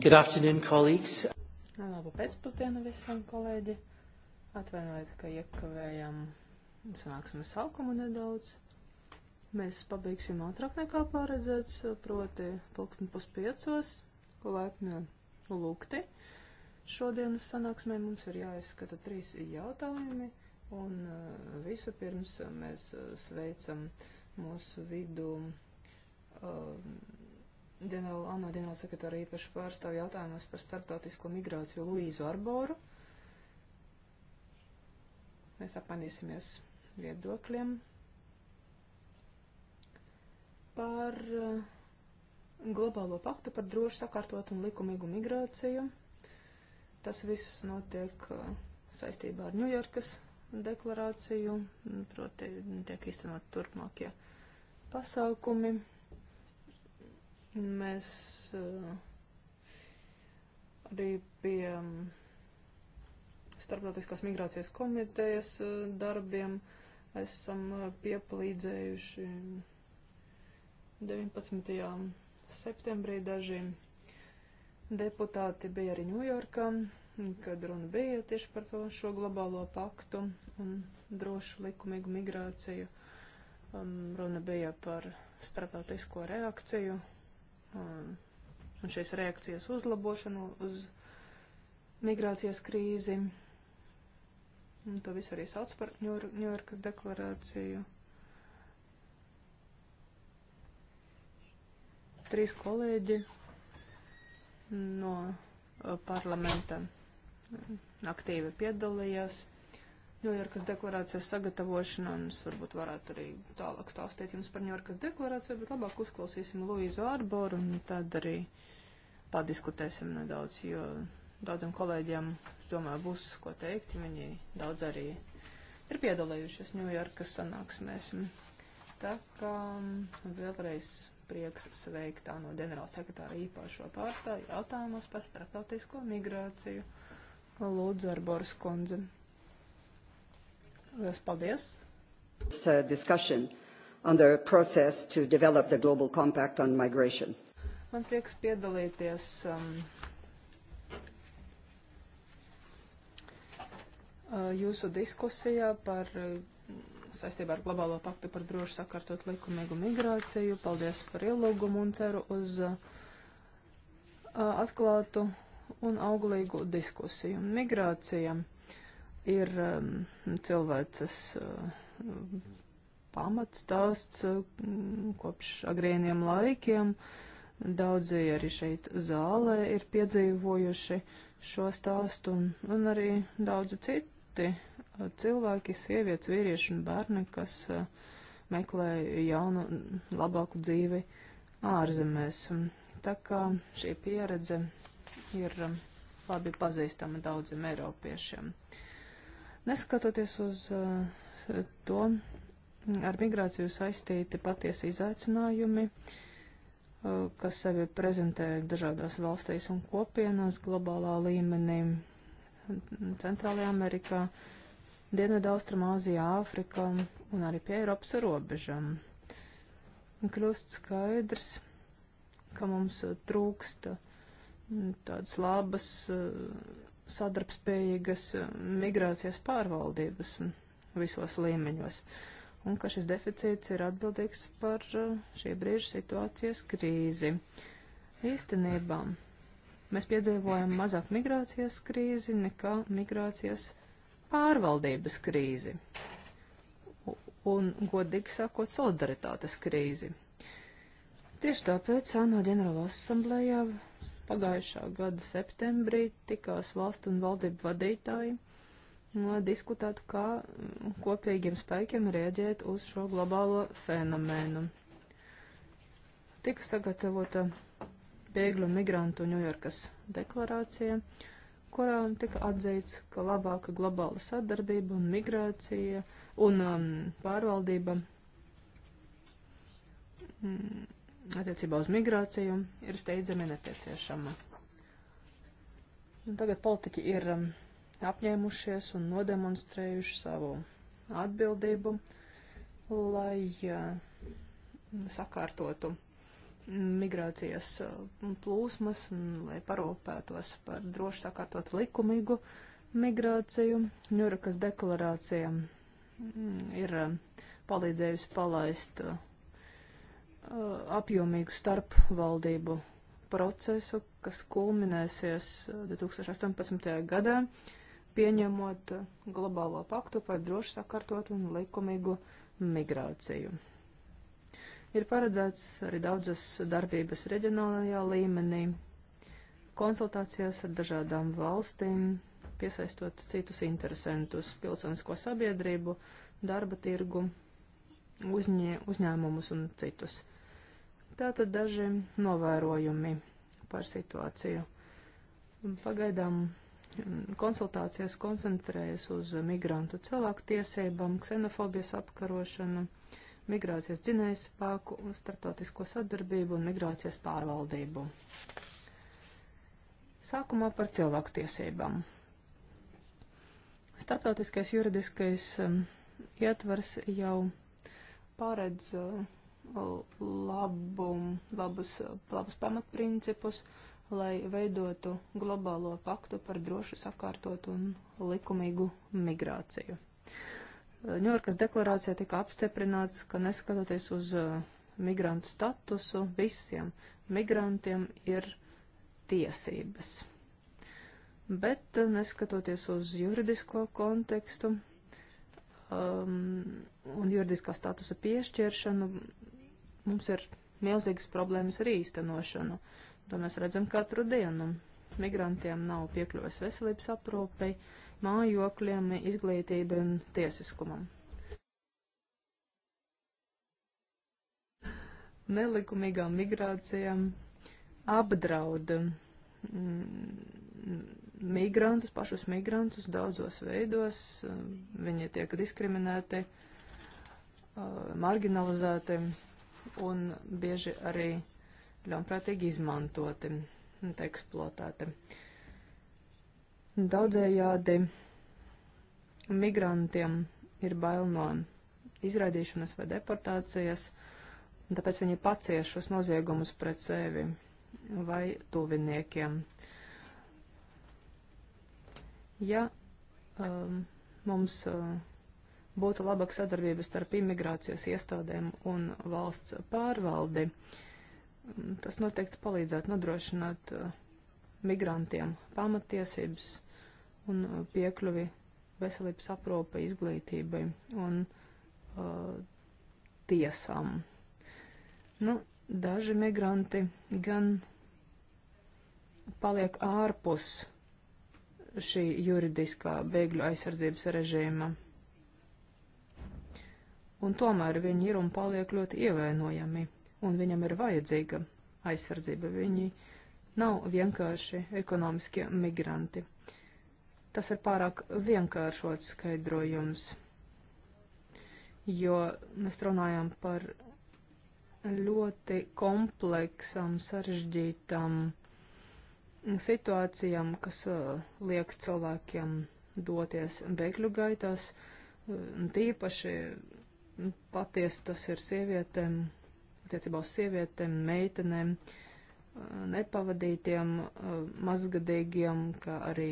Good afternoon, colleagues. Labu pēcpusdienu visiem, kolēģi. Atvainojiet, ka iekavējam sanāksmes sākumu nedaudz. Mēs pabeigsim ātrāk nekā paredzēts, proti pulksten puspiecos, laipni lūgti. Šodienas sanāksmē mums ir jāizskata trīs jautājumi, un uh, visu pirms mēs uh, sveicam mūsu vidu um, ģenerāla, ANO ģenerālsekretāra īpaši pārstāv jautājumus par starptautisko migrāciju Luīzu Arboru. Mēs apmainīsimies viedokļiem par uh, globālo paktu par drošu sakārtot un likumīgu migrāciju. Tas viss notiek uh, saistībā ar Ņujorkas deklarāciju, proti tiek īstenot turpmākie pasākumi. Mēs eh, arī pie mm, Starptautiskās migrācijas komitejas eh, darbiem esam eh, pieplīdzējuši 19. septembrī daži deputāti bija arī Ņujorkā, kad runa bija tieši par to šo globālo paktu un drošu likumīgu migrāciju. Um, runa bija par starptautisko reakciju Um, un šīs reakcijas uzlabošanu uz migrācijas krīzi. Un to visu arī sauc par Ņujorkas deklarāciju. Trīs kolēģi no uh, parlamenta um, aktīvi piedalījās Ņujorkas deklarācijas sagatavošanu, un es varbūt varētu arī tālāk stāstīt jums par Ņujorkas deklarāciju, bet labāk uzklausīsim Luīzu Ārboru, un tad arī padiskutēsim nedaudz, jo daudziem kolēģiem, es domāju, būs ko teikt, viņi daudz arī ir piedalījušies Ņujorkas sanāksmēs. Tā kā mm, vēlreiz prieks sveikt tā no ģenerālsekretāra īpašo pārstāju jautājumos par starptautisko migrāciju. Lūdzu, Arboras kundze. Lielas paldies! Discussion on the process to develop the Global Compact on Migration. Man prieks piedalīties um, uh, jūsu diskusijā par uh, saistībā ar globālo paktu par drošu sakārtot likumīgu migrāciju. Paldies par ielūgumu un ceru uz uh, atklātu un auglīgu diskusiju. Migrācija ir um, cilvēces uh, pamatstāsts uh, kopš agrīniem laikiem. Daudzi arī šeit zālē ir piedzīvojuši šo stāstu, un, un arī daudzi citi uh, cilvēki, sievietes, vīrieši un bērni, kas meklē jaunu, labāku dzīvi ārzemēs. Tā kā šī pieredze ir um, labi pazīstama daudziem eiropiešiem. Uh, Neskatoties uz eh, to, ar migrāciju saistīti patiesi izaicinājumi, eh, kas sevi prezentē dažādās valstīs un kopienās globālā līmenī, Centrālajā Amerikā, Dienvidu Austrumāzijā, Āfrikā un arī pie Eiropas robežām. Kļūst skaidrs, ka mums trūksta tādas labas eh, sadarbspējīgas eh, migrācijas pārvaldības visos līmeņos, un ka šis deficīts ir atbildīgs par eh, šī brīža situācijas krīzi. Īstenībā mēs piedzīvojam mazāk migrācijas krīzi nekā migrācijas pārvaldības krīzi un, godīgi sakot, solidaritātes krīzi. Tieši tāpēc ANO ģenerāla asamblējā Pagājušā gada septembrī tikās valstu un valdību vadītāji, lai diskutētu, kā kopīgiem spēkiem rēģēt uz šo globālo fenomenu. Tika sagatavota bēgļu un migrantu Ņujorkas deklarācija, kurā tika atzīts, ka labāka globāla sadarbība un migrācija un um, pārvaldība mm, attiecībā uz migrāciju ir steidzami nepieciešama. Un tagad politiķi ir um, apņēmušies un nodemonstrējuši savu atbildību, lai uh, sakārtotu migrācijas uh, plūsmas un lai parūpētos par droši sakārtot likumīgu migrāciju. Ņurakas deklarācija mm, ir um, palīdzējusi palaist uh, Uh, apjomīgu starpvaldību procesu, kas kulminēsies 2018. Uh, gadā, pieņemot uh, globālo paktu par droši sakārtotu un likumīgu migrāciju. Ir paredzēts arī daudzas darbības reģionālajā līmenī, konsultācijās ar dažādām valstīm, piesaistot citus interesantus - pilsonisko sabiedrību, darba tirgu, uzņē, uzņēmumus un citus. Tātad daži novērojumi par situāciju. Pagaidām konsultācijas koncentrējas uz migrantu cilvēku tiesībām, ksenofobijas apkarošanu, migrācijas dzinējas spēku, starptautisko sadarbību un migrācijas pārvaldību. Sākumā par cilvēku tiesībām. Starptautiskais juridiskais um, ietvars jau pāredz uh, labum, labus, labus pamatprincipus, lai veidotu globālo paktu par drošu, sakārtotu un likumīgu migrāciju. Ņujorkas deklarācijā tika apstiprināts, ka neskatoties uz uh, migrantu statusu, visiem migrantiem ir tiesības. Bet, uh, neskatoties uz juridisko kontekstu um, un juridiskā statusa piešķiršanu, mums ir milzīgas problēmas ar īstenošanu. To mēs redzam katru dienu. Migrantiem nav piekļuves veselības aprūpei, mājokļiem, izglītībai un tiesiskumam. Nelikumīgām migrācijām apdraud mm, migrantus, pašus migrantus daudzos veidos. Viņi tiek diskriminēti, marginalizēti un bieži arī ļaunprātīgi izmantoti un eksploatēti. Daudzējādi migrantiem ir bail no izraidīšanas vai deportācijas, un tāpēc viņi pacieš šos noziegumus pret sevi vai tuviniekiem. Ja um, mums uh, būtu labāka sadarbība starp imigrācijas iestādēm un valsts pārvaldi. Tas noteikti palīdzētu nodrošināt eh, migrantiem pamatiesības un eh, piekļuvi veselības aprūpe, izglītībai un uh, tiesām. Nu, daži migranti gan paliek ārpus šī juridiskā bēgļu aizsardzības režīma un tomēr viņi ir un paliek ļoti ievainojami, un viņam ir vajadzīga aizsardzība. Viņi nav vienkārši ekonomiskie migranti. Tas ir pārāk vienkāršots skaidrojums, jo mēs runājam par ļoti kompleksām, sarežģītām situācijām, kas uh, liek cilvēkiem doties bēgļu gaitās, uh, tīpaši Patiesi tas ir sievietēm, attiecībā uz sievietēm, meitenēm, nepavadītiem, mazgadīgiem, kā arī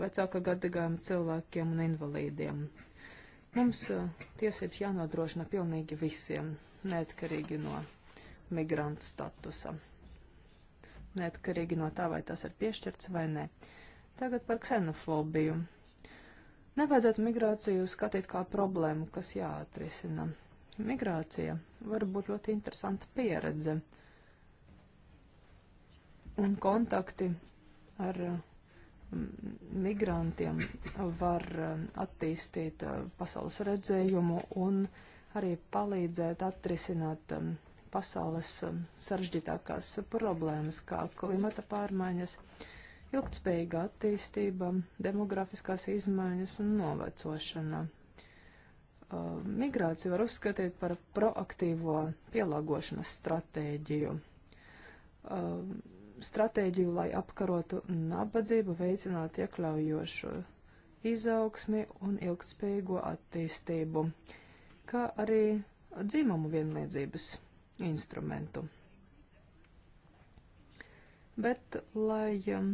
vecāka gadagājiem cilvēkiem un invalīdiem. Mums tiesības jānodrošina pilnīgi visiem, neatkarīgi no migrantu statusa. Neatkarīgi no tā, vai tas ir piešķirts vai nē. Tagad par ksenofobiju. Nevajadzētu migrāciju skatīt kā problēmu, kas jāatrisina. Migrācija var būt ļoti interesanta pieredze un kontakti ar migrantiem var attīstīt pasaules redzējumu un arī palīdzēt atrisināt pasaules sarežģītākās problēmas, kā klimata pārmaiņas, uh, ilgtspējīga attīstība, demografiskās izmaiņas un novecošana. Uh, Migrāciju var uzskatīt par proaktīvo pielāgošanas stratēģiju. Uh, stratēģiju, lai apkarotu nabadzību, veicinātu iekļaujošu izaugsmi un ilgtspējīgo attīstību, kā arī dzimumu vienlīdzības instrumentu. Bet, lai um,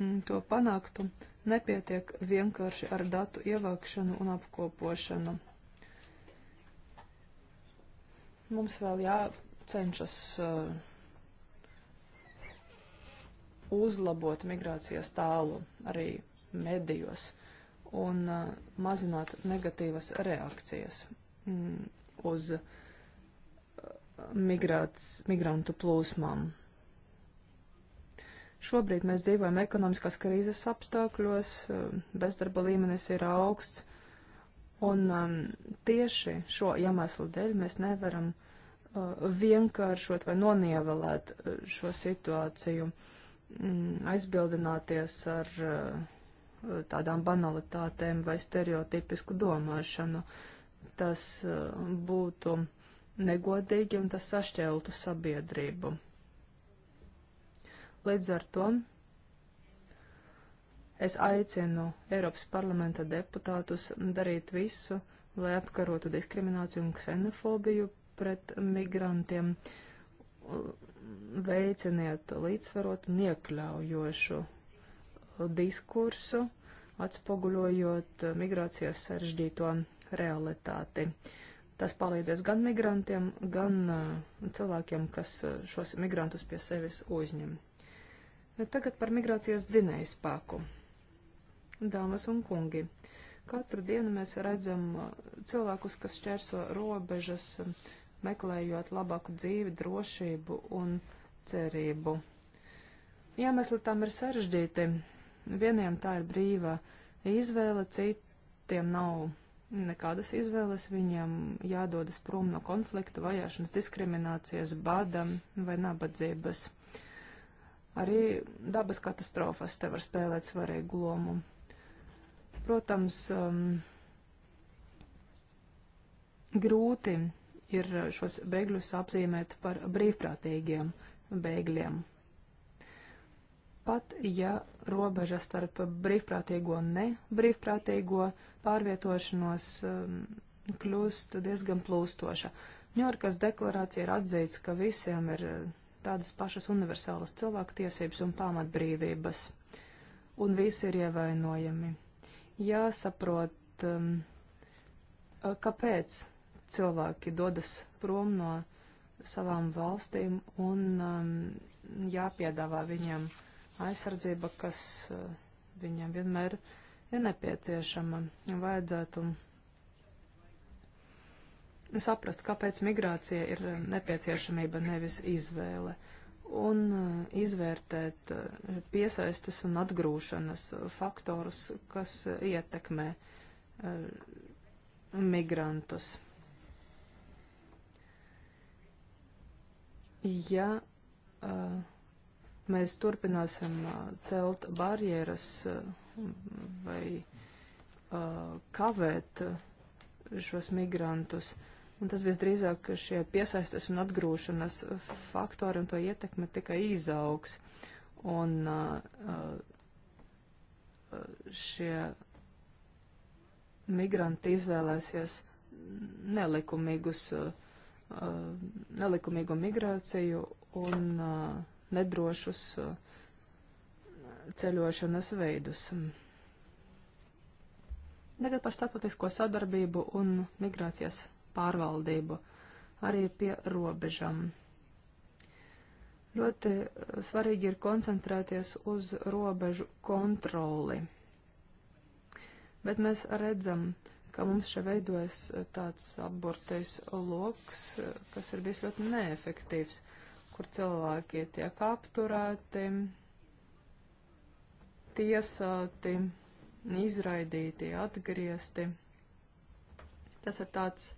Mm, to panāktu, nepietiek vienkārši ar datu ievākšanu un apkopošanu. Mums vēl jācenšas uh, uzlabot migrācijas tālu arī medijos un uh, mazināt negatīvas reakcijas mm, uz uh, migrāts, migrantu plūsmām. Šobrīd mēs dzīvojam ekonomiskās krīzes apstākļos, um, bezdarba līmenis ir augsts, un um, tieši šo iemeslu dēļ mēs nevaram uh, vienkāršot vai nonievelēt uh, šo situāciju, mm, aizbildināties ar uh, tādām banalitātēm vai stereotipisku domāšanu. Tas uh, būtu negodīgi un tas sašķeltu sabiedrību. Līdz ar to es aicinu Eiropas parlamenta deputātus darīt visu, lai apkarotu diskrimināciju un ksenofobiju pret migrantiem, veiciniet līdzsvarot un iekļaujošu diskursu, atspoguļojot migrācijas sarežģīto realitāti. Tas palīdzēs gan migrantiem, gan uh, cilvēkiem, kas uh, šos migrantus pie sevis uzņem. Tagad par migrācijas dzinēju spēku. Dāmas un kungi, katru dienu mēs redzam uh, cilvēkus, kas čērso robežas, um, meklējot labāku dzīvi, drošību un cerību. Iemesli tam ir sarežģīti. Vieniem tā ir brīva izvēle, citiem nav nekādas izvēles. Viņiem jādodas prom no konflikta, vajāšanas, diskriminācijas, bada vai nabadzības. Arī dabas katastrofas te var spēlēt svarīgu lomu. Protams, um, grūti ir šos bēgļus apzīmēt par brīvprātīgiem bēgļiem. Pat ja robeža starp brīvprātīgo un nebrīvprātīgo pārvietošanos um, kļūst diezgan plūstoša. Ņorkas deklarācija ir atzīts, ka visiem ir tādas pašas universālas cilvēku tiesības un pamatbrīvības, un visi ir ievainojami. Jāsaprot, um, kāpēc cilvēki dodas prom no savām valstīm, un um, jāpiedāvā viņiem aizsardzība, kas uh, viņiem vienmēr ir nepieciešama. Vajadzētu saprast, kāpēc migrācija ir eh, nepieciešamība, nevis izvēle. Un eh, izvērtēt eh, piesaistes un atgrūšanas faktorus, kas ietekmē migrantus. Ja mēs turpināsim celt barjeras vai kavēt šos migrantus, uh, Un tas visdrīzāk šie piesaistes un atgrūšanas faktori un to ietekme tikai izaugs. Un uh, uh, šie migranti izvēlēsies nelikumīgus, uh, nelikumīgu migrāciju un nedrošus ceļošanas veidus. Tagad par starptautisko sadarbību un migrācijas pārvaldību arī pie robežām. Ļoti eh, svarīgi ir koncentrēties uz robežu kontroli. Bet mēs redzam, ka mums šeit veidojas eh, tāds apburtais loks, eh, kas ir bijis ļoti neefektīvs, kur cilvēki tiek apturēti, tiesāti, izraidīti, atgriezti. Tas ir tāds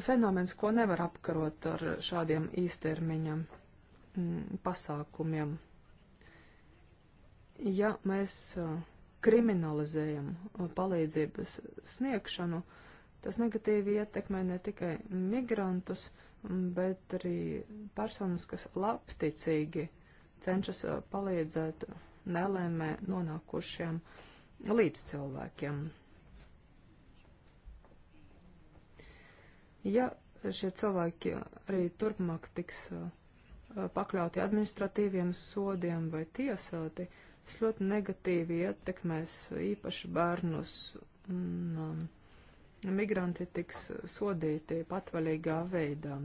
fenomens, ko nevar apkarot ar šādiem īstermiņa mm, pasākumiem. Ja mēs kriminalizējam palīdzības sniegšanu, tas negatīvi ietekmē ne tikai migrantus, bet arī personas, kas labticīgi cenšas palīdzēt nelēmē nonākušiem līdz cilvēkiem. Ja šie cilvēki arī turpmāk tiks uh, pakļauti administratīviem sodiem vai tiesāti, tas ļoti negatīvi ietekmēs īpaši bērnus. Un, um, migranti tiks sodīti patvaļīgā veidā.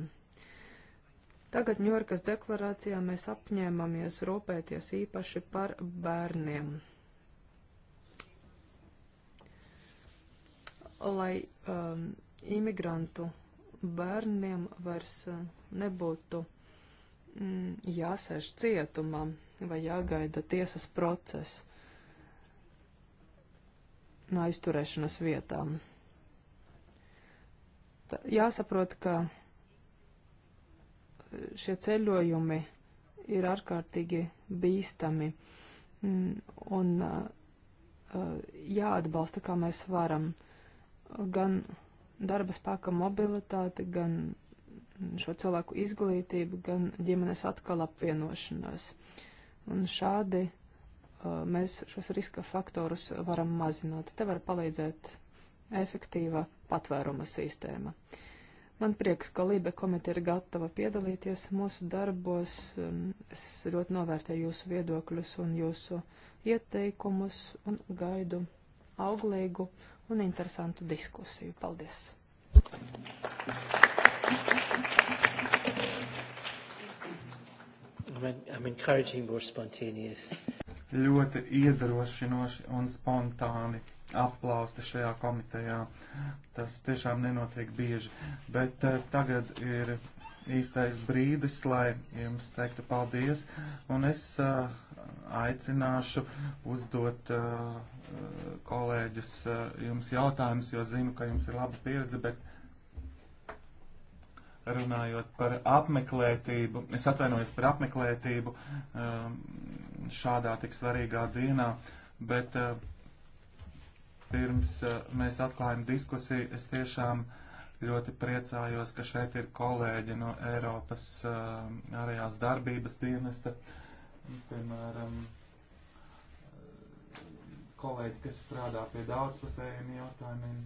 Tagad Ņorkas deklarācijā mēs apņēmamies rūpēties īpaši par bērniem. Lai um, imigrantu bērniem vairs eh, nebūtu mm, jāsēž cietumā vai jāgaida tiesas process no aizturēšanas vietām. Tā, jāsaprot, ka eh, šie ceļojumi ir ārkārtīgi bīstami mm, un eh, jāatbalsta, kā mēs varam, gan darba spēka mobilitāti, gan šo cilvēku izglītību, gan ģimenes atkal apvienošanās. Un šādi uh, mēs šos riska faktorus varam mazināt. Te var palīdzēt efektīva patvēruma sistēma. Man prieks, ka Lībe komiteja ir gatava piedalīties mūsu darbos. Es ļoti novērtēju jūsu viedokļus un jūsu ieteikumus un gaidu auglīgu un interesantu diskusiju. Paldies! I'm encouraging more spontaneous. Ļoti iedrošinoši un spontāni aplausti šajā komitejā. Tas tiešām nenotiek bieži. Bet uh, tagad ir īstais brīdis, lai jums teiktu paldies. Un es uh, aicināšu uzdot uh, uh, kolēģus uh, jums jautājumus, jo zinu, ka jums ir laba pieredze, bet runājot par apmeklētību, es atvainojos par apmeklētību uh, šādā tik svarīgā dienā, bet uh, pirms uh, mēs atklājam diskusiju, es tiešām uh, ļoti priecājos, ka šeit ir kolēģi no Eiropas uh, ārējās darbības dienesta. Uh, Piemēram, kolēģi, kas strādā pie daudzpusējiem jautājumiem.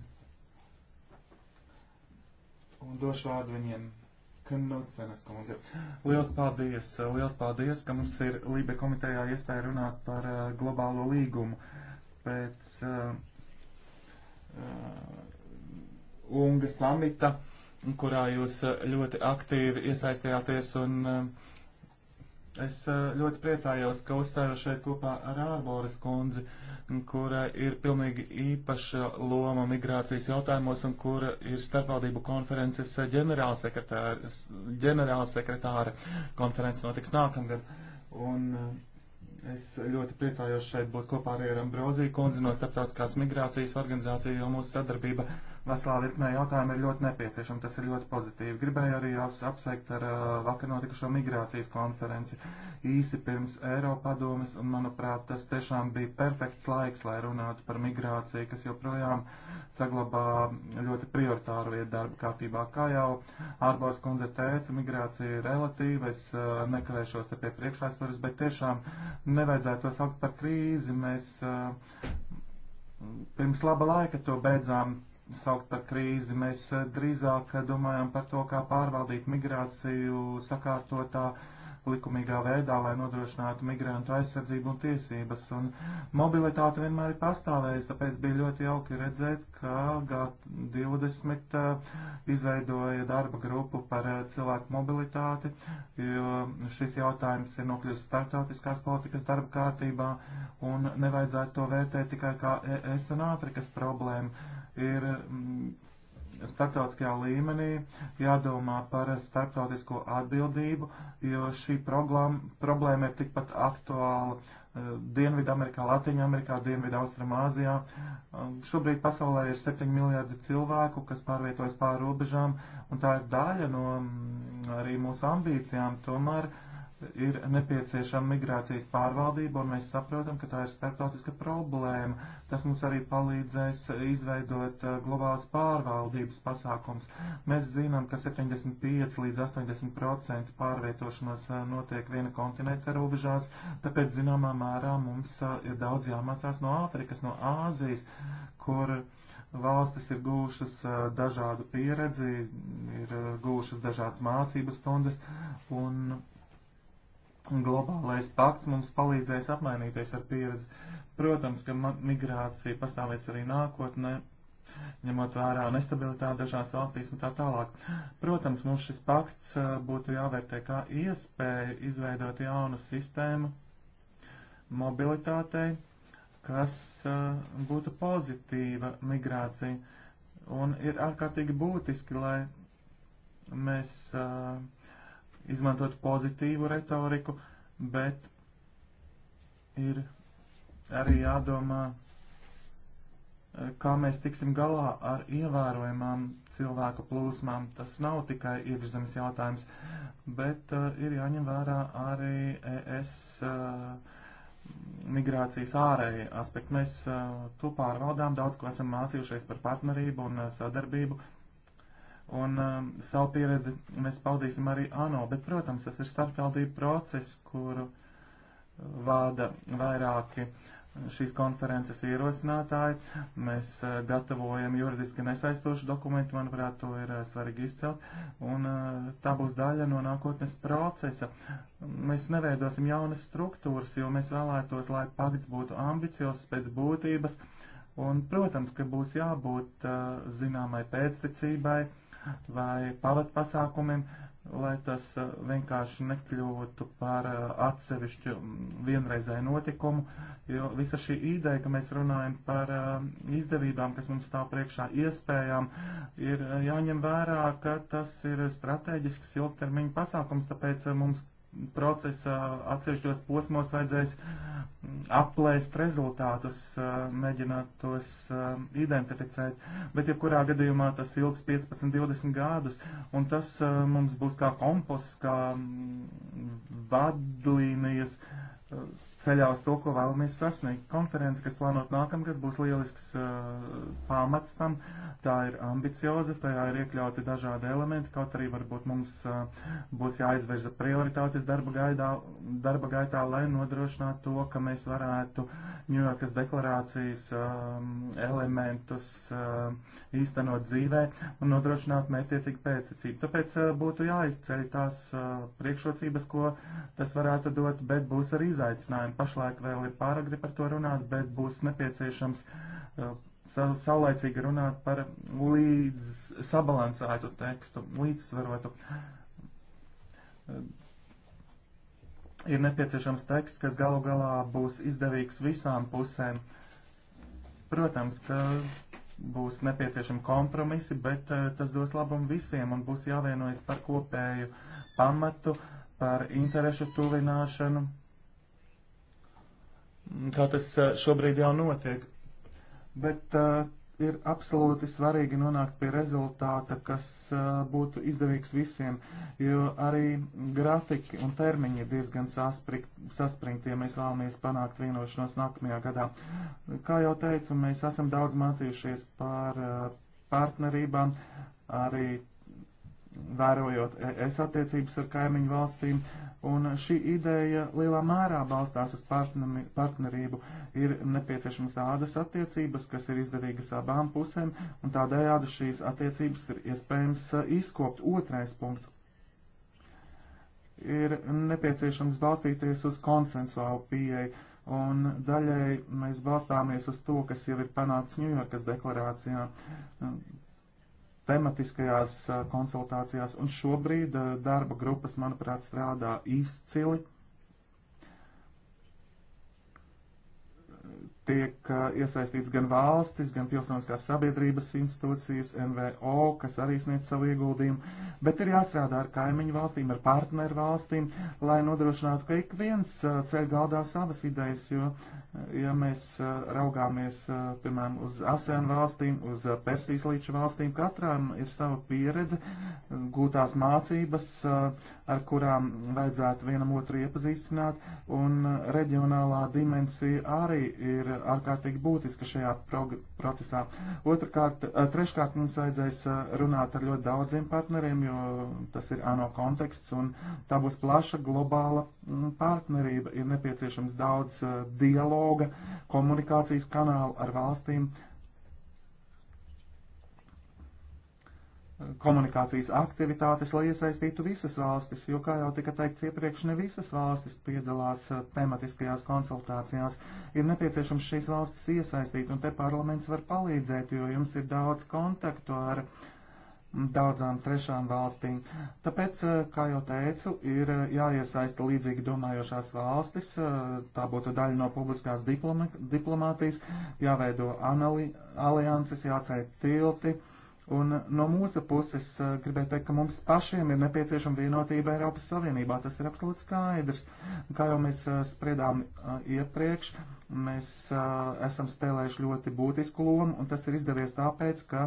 Un došu vārdu viņiem. Knudsenes kundze. Liels paldies, liels paldies, ka mums ir Lībe komitejā iespēja runāt par uh, globālo līgumu. Pēc uh, uh, UNGA samita, kurā jūs ļoti aktīvi iesaistījāties un uh, Es eh, ļoti priecājos, ka uzstāju šeit kopā ar Ārboras kundzi, kura ir pilnīgi īpaša loma migrācijas jautājumos un kura ir starpvaldību konferences eh, ģenerālsekretāra, ģenerālsekretāra konferences notiks nākamgad. Un eh, es ļoti priecājos šeit būt kopā ar Ieram Brozī kundzi no starptautiskās migrācijas organizācija, jo mūsu sadarbība veselā virknē jautājumu ir ļoti nepieciešama. Tas ir ļoti pozitīvi. Gribēju arī apsveikt ar uh, vakar notikušo migrācijas konferenci īsi pirms Eiropadomes, un manuprāt, tas tiešām bija perfekts laiks, lai runātu par migrāciju, kas joprojām saglabā ļoti prioritāru vietu darba kārtībā. Kā jau Ārbors kundze teica, migrācija ir relatīva, es uh, nekavēšos te pie priekšvēstures, bet tiešām nevajadzētu to saukt par krīzi. Mēs uh, pirms laba laika to beidzām saukt par krīzi. Mēs eh, drīzāk domājam par to, kā pārvaldīt migrāciju sakārtotā likumīgā veidā, lai nodrošinātu migrantu aizsardzību un tiesības. Un mobilitāte vienmēr ir pastāvējusi, tāpēc bija ļoti jauki redzēt, ka G20 eh, izveidoja darba grupu par eh, cilvēku mobilitāti, jo šis jautājums ir nokļuvis starptautiskās politikas darba kārtībā un nevajadzētu to vērtēt tikai kā ES un Āfrikas problēmu ir mm, starptautiskajā līmenī jādomā par starptautisko atbildību, jo šī problēma, problēma ir tikpat aktuāla eh, Dienvidamerikā, Latvijā, Dienvidaustrumāzijā. Um, šobrīd pasaulē ir 7 miljardi cilvēku, kas pārvietojas pāri robežām, un tā ir daļa no mm, arī mūsu ambīcijām. Tomēr uh, ir nepieciešama migrācijas pārvaldība, un mēs saprotam, ka tā ir starptautiska problēma. Tas mums arī palīdzēs izveidot uh, globālas pārvaldības pasākums. Mēs zinām, ka 75 līdz 80 procenti pārvietošanos uh, notiek viena kontinenta robežās, tāpēc zināmā mērā mums uh, ir daudz jāmācās no Āfrikas, no Āzijas, kur valstis ir gūšas dažādu pieredzi, ir gūšas dažādas mācības stundas, un globālais pakts mums palīdzēs apmainīties ar pieredzi. Protams, ka migrācija pastāvēs arī nākotnē, ņemot vērā nestabilitāti dažās valstīs un tā tālāk. Protams, mums šis pakts būtu jāvērtē kā iespēja izveidot jaunu sistēmu mobilitātei, kas būtu pozitīva migrācija. Un ir ārkārtīgi būtiski, lai mēs uh, izmantot pozitīvu retoriku, bet ir arī jādomā, eh, kā mēs tiksim galā ar ievērojamām cilvēku plūsmām. Tas nav tikai iekšzemes jautājums, bet uh, ir jāņem vērā arī ES uh, eh, migrācijas ārēji aspekti. Mēs uh, to pārvaldām, daudz ko esam mācījušies par partnerību un uh, sadarbību Un um, savu pieredzi mēs paudīsim arī ANO, bet, protams, tas ir starpvaldību process, kuru vāda vairāki šīs konferences ierosinātāji. Mēs uh, gatavojam juridiski nesaistošu dokumentu, manuprāt, to ir uh, svarīgi izcelt, un uh, tā būs daļa no nākotnes procesa. Mēs neveidosim jaunas struktūras, jo mēs vēlētos, lai pakts būtu ambiciozs pēc būtības, un, protams, ka būs jābūt uh, zināmai pēcticībai vai pavatpasākumiem, lai tas eh, vienkārši nekļūtu par eh, atsevišķu vienreizēju notikumu, jo visa šī ideja, ka mēs runājam par eh, izdevībām, kas mums stāv priekšā, iespējām, ir jāņem vērā, ka tas ir strateģisks ilgtermiņa pasākums, tāpēc mums procesa atsevišķos posmos vajadzēs mm, aplēst rezultātus, mēģināt tos identificēt. Bet, ja kurā gadījumā tas ilgs 15, 20 gadus, un tas mums būs kā komposts, kā mm, vadlīnijas ceļā uz to, ko vēlamies sasniegt. Konference, kas plānot nākamgad, būs lielisks uh, pamats tam. Tā ir ambicioza, tajā ir iekļauti dažādi elementi, kaut arī varbūt mums uh, būs jāizvirza prioritātes darba, gaidā, darba gaitā, lai nodrošinātu to, ka mēs varētu Ņujorkas deklarācijas um, elementus uh, īstenot dzīvē un nodrošināt mērķiecīgu pēcticību. Tāpēc uh, būtu jāizceļ tās uh, priekšrocības, ko tas varētu dot, bet būs arī izaicinājumi pašlaik vēl ir pāragri par to runāt, bet būs nepieciešams uh, saulaicīgi runāt par līdz sabalansētu tekstu, līdzsvarotu. Uh, ir nepieciešams teksts, kas galu galā būs izdevīgs visām pusēm. Protams, ka būs nepieciešami kompromisi, bet uh, tas dos labumu visiem un būs jāvienojas par kopēju pamatu, par interešu tuvināšanu kā tas šobrīd jau notiek. Bet uh, ir absolūti svarīgi nonākt pie rezultāta, kas uh, būtu izdevīgs visiem, jo arī grafiki un termiņi ir diezgan saspringti, ja mēs vēlamies panākt vienošanos nākamajā gadā. Kā jau teicu, mēs esam daudz mācījušies par uh, partnerībām, arī vērojot es attiecības ar kaimiņu valstīm. Un šī ideja lielā mērā balstās uz partneri, partnerību. Ir nepieciešams tādas attiecības, kas ir izdevīgas abām pusēm, un tādējādi šīs attiecības ir iespējams uh, izkopt. Otrais punkts. Ir nepieciešams balstīties uz konsensuālu pieeju, un daļai mēs balstāmies uz to, kas jau ir panācis Ņujorkas deklarācijā tematiskajās eh, konsultācijās, un šobrīd eh, darba grupas, manuprāt, strādā izcili. Tiek eh, iesaistīts gan valstis, gan pilsoniskās sabiedrības institūcijas, NVO, kas arī sniedz savu ieguldījumu, bet ir jāstrādā ar kaimiņu valstīm, ar partneru valstīm, lai nodrošinātu, ka ik viens ceļ galdā savas idejas, jo ja mēs raugāmies, piemēram, uz ASEAN valstīm, uz Persijas līča valstīm, katram ir sava pieredze, gūtās mācības, ar kurām vajadzētu vienam otru iepazīstināt, un reģionālā dimensija arī ir ārkārtīgi būtiska šajā procesā. Otrakārt, treškārt mums vajadzēs runāt ar ļoti daudziem partneriem, jo tas ir ANO konteksts, un tā būs plaša globāla partnerība. Ir nepieciešams daudz dialogu dialoga, komunikācijas kanālu ar valstīm, komunikācijas aktivitātes, lai iesaistītu visas valstis, jo, kā jau tika teikts iepriekš, ne visas valstis piedalās eh, tematiskajās konsultācijās. Ir nepieciešams šīs valstis iesaistīt, un te parlaments var palīdzēt, jo jums ir daudz kontaktu ar uh, daudzām trešām valstīm. Tāpēc, eh, kā jau teicu, ir eh, jāiesaista līdzīgi domājošās valstis, eh, tā būtu daļa no publiskās diploma, diplomātijas, jāveido anali, alianses, jāceļ tilti Un uh, no mūsu puses uh, gribētu teikt, ka mums pašiem ir nepieciešama vienotība Eiropas Savienībā. Tas ir absolūti skaidrs. Kā jau mēs uh, spriedām iepriekš, mēs esam spēlējuši ļoti būtisku lomu, un tas ir izdevies tāpēc, ka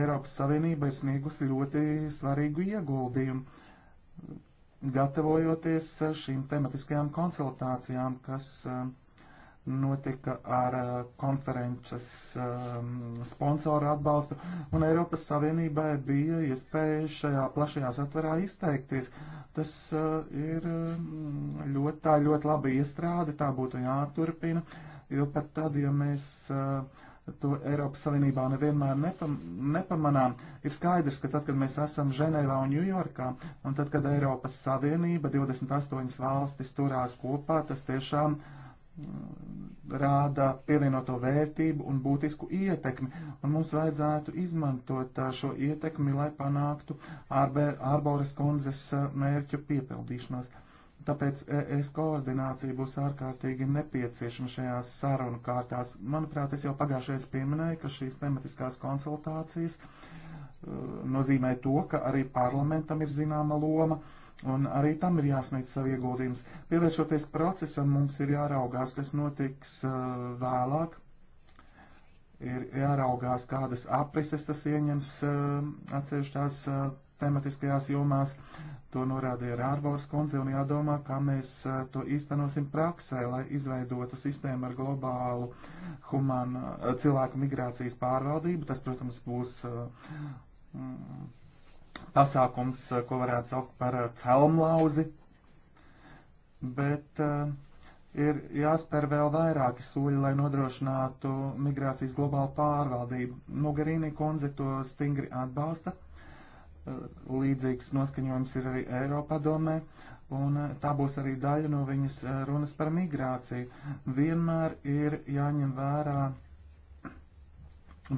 Eiropas Savienība ir sniegusi ļoti svarīgu ieguldījumu gatavojoties šīm tematiskajām konsultācijām, kas uh, notika ar eh, konferences um, sponsoru atbalstu, un Eiropas Savienībai bija iespēja šajā plašajā satverā izteikties. Tas uh, ir mm, ļoti, tā ļoti laba iestrāde, tā būtu jāturpina, jo pat tad, ja mēs uh, to Eiropas Savienībā nevienmēr nepam nepamanām, ir skaidrs, ka tad, kad mēs esam Ženēvā un Ņujorkā, un tad, kad Eiropas Savienība 28 valstis turās kopā, tas tiešām uh, Mm, rāda pievienoto vērtību un būtisku ietekmi, un mums vajadzētu izmantot uh, šo ietekmi, lai panāktu Ārboras kundzes uh, mērķu piepildīšanos. Tāpēc e, es koordinācija būs ārkārtīgi nepieciešama šajās sarunu kārtās. Manuprāt, es jau pagājušajās pieminēju, ka šīs tematiskās konsultācijas uh, nozīmē to, ka arī parlamentam ir zināma loma. Uh, Un arī tam ir jāsniedz savu ieguldījums. Pievēršoties procesam, mums ir jāraugās, kas notiks uh, vēlāk. Ir jāraugās, kādas aprises tas ieņems uh, atsevišķās uh, tematiskajās jomās. To norādīja Rārbors kundze un jādomā, kā mēs uh, to īstenosim praksē, lai izveidotu sistēmu ar globālu humanu, uh, cilvēku migrācijas pārvaldību. Tas, protams, būs. Uh, mm, pasākums, eh, ko varētu saukt par eh, celmlauzi, bet eh, ir jāspēr vēl vairāki soļi, lai nodrošinātu migrācijas globālu pārvaldību. Mugarīni kundze to stingri atbalsta. Līdzīgs noskaņojums ir arī Eiropā domē, un tā būs arī daļa no viņas runas par migrāciju. Vienmēr ir jāņem vērā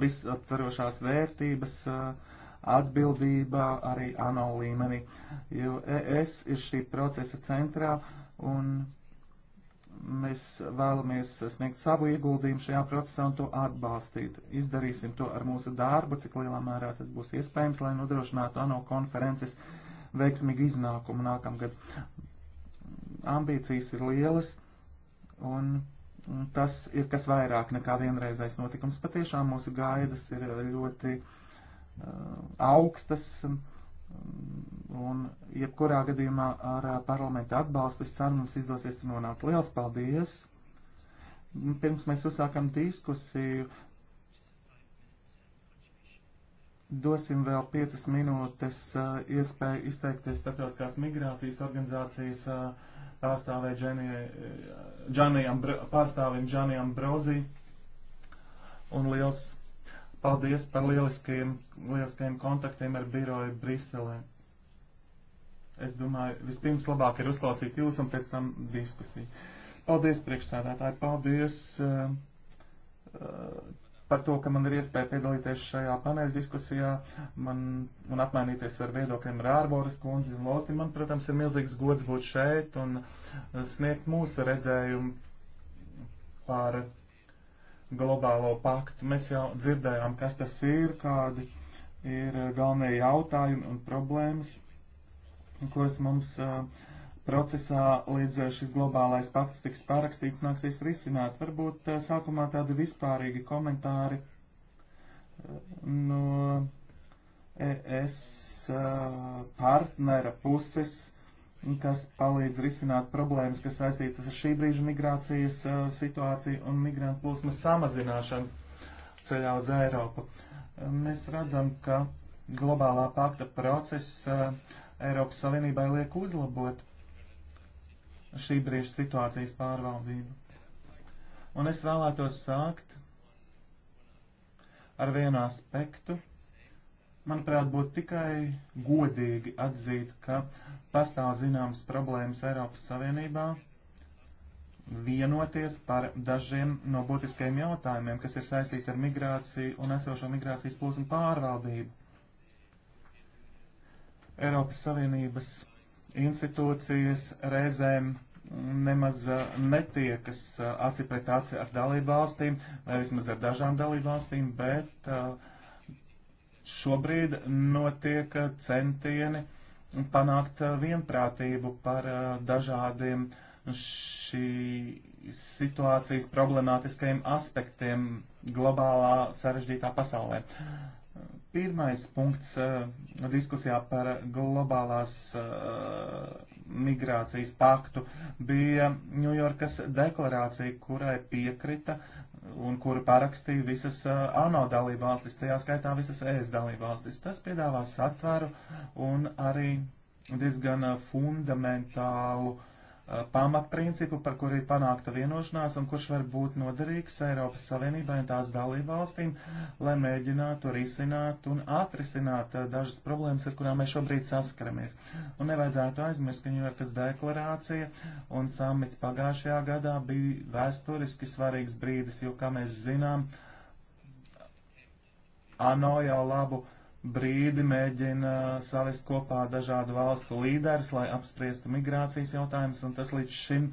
visaptverošās vērtības, uh, atbildība arī ANO līmenī, jo ES ir šī procesa centrā un mēs vēlamies sniegt savu ieguldījumu šajā procesā un to atbalstīt. Izdarīsim to ar mūsu darbu, cik lielā mērā tas būs iespējams, lai nodrošinātu ANO konferences veiksmīgu iznākumu nākamgad. Ambīcijas ir lielas un tas ir kas vairāk nekā vienreizais notikums. Patiešām mūsu gaidas ir ļoti augstas um, un jebkurā gadījumā ar parlamenta atbalstu es ceru mums izdosies tur nonākt. Liels paldies! Nu, pirms mēs uzsākam diskusiju, dosim vēl 5 minūtes iespēju izteikties starptautiskās migrācijas organizācijas pārstāvē Džanijam, pārstāvim Džanijam Brozi. Un liels Paldies par lieliskajiem, lieliskajiem kontaktiem ar biroju Briselē. Es domāju, vispirms labāk ir uzklausīt jūs un pēc tam diskusiju. Paldies, priekšsēdētāji, paldies uh, uh, par to, ka man ir iespēja piedalīties šajā paneļa diskusijā man, un apmainīties ar viedokļiem ar Ārboras kundzi un Loti. Man, protams, ir milzīgs gods būt šeit un sniegt mūsu redzējumu par. Uh, globālo paktu. Mēs jau dzirdējām, kas tas ir, kādi ir eh, galvenie jautājumi un problēmas, kuras mums uh, procesā līdz eh, šis globālais pakts tiks pārakstīts, nāksies risināt. Varbūt uh, sākumā tādi vispārīgi komentāri uh, no ES partnera puses kas palīdz risināt problēmas, kas saistītas ar šī brīža migrācijas uh, situāciju un migrantu plūsmas samazināšanu ceļā uz Eiropu. Uh, mēs redzam, ka globālā pakta process uh, Eiropas Savienībai liek uzlabot šī brīža situācijas pārvaldību. Un es vēlētos sākt ar vienu aspektu, Manuprāt, būtu tikai godīgi atzīt, ka pastāv zināmas problēmas Eiropas Savienībā vienoties par dažiem no būtiskajiem jautājumiem, kas ir saistīti ar migrāciju un esošo migrācijas plūsmu pārvaldību. Eiropas Savienības institūcijas reizēm nemaz uh, netiekas uh, aci pret aci ar dalību valstīm, vai vismaz ar dažām dalību valstīm, bet uh, Šobrīd notiek uh, centieni panākt uh, vienprātību par uh, dažādiem šī situācijas problemātiskajiem aspektiem globālā sarežģītā pasaulē. Pirmais punkts diskusijā par globālās migrācijas paktu bija Ņujorkas deklarācija, kurai piekrita un kuru parakstīja visas uh, ANO dalībvalstis, tajā skaitā visas ES dalībvalstis. Tas piedāvā satvaru un arī diezgan fundamentālu uh, Uh, pamatprincipu, par kuru ir panākta vienošanās un kurš var būt noderīgs Eiropas Savienībai un tās dalībvalstīm, lai mēģinātu risināt un atrisināt uh, dažas problēmas, ar kurām mēs šobrīd saskaramies. Un nevajadzētu aizmirst, ka Ņujorkas deklarācija un samits pagājušajā gadā bija vēsturiski svarīgs brīdis, jo, kā mēs zinām, ANO jau labu brīdi mēģina savest kopā dažādu valstu līderus, lai apspriestu migrācijas jautājumus, un tas līdz šim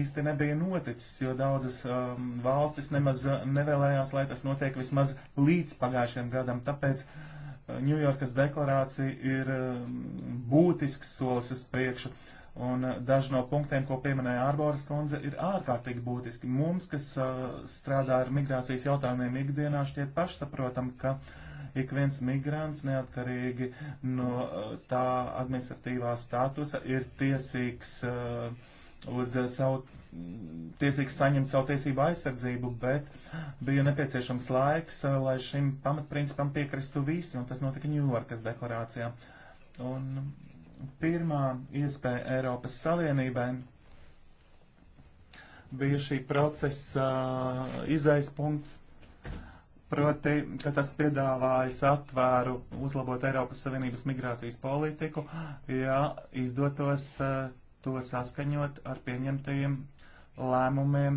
īsti nebija noticis, jo daudzas um, valstis nemaz uh, nevēlējās, lai tas notiek vismaz līdz pagājušajam gadam. Tāpēc Ņujorkas uh, deklarācija ir um, būtisks solis uz priekšu. Un uh, daži no punktiem, ko pieminēja Ārboras kundze, ir ārkārtīgi būtiski. Mums, kas uh, strādā ar migrācijas jautājumiem ikdienā, šķiet pašsaprotam, ka uh, ik viens migrants, neatkarīgi no eh, tā administratīvā statusa, ir tiesīgs eh, uz eh, savu tiesīgs saņemt savu tiesību aizsardzību, bet bija nepieciešams laiks, lai šim pamatprincipam piekristu visi, un tas notika Ņujorkas deklarācijā. Un pirmā iespēja Eiropas Savienībai bija šī procesa uh, izaizpunkts Proti, ka tas piedāvājas atvēru uzlabot Eiropas Savienības migrācijas politiku, ja izdotos uh, to saskaņot ar pieņemtajiem lēmumiem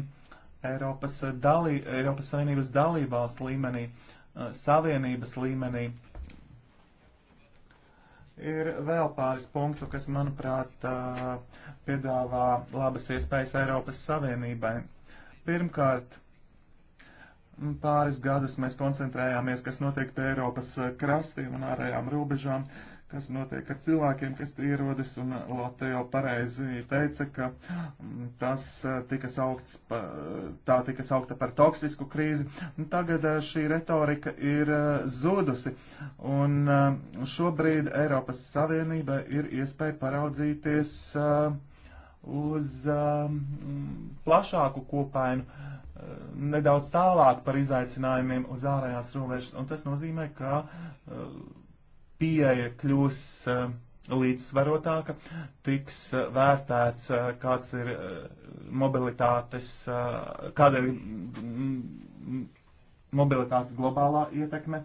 Eiropas, eh, dalī, Eiropas Savienības dalībvalstu līmenī, uh, savienības līmenī. Ir vēl pāris punktu, kas, manuprāt, uh, piedāvā labas iespējas Eiropas Savienībai. Pirmkārt, Pāris gadus mēs koncentrējāmies, kas notiek pie Eiropas eh, krastiem un ārējām robežām, kas notiek ar cilvēkiem, kas ierodas, un eh, Lotte jau pareizi teica, ka mm, tas eh, tika saukts, pa, tā tika saukta par toksisku krīzi. Tagad šī retorika ir zudusi, un šobrīd Eiropas Savienība ir iespēja paraudzīties uz plašāku kopainu nedaudz tālāk par izaicinājumiem uz ārējās robežas, un tas nozīmē, ka uh, pieeja kļūs uh, līdzsvarotāka, tiks uh, vērtēts, uh, kāds ir uh, mobilitātes, kāda ir mm, mm, mobilitātes globālā ietekme.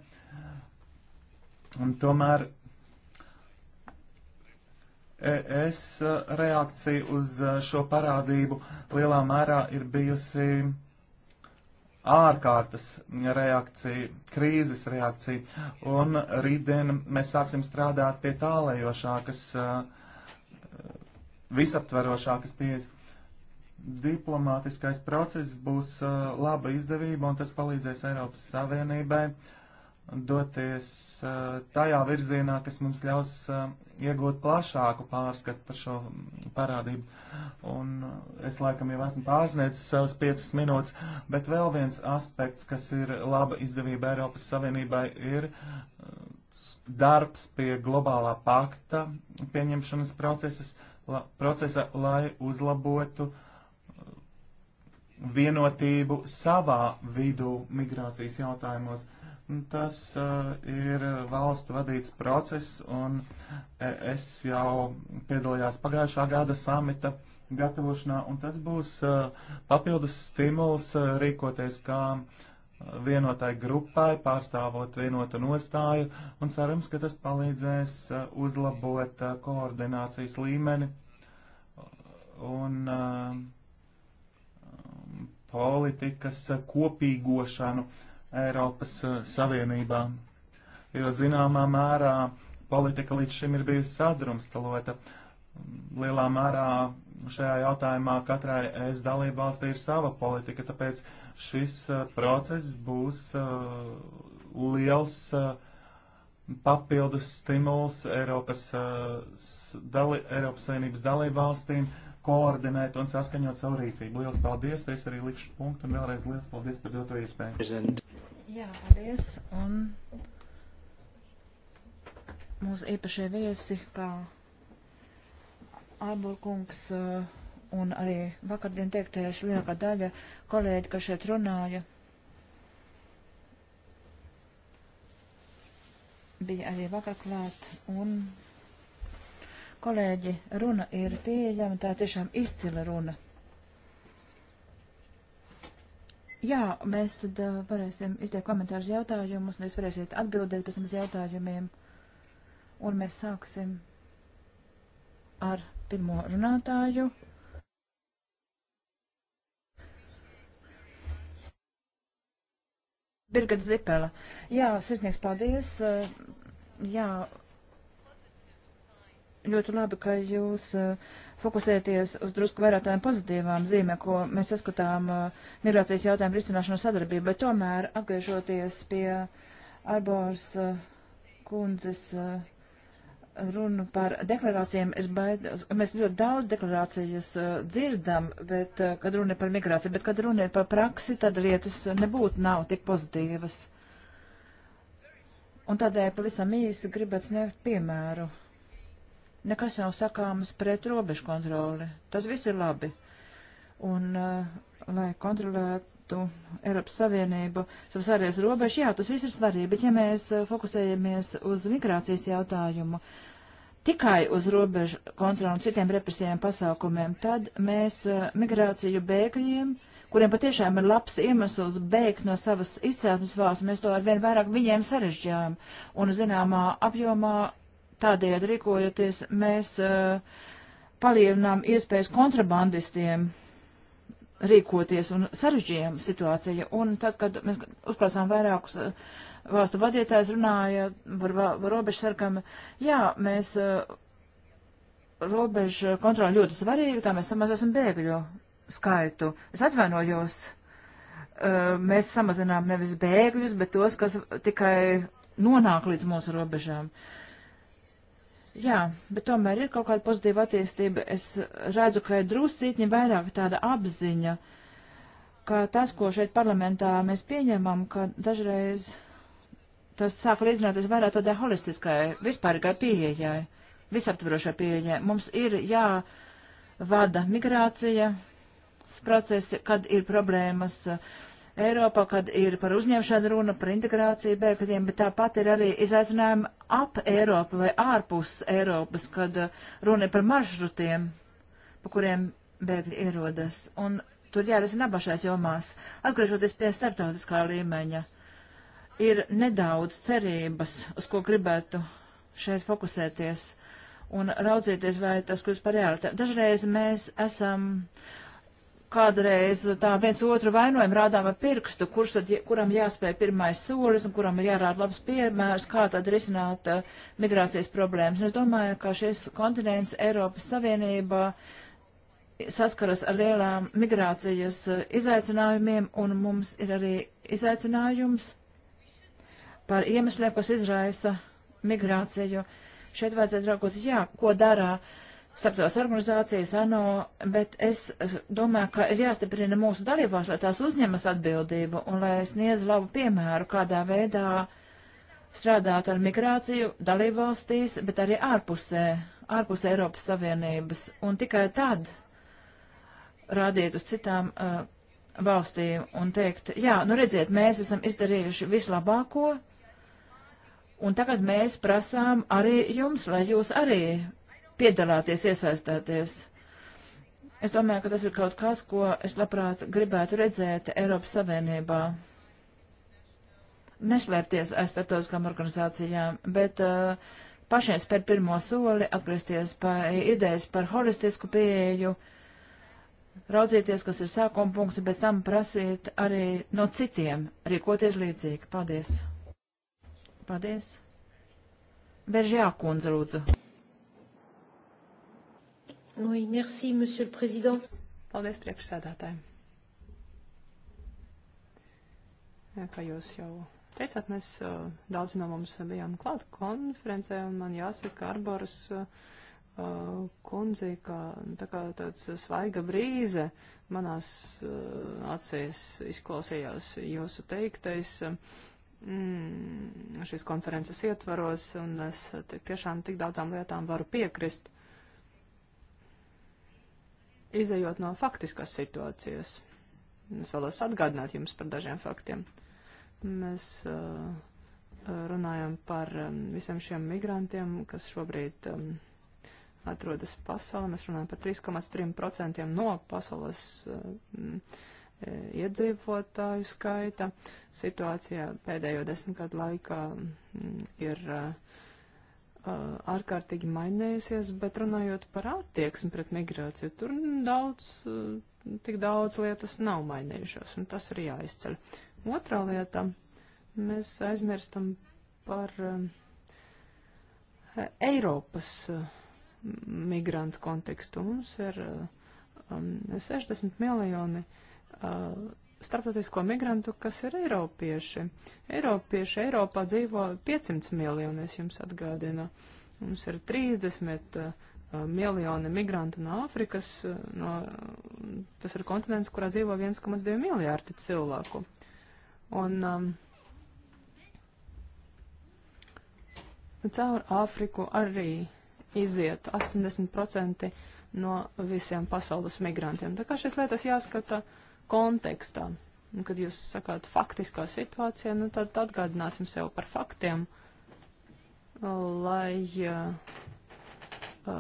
Un tomēr ES reakcija uz šo parādību lielā mērā ir bijusi ārkārtas reakcija, krīzes reakcija. Un rītdien mēs sāksim strādāt pie tālējošākas, eh, visaptverošākas pieejas. Diplomātiskais process būs eh, laba izdevība un tas palīdzēs Eiropas Savienībai uh, doties eh, tajā virzienā, kas mums ļaus eh, iegūt plašāku pārskatu par šo parādību. Un eh, es laikam jau esmu pārsniedzis savas piecas minūtes, bet vēl viens aspekts, kas ir laba izdevība Eiropas Savienībai, ir darbs pie globālā pakta pieņemšanas procesas, la, procesa, lai uzlabotu vienotību savā vidū migrācijas jautājumos Tas uh, ir valstu vadīts process, un e, es jau piedalījās pagājušā gada samita gatavošanā, un tas būs uh, papildus stimuls uh, rīkoties kā uh, vienotai grupai, pārstāvot vienotu nostāju, un cerams, ka tas palīdzēs uh, uzlabot uh, koordinācijas līmeni un uh, politikas uh, kopīgošanu. Uh, Eiropas eh, Savienībā, jo zināmā mērā politika līdz šim ir bijusi sadrumstalota. Lielā mērā šajā jautājumā katrai es dalību valstī ir sava politika, tāpēc šis uh, process būs uh, liels uh, papildus stimuls Eiropas, dali, Eiropas Savienības dalību valstīm koordinēt un saskaņot savu rīcību. Liels paldies, es arī likšu punktu un vēlreiz liels paldies par doto iespēju. Jā, paldies. Un mūsu īpašie viesi, kā Alburkungs eh, un arī vakardien teiktajais lielākā daļa kolēģi, kas šeit runāja, bija arī vakar klāt un kolēģi, runa ir pieejama, tā tiešām izcila runa. Jā, mēs tad uh, varēsim izteikt komentārus jautājumus, un jūs varēsiet atbildēt pēc tam uz jautājumiem. Un mēs sāksim ar pirmo runātāju. Birgit Zipela. Jā, sirsnīgs paldies. Jā, ļoti labi, ka jūs uh, fokusēties uz drusku vairāk tādām pozitīvām zīmēm, ko mēs saskatām uh, migrācijas jautājumu risināšanu sadarbību, bet tomēr atgriežoties pie Arbors uh, kundzes uh, runu par deklarācijām, es baidos, mēs ļoti daudz deklarācijas uh, dzirdam, bet, uh, kad runa ir par migrāciju, bet, kad runa ir par praksi, tad lietas nebūtu nav tik pozitīvas. Un tādēļ pavisam īsi gribētu sniegt piemēru. Uh, nekas nav sakāms pret robežu kontroli. Tas viss ir labi. Un, uh, lai kontrolētu Eiropas Savienību savas ārējas robežas, jā, tas viss ir svarīgi, bet ja mēs uh, fokusējamies uz migrācijas jautājumu, tikai uz robežu kontroli un citiem represijiem pasākumiem, tad mēs uh, migrāciju bēgļiem kuriem patiešām ir labs iemesls bēgt no savas izcēlesmes valsts, mēs to arvien vairāk viņiem sarežģījām un zināmā apjomā tādējādi rīkojoties, mēs uh, palielinām iespējas kontrabandistiem rīkoties un sarežģījām situāciju. Un tad, kad mēs uzprasām vairākus uh, valstu vadītājs runāja par, par robežsargam, jā, mēs uh, robežu kontroli ļoti svarīgi, tā mēs samazāsim bēgļu skaitu. Es atvainojos, uh, mēs samazinām nevis bēgļus, bet tos, kas tikai nonāk līdz mūsu robežām. Uh, Jā, bet tomēr ir kaut kāda pozitīva attīstība. Es redzu, ka ir druscītņi vairāk tāda apziņa, ka tas, ko šeit parlamentā mēs pieņemam, ka dažreiz tas sāk līdzināties vairāk tādai holistiskai, vispārīgai pieejai, visaptverošai pieejai. Mums ir jāvada migrācija procesi, kad ir problēmas. Eiropā, kad ir par uzņemšanu runa, par integrāciju bēgļiem, bet tāpat ir arī izaicinājumi ap Eiropu vai ārpus Eiropas, kad uh, runa ir par maršrutiem, pa kuriem bēgļi ierodas. Un tur jārisina abašais jomās. Atgriežoties pie starptautiskā līmeņa, ir nedaudz cerības, uz ko gribētu šeit fokusēties un raudzīties, vai tas kļūst par realitāti. Dažreiz mēs esam uh, kādreiz tā viens otru vainojam rādām ar pirkstu, kurš tad, kuram jāspēj pirmais solis un kuram ir jārāda labs piemērs, kā tad risināt uh, migrācijas problēmas. Un es domāju, ka šis kontinents Eiropas Savienība saskaras ar lielām migrācijas uh, izaicinājumiem un mums ir arī izaicinājums par iemesliem, kas izraisa migrāciju. Šeit vajadzētu raugoties, jā, ko darā uh, starptautās organizācijas, ANO, bet es domāju, ka ir jāstiprina mūsu dalībās, lai tās uzņemas atbildību un lai sniedz labu piemēru, kādā veidā strādāt ar migrāciju dalībvalstīs, bet arī ārpusē, ārpus Eiropas Savienības. Un tikai tad rādīt uz citām uh, valstīm un teikt, jā, nu redziet, mēs esam izdarījuši vislabāko, un tagad mēs prasām arī jums, lai jūs arī piedalāties, iesaistāties. Es domāju, ka tas ir kaut kas, ko es labprāt gribētu redzēt Eiropas Savienībā. Neslēpties aiz starptautiskām organizācijām, bet uh, pašiem spēr pirmo soli, atgriezties pie idejas par holistisku pieeju, raudzīties, kas ir sākuma punkts, bet tam prasīt arī no citiem rīkoties līdzīgi. Paldies! Paldies! Veržjā kundze, lūdzu! Oui, merci, monsieur le prezident. Paldies priekšsēdātājiem. Kā jūs jau teicāt, mēs daudz no mums bijām klāt konferencē, un man jāsaka, Arboras kundzi, kā, nu, tā kā tāds svaiga brīze manās acīs izklausījās jūsu teiktais mm, šīs konferences ietvaros, un es tiešām tik daudzām lietām varu piekrist izējot no faktiskās situācijas. Es vēlos atgādināt jums par dažiem faktiem. Mēs uh, runājam par um, visiem šiem migrantiem, kas šobrīd um, atrodas pasaulē. Mēs runājam par 3,3% no pasaules um, iedzīvotāju skaita. Situācijā pēdējo desmit gadu laikā mm, ir uh, ārkārtīgi mainījusies, bet runājot par attieksmi pret migrāciju, tur daudz, tik daudz lietas nav mainījušās, un tas ir jāizceļ. Otrā lieta, mēs aizmirstam par Eiropas migrantu kontekstu. Mums ir 60 miljoni starptautisko migrantu, kas ir eiropieši. Eiropieši Eiropā dzīvo 500 miljoni, es jums atgādinu. Mums ir 30 uh, miljoni migrantu no Āfrikas, uh, no, tas ir kontinents, kurā dzīvo 1,2 miljārdi cilvēku. Un um, caur Āfriku arī iziet 80% no visiem pasaules migrantiem. Tā kā šīs lietas jāskata uh, kontekstā. Un, nu, kad jūs sakāt faktiskā situācijā, nu, tad atgādināsim sev par faktiem, lai uh,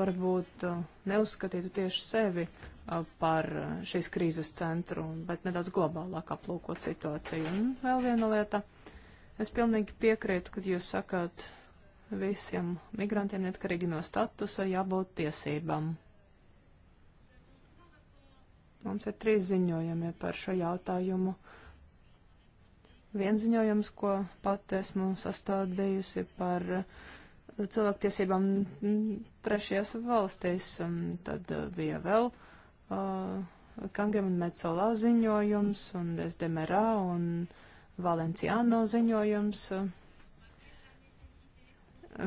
varbūt uh, neuzskatītu tieši sevi uh, par šīs krīzes centru, bet nedaudz globālāk aplūkot situāciju. Un vēl viena lieta. Es pilnīgi piekrītu, kad jūs sakāt, visiem migrantiem, neatkarīgi no statusa, jābūt tiesībām. Mums ir trīs ziņojumi par šo jautājumu. Viens ziņojums, ko pat esmu sastādījusi par eh, cilvēktiesībām trešajās valstīs, tad eh, bija vēl uh, eh, Kangam un Mecolā ziņojums un Desdemerā un Valenciāno ziņojums. Uh,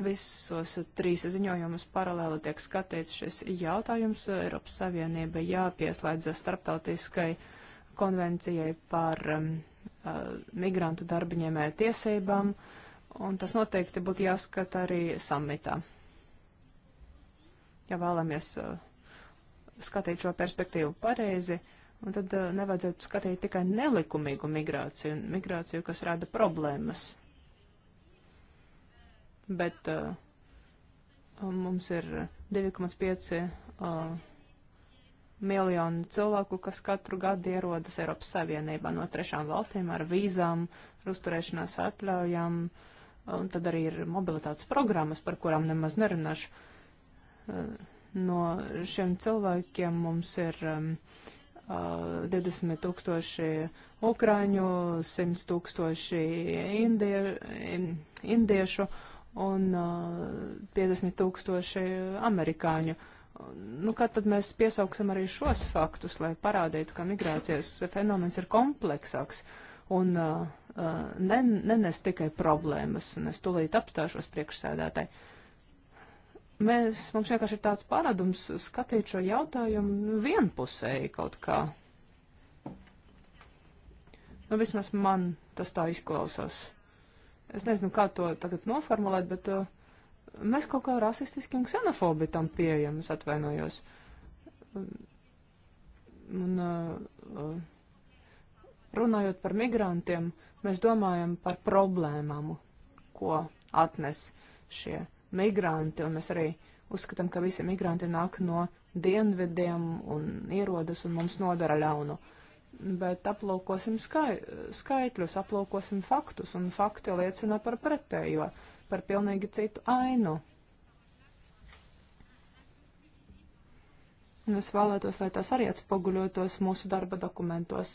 Visos trīs ziņojumus paralēli tiek skatīts šis jautājums. Eiropas Savienība jāpieslēdz starptautiskai konvencijai par um, uh, migrantu darbiņēmēju tiesībām, un tas noteikti būtu jāskata arī samitā. Ja vēlamies uh, skatīt šo perspektīvu pareizi, un tad uh, nevajadzētu skatīt tikai nelikumīgu migrāciju, migrāciju, kas rada problēmas bet uh, mums ir 2,5 uh, miljonu cilvēku, kas katru gadu ierodas Eiropas Savienībā no trešām valstīm ar vīzām, ar uzturēšanās atļaujām, uh, un tad arī ir mobilitātes programmas, par kurām nemaz nerunāšu. Uh, no šiem cilvēkiem mums ir um, 20 uh, tūkstoši ukrāņu, 100 tūkstoši indie, indiešu. Uh, un uh, 50 tūkstoši amerikāņu. Nu, kā tad mēs piesauksim arī šos faktus, lai parādītu, ka migrācijas fenomens ir kompleksāks un uh, uh ne, nenes tikai problēmas, un es tūlīt apstāšos priekšsēdētāji. Mēs, mums vienkārši ir tāds paradums skatīt šo jautājumu vienpusēji kaut kā. Nu, vismaz man tas tā izklausās. Es nezinu, kā to tagad noformulēt, bet uh, mēs kaut kā rasistiski un ksenofobi tam pieejam, es atvainojos. Un, uh, uh, runājot par migrantiem, mēs domājam par problēmām, ko atnes šie migranti, un mēs arī uzskatām, ka visi migranti nāk no dienvidiem un ierodas un mums nodara ļaunu. Uh, bet aplūkosim skai, skaitļus, aplūkosim faktus, un fakti liecina par pretējo, par pilnīgi citu ainu. Un es vēlētos, lai tas arī atspoguļotos mūsu darba dokumentos.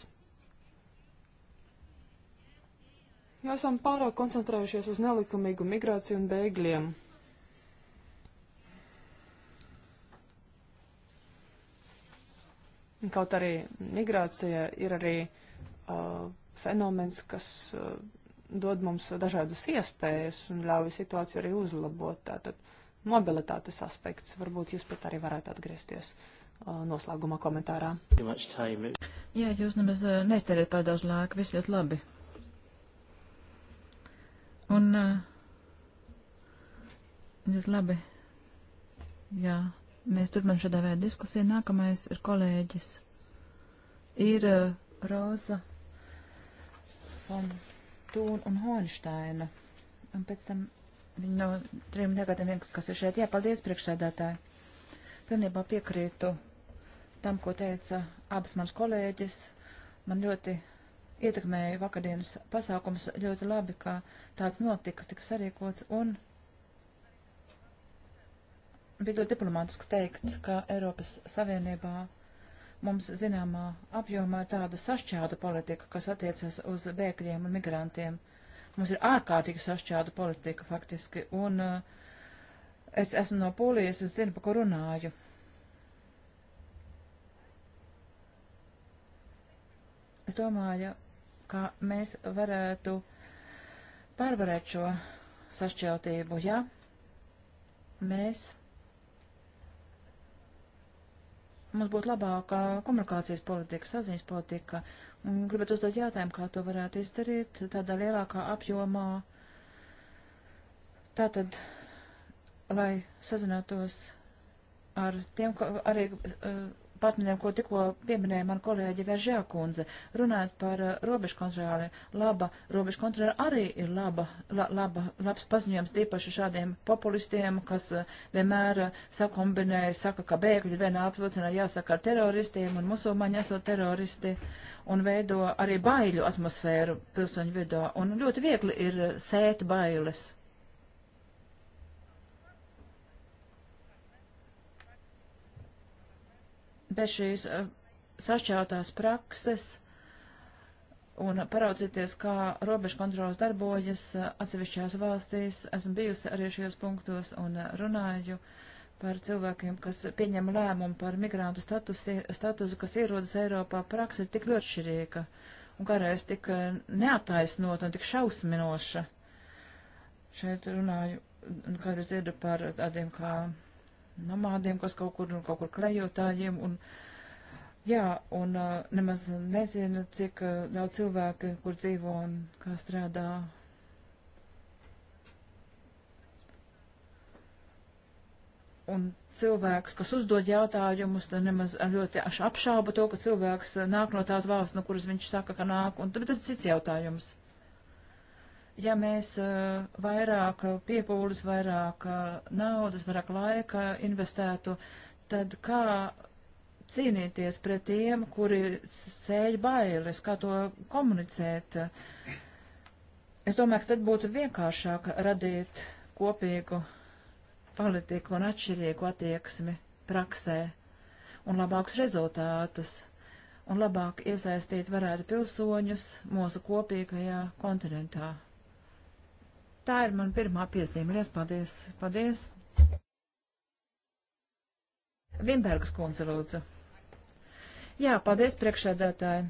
Jo esam pārāk koncentrējušies uz nelikumīgu migrāciju un bēgļiem. Kaut arī migrācija ir arī uh, fenomens, kas uh, dod mums dažādas iespējas un ļauj situāciju arī uzlabot. Tātad mobilitātes aspekts, varbūt jūs pat arī varētu atgriezties uh, noslēguma komentārā. Jā, jūs nemaz uh, neiztērēt pār daudz laika, viss ļoti labi. Un uh, ļoti labi. Jā. Mēs turpinām šādā veidā diskusiju. Nākamais ir kolēģis. Ir uh, Roza von Tūna un Honšteina. Un pēc tam viņi no trim negadiem vienkārši, kas ir šeit. Jā, paldies priekšsēdētāji. Pilnībā piekrītu tam, ko teica abas manas kolēģis. Man ļoti ietekmēja vakardienas pasākums ļoti labi, ka tāds notika, tika sarīkots, un bija ļoti diplomātiski teikt, ka Eiropas Savienībā mums zināmā apjomā ir tāda sašķēlta politika, kas attiecas uz bēgļiem un migrantiem. Mums ir ārkārtīgi sašķēlta politika faktiski, un uh, es esmu no Polijas, es zinu, pa ko runāju. Es domāju, ka mēs varētu pārvarēt šo sašķeltību, ja mēs Mums būtu labāka komunikācijas politika, saziņas politika. Un gribētu uzdot jautājumu, kā to varētu izdarīt tādā lielākā apjomā. Tātad, lai sazinātos ar tiem, arī. Uh, partneriem, ko tikko pieminēja man kolēģi Veržā kundze, runājot par uh, robežkontroli. Laba robežkontrola arī ir laba, la, laba, labs paziņojums tīpaši šādiem populistiem, kas uh, vienmēr uh, sakombinē, saka, ka bēgļi vienā apvilcinā jāsaka ar teroristiem un musulmaņi esot teroristi un veido arī baiļu atmosfēru pilsoņu vidū. Un ļoti viegli ir uh, sēt bailes bez šīs uh, eh, sašķautās prakses un paraudzīties, kā robežu kontrols darbojas uh, atsevišķās valstīs. Esmu bijusi arī šajos punktos un uh, runāju par cilvēkiem, kas pieņem lēmumu par migrantu statusi, statusu, kas ierodas Eiropā. Praksa ir tik ļoti šķirīga un kādreiz tik neataisnota un tik šausminoša. Šeit runāju, kādreiz dzirdu par tādiem kā. Uh, nomādiem, kas kaut kur un kaut kur klejotājiem. Un, jā, un nemaz nezinu, cik daudz cilvēki, kur dzīvo un kā strādā. Un cilvēks, kas uzdod jautājumus, tad nemaz ļoti apšauba to, ka cilvēks nāk no tās valsts, no kuras viņš saka, ka nāk, un tad tas ir cits jautājums ja mēs uh, vairāk piepūles, vairāk uh, naudas, vairāk laika investētu, tad kā cīnīties pret tiem, kuri sēž bailes, kā to komunicēt? Es domāju, ka tad būtu vienkāršāk radīt kopīgu politiku un atšķirīgu attieksmi praksē un labākus rezultātus un labāk iesaistīt varētu pilsoņus mūsu kopīgajā kontinentā. Tā ir man pirmā piezīme. Lies, paldies, paldies. Vimbergas kundze lūdzu. Jā, paldies priekšsēdētāji.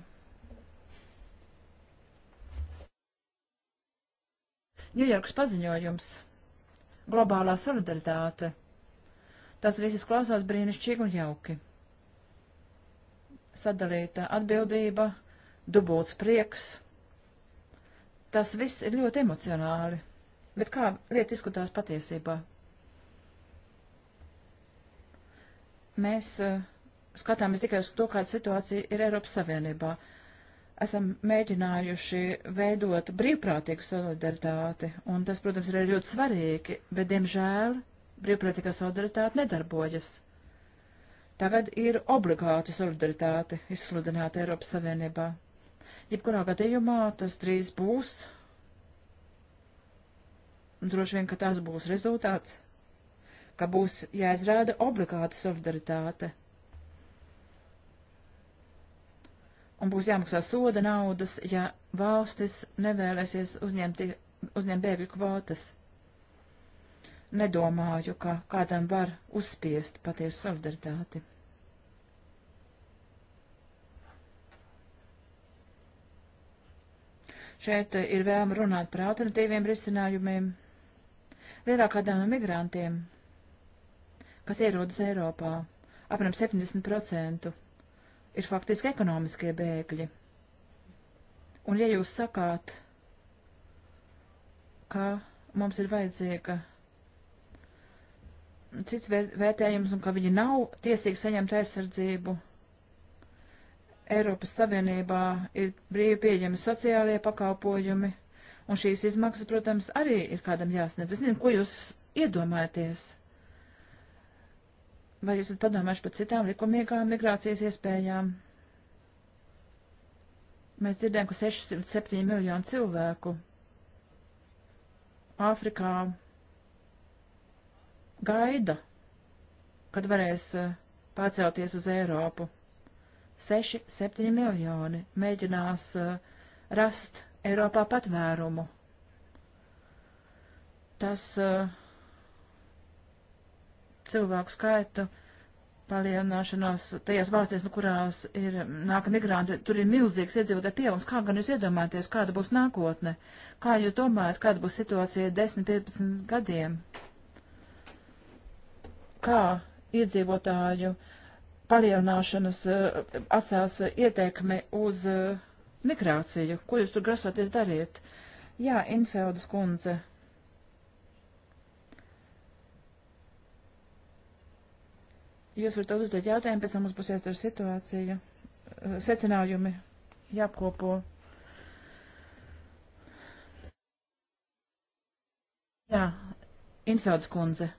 Ņujorkas paziņojums. Globālā solidaritāte. Tas viss klausās brīnišķīgi un jauki. Sadalīta atbildība, dubults prieks. Tas viss ir ļoti emocionāli. Bet kā lieta izskatās patiesībā? Mēs uh, skatāmies tikai uz to, kāda situācija ir Eiropas Savienībā. Esam mēģinājuši veidot brīvprātīgu solidaritāti, un tas, protams, ir ļoti svarīgi, bet, diemžēl, brīvprātīgā solidaritāte nedarbojas. Tagad ir obligāti solidaritāte izsludināta Eiropas Savienībā. Jebkurā gadījumā tas drīz būs Droši vien, ka tas būs rezultāts, ka būs jāizrāda obligāta solidaritāte. Un būs jāmaksā soda naudas, ja valstis nevēlēsies uzņemt, uzņemt bēgļu kvotas. Nedomāju, ka kādam var uzspiest patiesu solidaritāti. Šeit ir vēlme runāt par alternatīviem risinājumiem. Lielākā daļa no migrantiem, kas ierodas Eiropā, apmēram 70%, ir faktiski ekonomiskie bēgļi. Un ja jūs sakāt, ka mums ir vajadzīga cits vērtējums un ka viņi nav tiesīgi saņemt aizsardzību. Eiropas Savienībā ir brīvi pieejami sociālie pakalpojumi, Un šīs izmaksas, protams, arī ir kādam jāsniedz. Es nezinu, ko jūs iedomājaties. Vai jūs esat padomājuši par citām likumīgām migrācijas iespējām? Mēs dzirdējam, ka 607 miljonu cilvēku Āfrikā gaida, kad varēs eh, pārcelties uz Eiropu. 6-7 miljoni mēģinās eh, rast Eiropā patvērumu. Tas uh, cilvēku skaitu palielināšanos tajās valstīs, no nu, kurās ir nāka migranti, tur ir milzīgs iedzīvotāju pieaugums. Kā gan jūs iedomājaties, kāda būs nākotne? Kā jūs domājat, kāda būs situācija 10-15 gadiem? Kā iedzīvotāju palielināšanas uh, eh, asās ietekme uz uh, migrāciju. Ko jūs tur grasāties darīt? Jā, Infeldas kundze. Jūs varat uzdot jautājumu, pēc tam mums būs jāatver situācija, eh, secinājumi jāapkopo. Jā, Infeldas kundze.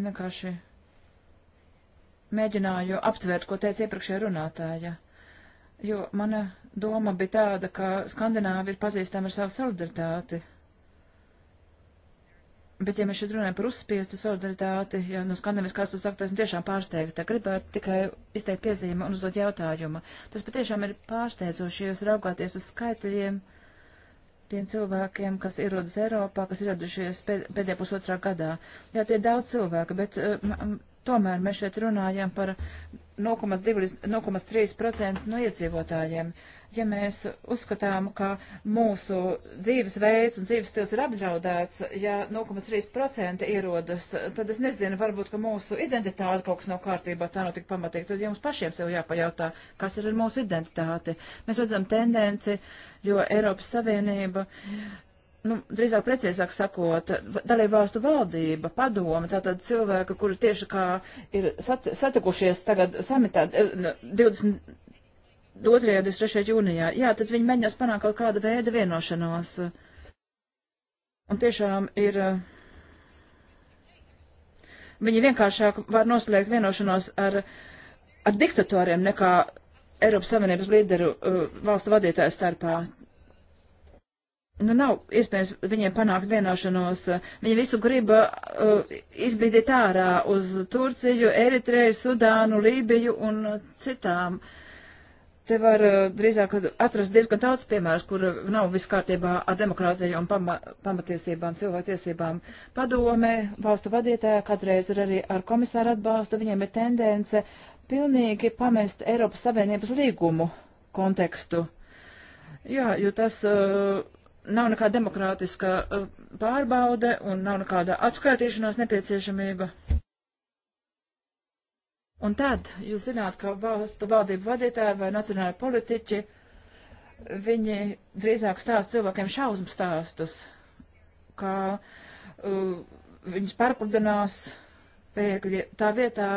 Vienkārši mēģināju aptvert, ko teica iepriekšējā runātāja. Ja jo mana doma bija tāda, ka Skandināvi ir pazīstami ar savu solidaritāti. Bet, ja mēs šeit runājam par uzspiestu solidaritāti, ja no Skandināvijas kāds to saka, esmu tiešām pārsteigta. Gribētu tikai izteikt piezīmi un uzdot jautājumu. Tas patiešām ir pārsteidzoši, ja jūs raugāties uz skaitļiem tiem cilvēkiem, kas ierodas Eiropā, kas ieradušies pēd, pēdējā pusotrā gadā. Jā, tie ir daudz cilvēku, bet uh, tomēr mēs šeit runājam par 0,3% no iedzīvotājiem. Ja mēs uzskatām, ka mūsu dzīvesveids un dzīves stils ir apdraudēts, ja 0,3% ierodas, tad es nezinu, varbūt, ka mūsu identitāte kaut kas nav kārtībā, tā nav tik pamatīgi. Tad jums pašiem sev jāpajautā, kas ir mūsu identitāte. Mēs redzam tendenci, jo Eiropas Savienība. Uh, nu, drīzāk precīzāk sakot, dalībvalstu valdība, padoma, tātad cilvēki, kuri tieši kā ir sat, satikušies tagad samitā 22. Eh, 23. Nu, jūnijā, jā, tad viņi mēģinās panākt kaut kādu veidu vienošanos. Un tiešām ir. Eh, viņi vienkāršāk var noslēgt vienošanos ar, ar diktatoriem nekā Eiropas Savienības līderu eh, valstu vadītāju starpā nu, nav iespējams viņiem panākt vienošanos. Viņi visu grib uh, izbīdīt ārā uz Turciju, Eritreju, Sudānu, Lībiju un citām. Te var uh, drīzāk atrast diezgan daudz piemērus, kur nav viss kārtībā ar demokrātiju un pama pamatiesībām, cilvēktiesībām. Padome, valstu vadītāja, katreiz ir arī ar komisāru atbalstu, viņiem ir tendence pilnīgi pamest Eiropas Savienības līgumu kontekstu. Jā, jo tas uh, nav nekāda demokrātiska uh, pārbaude un nav nekāda atskaitīšanās nepieciešamība. Un tad jūs zināt, ka valstu valdību vadītāji vai nacionāli politiķi, viņi drīzāk stāsta cilvēkiem šausmu stāstus, ka uh, viņus pārpludinās pēkļi tā vietā,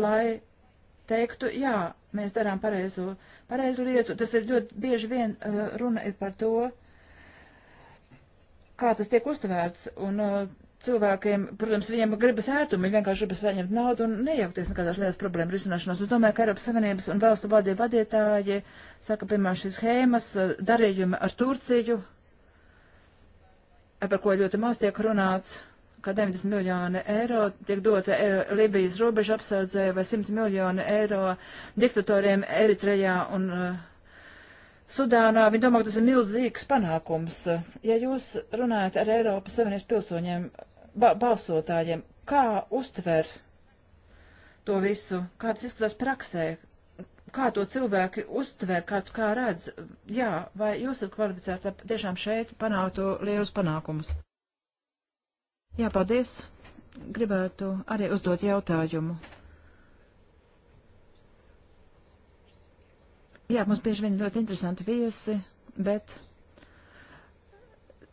lai teiktu, jā, mēs darām pareizo, pareizu lietu. Tas ir ļoti bieži vien uh, runa ir par to, kā tas tiek uztvērts. Un uh, cilvēkiem, protams, viņiem gribas ērtumi, viņi vienkārši gribas saņemt naudu un nejaukties nekādās lielas problēmas risināšanās. Es domāju, ka Eiropas Savienības un valstu valdību vadītāji saka, piemēram, šīs schēmas, uh, darījumi ar Turciju, par ko ļoti maz tiek runāts ka 90 miljoni eiro tiek dota e, uh, Libijas robežu apsardzē vai 100 miljoni eiro diktatoriem Eritrejā un uh, Sudānā viņi domā, ka tas ir milzīgs panākums. Ja jūs runājat ar Eiropas Savienības pilsoņiem, ba balsotājiem, kā uztver to visu, kā tas izskatās praksē, kā to cilvēki uztver, kā, kā redz, jā, vai jūs esat kvalificēti, lai tiešām šeit panāktu lielus panākumus? Jā, paldies. Gribētu arī uzdot jautājumu. Jā, mums bieži vien ļoti interesanti viesi, bet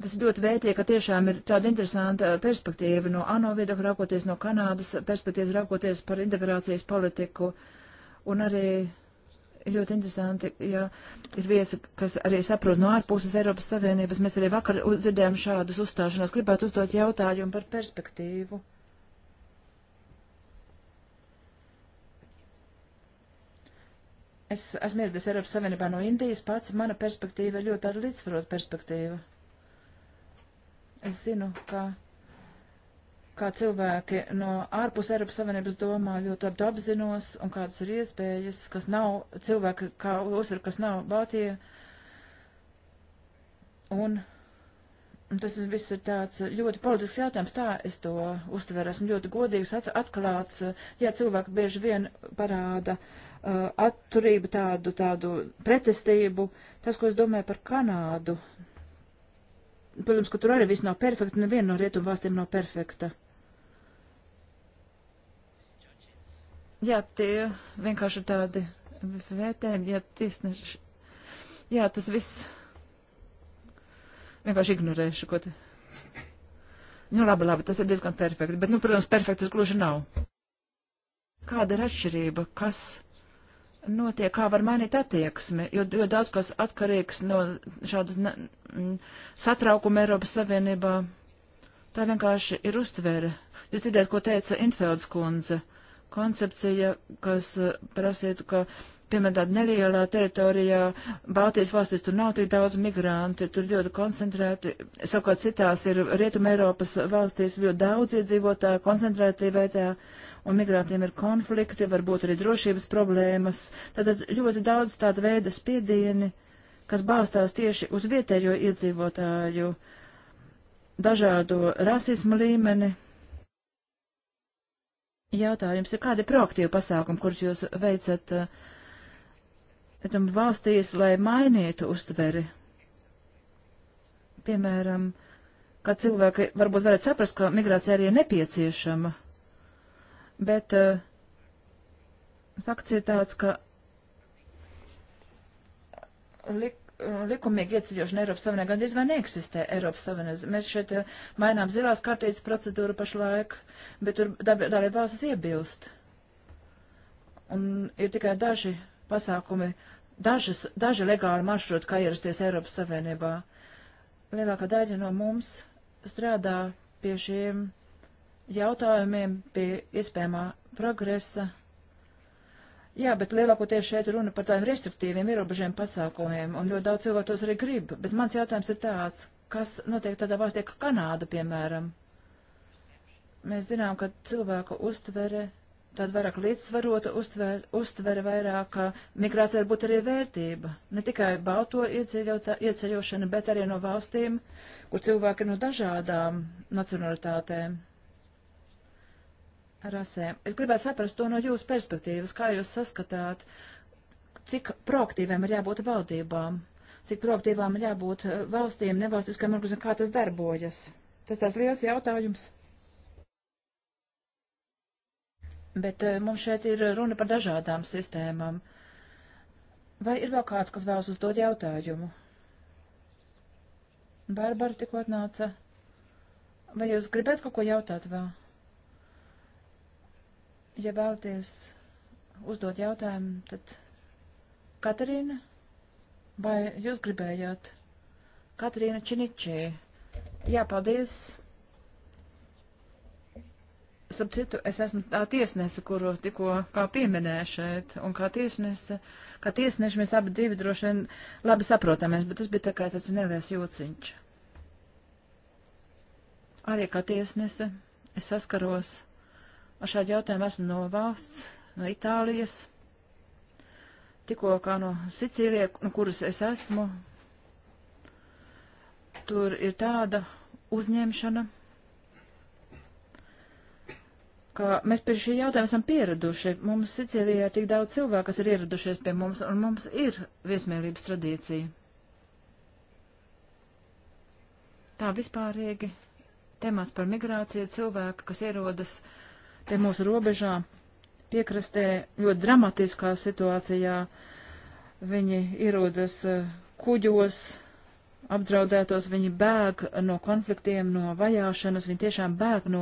tas ļoti vērtīgi, ka tiešām ir tāda interesanta perspektīva no ANO viedokļa raukoties, no Kanādas perspektīvas raukoties par integrācijas politiku. Un arī ļoti interesanti, ja ir viesi, kas arī saprot no ārpuses Eiropas Savienības. Mēs arī vakar dzirdējām šādus uzstāšanos. Gribētu uzdot jautājumu par perspektīvu. Es esmu ieradies Eiropas Savienībā no Indijas pats, mana perspektīva ir ļoti tāda līdzsvarota perspektīva. Es zinu, ka kā cilvēki no ārpus Eiropas Savienības domā, ļoti labi apzinos un kādas ir iespējas, kas nav cilvēki, kā uzvar, kas nav Baltija. Un tas viss ir tāds eh, ļoti politisks jautājums, tā es to uztveru, esmu ļoti godīgs, at, atklāts, eh, ja cilvēki bieži vien parāda uh, atturību tādu, tādu pretestību. Tas, ko es domāju par Kanādu, protams, ka tur arī viss nav perfekta, neviena no rietumu valstīm nav perfekta. Jā, tie vienkārši ir tādi vērtējumi, ja tiesneši. Jā, tas viss vienkārši ignorēšu, ko te. Nu, labi, labi, tas ir diezgan perfekti, bet, nu, protams, perfektas gluži nav. Kāda ir atšķirība, kas notiek, kā var mainīt attieksmi, jo, jo daudz kas atkarīgs no šādas satraukuma Eiropas Savienībā. Tā vienkārši ir uztvere. Jūs dzirdējat, ko teica Intfelds kundze. Koncepcija, kas eh, prasītu, ka piemēram, tādā nelielā teritorijā, Baltijas valstīs tur nav tik daudz migranti, tur ļoti koncentrēti, savukārt citās ir Rietuma Eiropas valstīs ļoti daudz iedzīvotāju, koncentrēti veidā, un migrantiem ir konflikti, varbūt arī drošības problēmas. Tātad ļoti daudz tāda veida spiedieni, kas balstās tieši uz vietējo iedzīvotāju dažādo rasismu līmeni. Jautājums ir, kādi proaktīvi pasākumi, kurus jūs veicat uh, rietumu valstīs, lai mainītu uztveri. Piemēram, kā cilvēki varbūt varētu saprast, ka migrācija arī ir nepieciešama, bet uh, fakts ir tāds, ka lik, eh, likumīgi ieceļošana Eiropas Savienībā gandrīz vai neeksistē Eiropas Savienībā. Mēs šeit eh, mainām zilās kārtības procedūru pašlaik, bet tur dalība valstis iebilst. Un ir tikai daži pasākumi, dažas, daži legāli maršruti, kā ierasties Eiropas Savienībā. Lielākā daļa no mums strādā pie šiem jautājumiem, pie iespējamā progresa. Jā, bet lielākoties šeit runa par tādiem restriktīviem ierobežiem pasākumiem, un ļoti daudz cilvēku tos arī grib. Bet mans jautājums ir tāds, kas notiek tādā valstī kā Kanāda, piemēram. Mēs zinām, ka cilvēku uztvere tāda vairāk līdzsvarota, uztver, uztver vairāk, ka migrācija var būt arī vērtība. Ne tikai balto ieceļošana, bet arī no valstīm, kur cilvēki ir no dažādām nacionalitātēm. Rasēm. Es gribētu saprast to no jūsu perspektīvas, kā jūs saskatāt, cik proaktīviem ir jābūt valdībām, cik proaktīvām ir jābūt eh, valstīm, nevalstiskām organizācijām, kā tas darbojas. Tas tās liels jautājums. Bet eh, mums šeit ir runa par dažādām sistēmām. Vai ir vēl kāds, kas vēlas uzdot jautājumu? Barbara tikko atnāca. Vai jūs gribat kaut ko jautāt vēl? Ja vēlaties uzdot jautājumu, tad Katarīna, vai jūs gribējāt? Katarīna Činičī. Jā, paldies. Starp citu, es esmu tā tiesnese, kuru tikko kā pieminēju šeit, un kā tiesnese, kā tiesneši mēs abi divi droši vien labi saprotamies, bet tas bija tā kā tāds neliels jūciņš. Arī kā tiesnese es saskaros ar šādu jautājumu esmu no valsts, no Itālijas, tikko kā no Sicīlija, no kuras es esmu. Tur ir tāda uzņemšana ka mēs pie šī jautājuma esam pieraduši. Mums Sicilijā ir tik daudz cilvēku, kas ir ieradušies pie mums, un mums ir viesmīlības tradīcija. Tā vispārīgi temats par migrāciju cilvēku, kas ierodas pie mūsu robežā, piekrastē ļoti dramatiskā situācijā. Viņi ierodas eh, kuģos, apdraudētos, viņi bēg no konfliktiem, no vajāšanas, viņi tiešām bēg no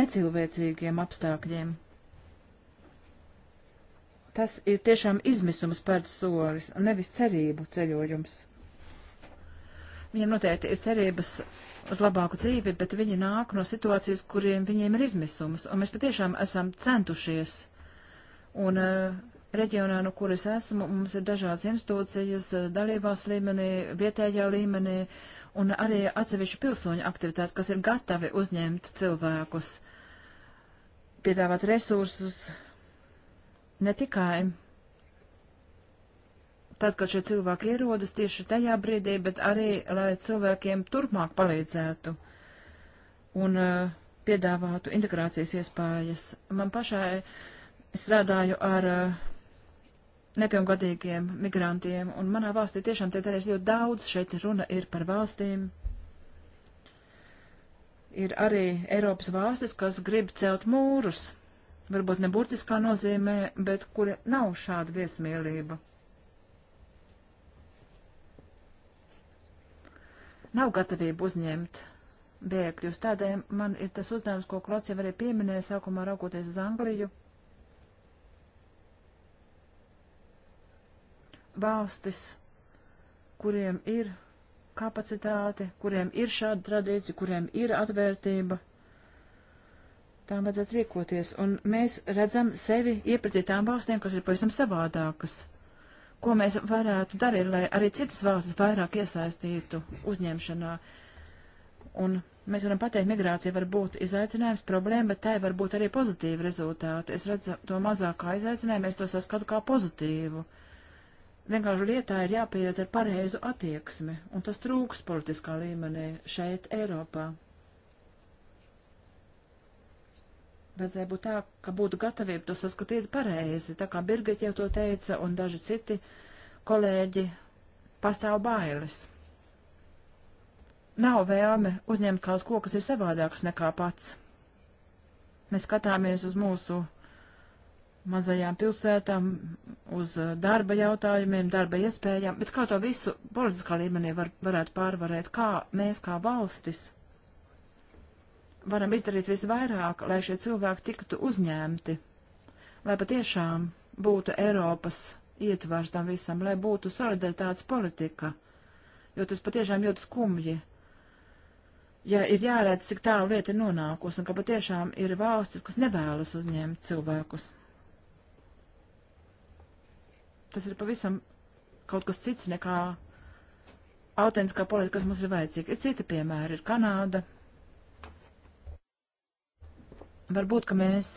necilvēcīgiem apstākļiem. Tas ir tiešām izmisums pēc solis, nevis cerību ceļojums. Viņiem noteikti ir cerības uz labāku dzīvi, bet viņi nāk no situācijas, kuriem viņiem ir izmisums, un mēs patiešām esam centušies. Un uh, reģionā, no kuras esmu, mums ir dažādas institūcijas eh, dalībās līmenī, vietējā līmenī un arī atsevišķu pilsoņu aktivitāti, kas ir gatavi uzņemt cilvēkus, piedāvāt resursus ne tikai tad, kad šie cilvēki ierodas tieši tajā brīdī, bet arī, lai cilvēkiem turpmāk palīdzētu un uh, piedāvātu integrācijas iespējas. Man pašai strādāju ar uh, nepilngadīgiem migrantiem, un manā valstī tiešām tiek darīts ļoti daudz, šeit runa ir par valstīm. Ir arī Eiropas valstis, kas grib celt mūrus, varbūt ne burtiskā nozīmē, bet kur nav šāda viesmīlība. Nav gatavība uzņemt bēgļus, tādēļ man ir tas uzdevums, ko Klots jau arī pieminēja sākumā raugoties uz Angliju. valstis, kuriem ir kapacitāte, kuriem ir šāda tradīcija, kuriem ir atvērtība. Tām vajadzētu rīkoties, un mēs redzam sevi iepratī tām valstīm, kas ir pavisam savādākas. Ko mēs varētu darīt, lai arī citas valstis vairāk iesaistītu uzņemšanā? Un mēs varam pateikt, migrācija var būt izaicinājums, problēma, bet tai var būt arī pozitīva rezultāti. Es redzu to mazākā izaicinājumu, es to saskatu kā pozitīvu. Uh, Vienkārši lietā ir jāpieiet ar pareizu attieksmi, un tas trūks politiskā līmenī šeit, Eiropā. Vajadzēja būt tā, ka būtu gatavība to saskatīt pareizi, tā kā Birgit jau to teica, un daži citi kolēģi pastāv bailes. Nav vēlme uzņemt kaut ko, kas ir savādāks nekā pats. Mēs skatāmies uz mūsu mazajām pilsētām, uz eh, darba jautājumiem, darba iespējām, bet kā to visu politiskā līmenī var, varētu pārvarēt, kā mēs kā valstis varam izdarīt visvairāk, lai šie cilvēki tiktu uzņemti, lai patiešām būtu Eiropas ietvars tam visam, lai būtu solidaritātes politika, jo tas patiešām ļoti skumji ja ir jāredz, cik tālu lieta ir nonākusi, un ka patiešām ir valstis, kas nevēlas uzņemt cilvēkus tas ir pavisam kaut kas cits nekā autentiskā politika, kas mums ir vajadzīga. Ir citi piemēri, ir Kanāda. Varbūt, ka mēs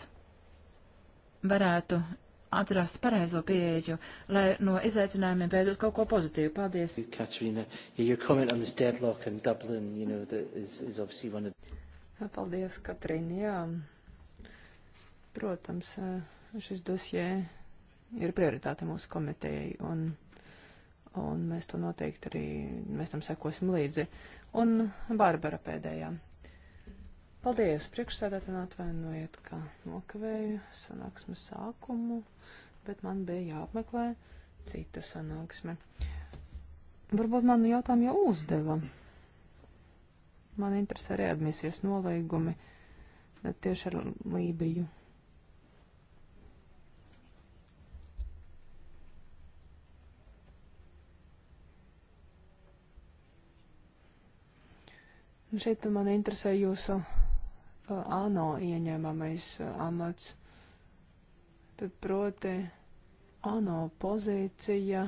varētu atrast pareizo pieeju, lai no izaicinājumiem veidot kaut ko pozitīvu. Paldies. Katrīna, your comment on this deadlock in Dublin, you know, that is, is obviously one of... Paldies, Katrīna, jā. Protams, eh, šis dosie ir prioritāte mūsu komitejai, un, un mēs to noteikti arī, mēs tam sekosim līdzi. Un Bārbara pēdējā. Paldies, priekšsēdētāji, atvainojiet, ka nokavēju sanāksmes sākumu, bet man bija jāapmeklē cita sanāksme. Varbūt man jautājumu jau uzdeva. Man interesē readmisijas nolīgumi tieši ar Lībiju. Un šeit man interesē jūsu uh, ANO ieņēmamais uh, amats. Tad proti ANO pozīcija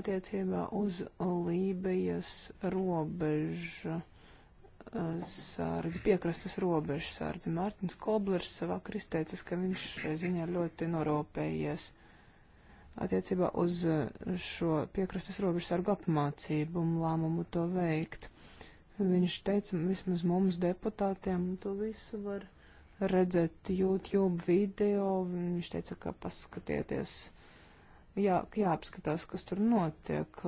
attiecībā uz Lībijas robežu sārdzi, piekrastes robežas sārdzi. Mārtiņš Koblers vakar izteicis, ka viņš šai ziņā ļoti noropējies attiecībā uz šo piekrastes robežas sargu apmācību un lēmumu to veikt. Viņš teica, vismaz mums deputātiem, tu visu var redzēt YouTube video. Viņš teica, ka paskatieties, jā, jāapskatās, kas tur notiek.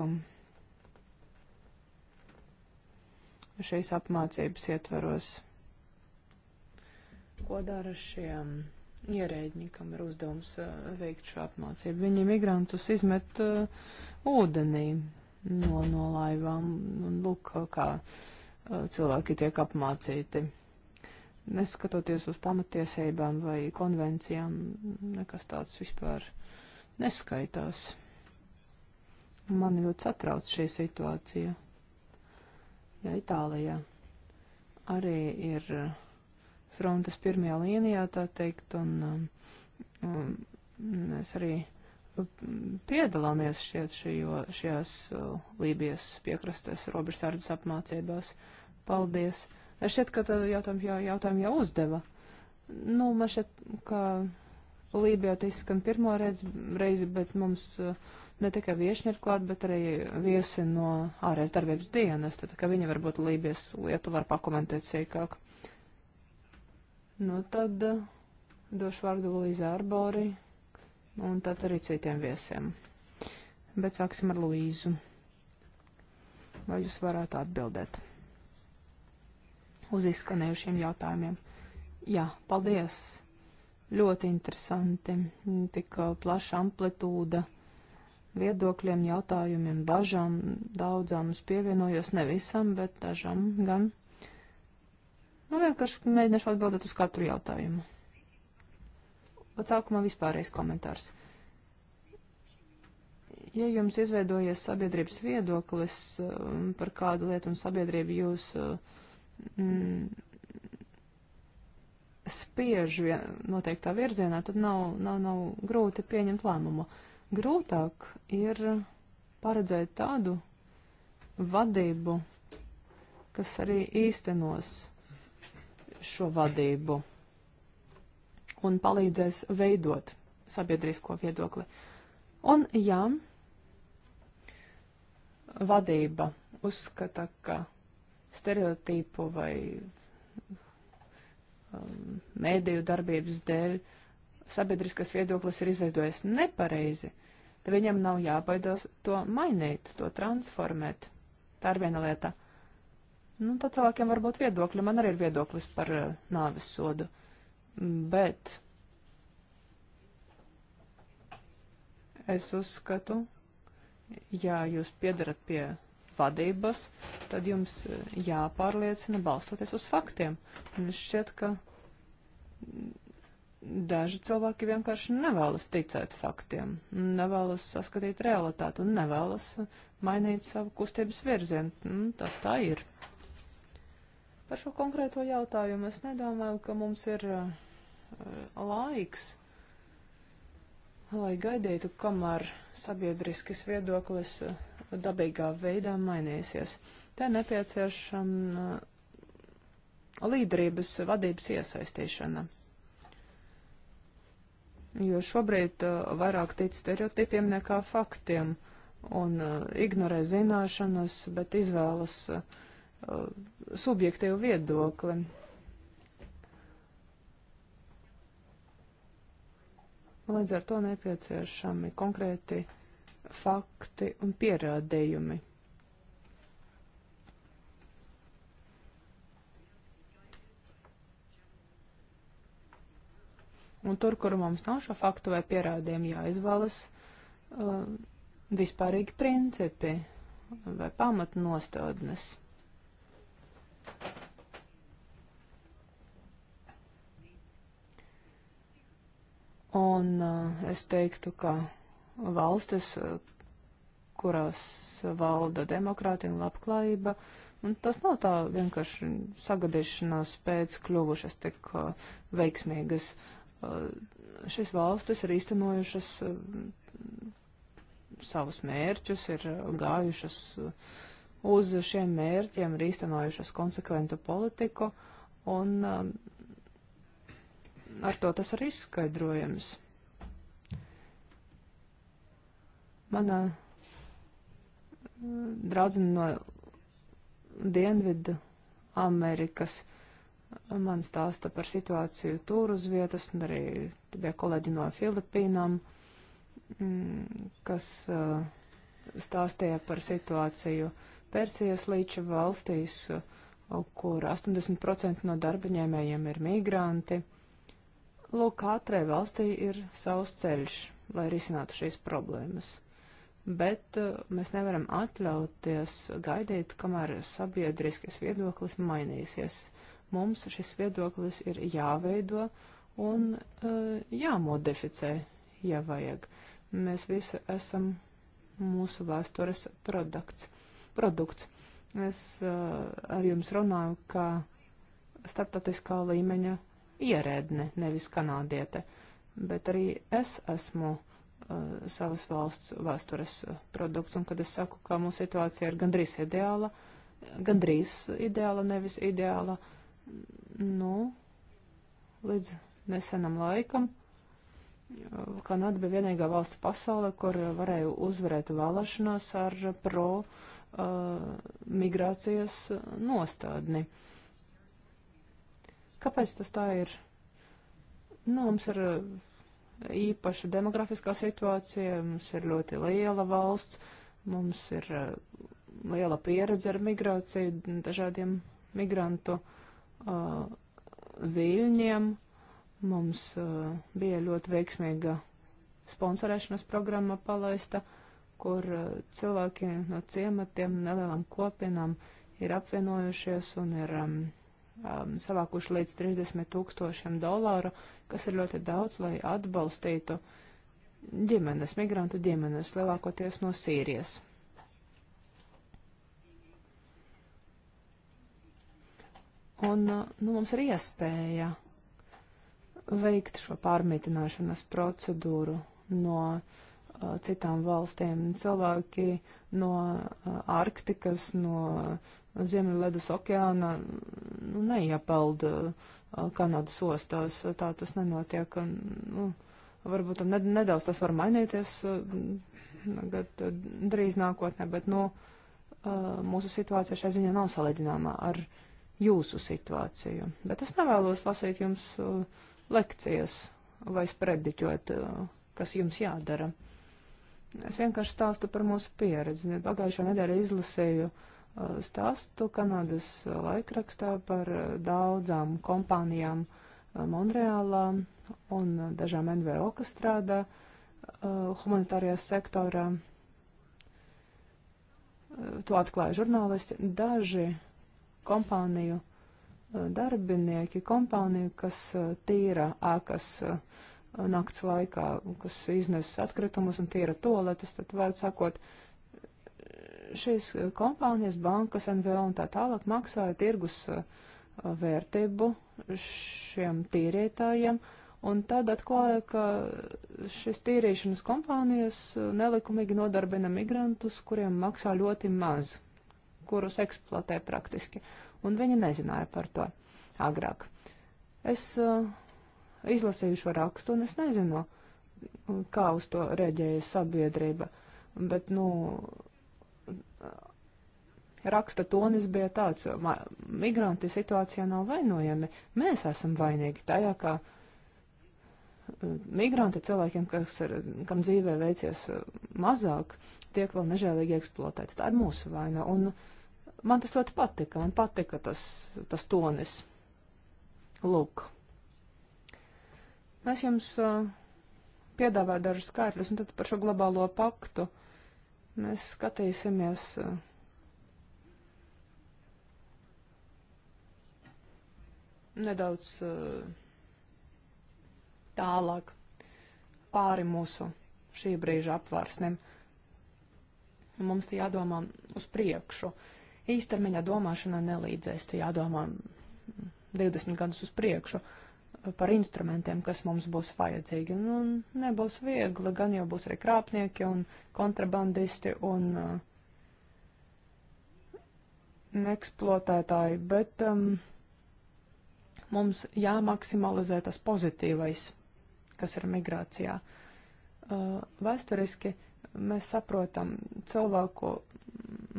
Šeis apmācības ietveros, ko dara šiem mm, ierēģi, kam ir uzdevums eh, veikt šo apmācību. Viņi migrantus izmet uh, ūdenī no, no laivām un lūk, kā. kā Eh, cilvēki tiek apmācīti. Neskatoties uz pamatiesībām vai konvencijām, nekas tāds vispār neskaitās. Man ļoti satrauc šī situācija. Ja Itālijā arī ir eh, frontes pirmajā līnijā, tā teikt, un eh, um, mm, mēs arī piedalāmies šiet šajo, šajās uh, Lībijas piekrastes robežsardas apmācībās. Paldies! Es šķiet, ka tad jautājumu jau, jautājumu jau uzdeva. Nu, man šķiet, ka Lībijā tas skan pirmo reizi, reizi, bet mums uh, ne tikai viešņi ir klāt, bet arī viesi no ārējas darbības dienas, tad ka viņi varbūt Lībijas lietu var pakomentēt sīkāk. Nu, tad uh, došu vārdu Luīza Arboriju un tad arī citiem viesiem. Bet sāksim ar Luīzu. Vai jūs varētu atbildēt uz izskanējušiem jautājumiem? Jā, paldies! Ļoti interesanti, tik uh, plaša amplitūda viedokļiem, jautājumiem, bažām, daudzām es pievienojos, ne visam, bet dažam gan. Nu, vienkārši mēģināšu atbildēt uz katru jautājumu. Pat sākumā vispārējais komentārs. Ja jums izveidojies sabiedrības viedoklis um, par kādu lietu un sabiedrību jūs uh, mm, spiež noteiktā virzienā, tad nav, nav, nav grūti pieņemt lēmumu. Grūtāk ir paredzēt tādu vadību, kas arī īstenos šo vadību un palīdzēs veidot sabiedrisko viedokli. Un jā, vadība uzskata, ka stereotīpu vai um, mēdīju darbības dēļ sabiedriskas viedoklis ir izveidojis nepareizi, tad viņam nav jābaidās to mainīt, to transformēt. Tā ir viena lieta. Nu, tad cilvēkiem var būt viedokļi. Man arī ir viedoklis par uh, nāves sodu. Uh, Bet es uzskatu, ja jūs piedarat pie vadības, tad jums eh, jāpārliecina balstoties uz faktiem. Un šķiet, ka daži cilvēki vienkārši nevēlas ticēt faktiem, nevēlas saskatīt realitāti un nevēlas mainīt savu kustības virzienu. Nu, tas tā ir. Par šo konkrēto jautājumu es nedomāju, ka mums ir. Uh, Uh, laiks, lai gaidītu, kamēr sabiedriskis viedoklis uh, dabīgā veidā mainīsies. Te nepieciešama uh, līderības vadības iesaistīšana. Jo šobrīd uh, vairāk tic stereotipiem nekā faktiem un uh, ignorē zināšanas, bet izvēlas uh, subjektīvu viedokli. Līdz ar to nepieciešami konkrēti fakti un pierādījumi. Un tur, kur mums nav šo faktu vai pierādījumu, jāizvēlas uh, vispārīgi principi vai pamatnostādnes. Thank you. Un eh, es teiktu, ka valstis, eh, kurās valda demokrātija un labklājība, un tas nav tā vienkārši sagadīšanās pēc kļuvušas tik eh, veiksmīgas. Šis valstis ir īstenojušas savus mērķus, ir gājušas uz šiem mērķiem, ir īstenojušas konsekventu politiku, un ar to tas arī izskaidrojams. Mana mm, draudzene no Dienvidu Amerikas man stāsta par situāciju tur uz vietas, un arī bija kolēģi no Filipīnām, mm, kas uh, stāstīja par situāciju Persijas līča valstīs, uh, kur 80% no darbaņēmējiem ir migranti. Lūk, katrai valstī ir savs ceļš, lai risinātu šīs problēmas. Bet uh, mēs nevaram atļauties gaidīt, kamēr sabiedriskais viedoklis mainīsies. Mums šis viedoklis ir jāveido un uh, jāmodificē, ja vajag. Mēs visi esam mūsu vēstures produkts. produkts. Es uh, ar jums runāju kā starptautiskā līmeņa ierēdne, nevis kanādiete, bet arī es esmu uh, savas valsts vēstures eh, produkts, un kad es saku, ka mūsu situācija ir gandrīz ideāla, gandrīz ideāla, nevis ideāla, nu, līdz nesenam laikam. Eh, Kanāda bija vienīgā valsts pasaulē, kur varēja uzvarēt vēlēšanās ar pro uh, migrācijas nostādni. Uh, Kāpēc tas tā ir? Nu, mums ir uh, īpaša demografiskā situācija, mums ir ļoti liela valsts, mums ir uh, liela pieredze ar migrāciju, dažādiem migrantu uh, viļņiem. Mums uh, bija ļoti veiksmīga sponsorēšanas programma palaista, kur uh, cilvēki no ciematiem, nelielām kopienām ir apvienojušies un ir um, um, savākuši līdz 30 tūkstošiem dolāru, kas ir ļoti daudz, lai atbalstītu ģimenes, migrantu ģimenes, lielākoties no Sīrijas. Un uh, nu, mums ir iespēja veikt šo pārmitināšanas procedūru no uh, citām valstīm. Cilvēki no uh, Arktikas, no Ziemeļledus okeāna nu, neiepeld uh, Kanādas ostās. Tā tas nenotiek. Nu, varbūt nedaudz tas var mainīties gad, uh, uh, drīz nākotnē, bet nu, mūsu situācija šai ziņā nav salīdzināmā ar jūsu situāciju. Bet es nevēlos lasīt jums lekcijas vai sprediķot, kas jums jādara. Es vienkārši stāstu par mūsu pieredzi. Pagājušā nedēļa izlasēju uh, stāstu Kanādas laikrakstā par daudzām kompānijām Monreālā un dažām NVO, kas strādā uh, humanitārajā sektorā. Uh, to atklāja žurnālisti. Daži kompāniju uh, darbinieki, kompāniju, kas tīra ēkas nakts laikā, kas iznes atkritumus un tīra toaletes, tad vārds sakot, uh, šīs kompānijas, bankas, NVO un tā tālāk maksāja tirgus uh, vērtību šiem tīrītājiem, un tad atklāja, ka šis tīrīšanas kompānijas uh, nelikumīgi nodarbina migrantus, kuriem maksā ļoti maz, kurus eksploatē praktiski, un viņi nezināja par to agrāk. Es uh, izlasīju šo rakstu, un es nezinu, kā uz to reaģēja sabiedrība, bet, nu, raksta tonis bija tāds, ma, migranti situācijā nav vainojami. Mēs esam vainīgi tajā, ka uh, migranti cilvēkiem, kas ir, kam dzīvē veicies uh, mazāk, tiek vēl nežēlīgi eksploatēti. Tā ir mūsu vaina. Un man tas ļoti patika. Man patika tas, tas tonis. Lūk. Es jums uh, piedāvāju dažus skaitļus, un tad par šo globālo paktu. Uh, Mēs skatīsimies. Eh, nedaudz eh, tālāk pāri mūsu šī brīža apvārsnim. Mums te jādomā uz priekšu. Īstermiņā domāšana nelīdzēs, te jādomā 20 gadus uz priekšu. Uh, par instrumentiem, kas mums būs vajadzīgi. Nu, nebūs viegli, gan jau būs arī krāpnieki un kontrabandisti un uh, eksploatētāji, bet um, mums jāmaksimalizē tas pozitīvais, kas ir migrācijā. Uh, vēsturiski mēs saprotam cilvēku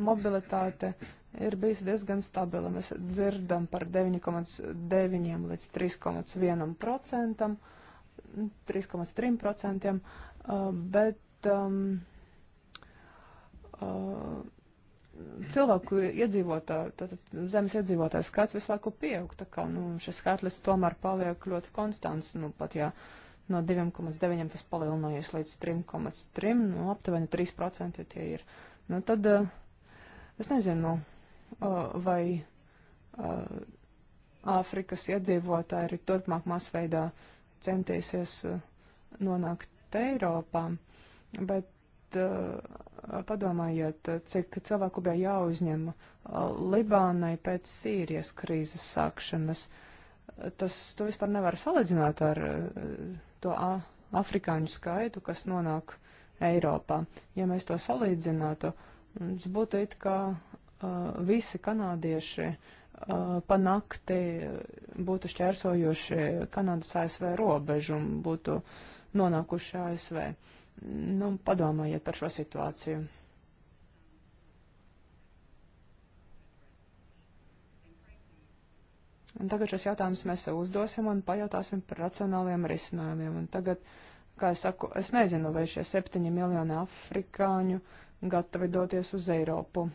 mobilitāte. Uh, ir bijusi diezgan stabila. Mēs dzirdam par 9,9 līdz 3,1%, 3,3%, bet um, uh, cilvēku iedzīvotāju, tātad zemes iedzīvotāju skaits visu laiku pieaug, tā kā nu, šis skaitlis tomēr paliek ļoti konstants, nu pat jā. No 2,9 tas palielinājies līdz 3,3, nu, aptuveni 3% tie ir. Nu, tad, uh, es nezinu, nu, vai Āfrikas iedzīvotāji arī turpmāk masveidā centīsies nonākt Eiropā. Bet padomājiet, cik cilvēku bija jāuzņem Libānai pēc Sīrijas krīzes sākšanas. Tas to vispār nevar salīdzināt ar to afrikāņu skaitu, kas nonāk Eiropā. Ja mēs to salīdzinātu, tas būtu it kā visi kanādieši pa nakti būtu šķērsojuši Kanādas ASV robežu un būtu nonākuši ASV. Nu, padomājiet par šo situāciju. Un tagad šis jautājums mēs sev uzdosim un pajautāsim par racionāliem risinājumiem. Un tagad, kā es saku, es nezinu, vai šie septiņi miljoni afrikāņu gatavi doties uz Eiropu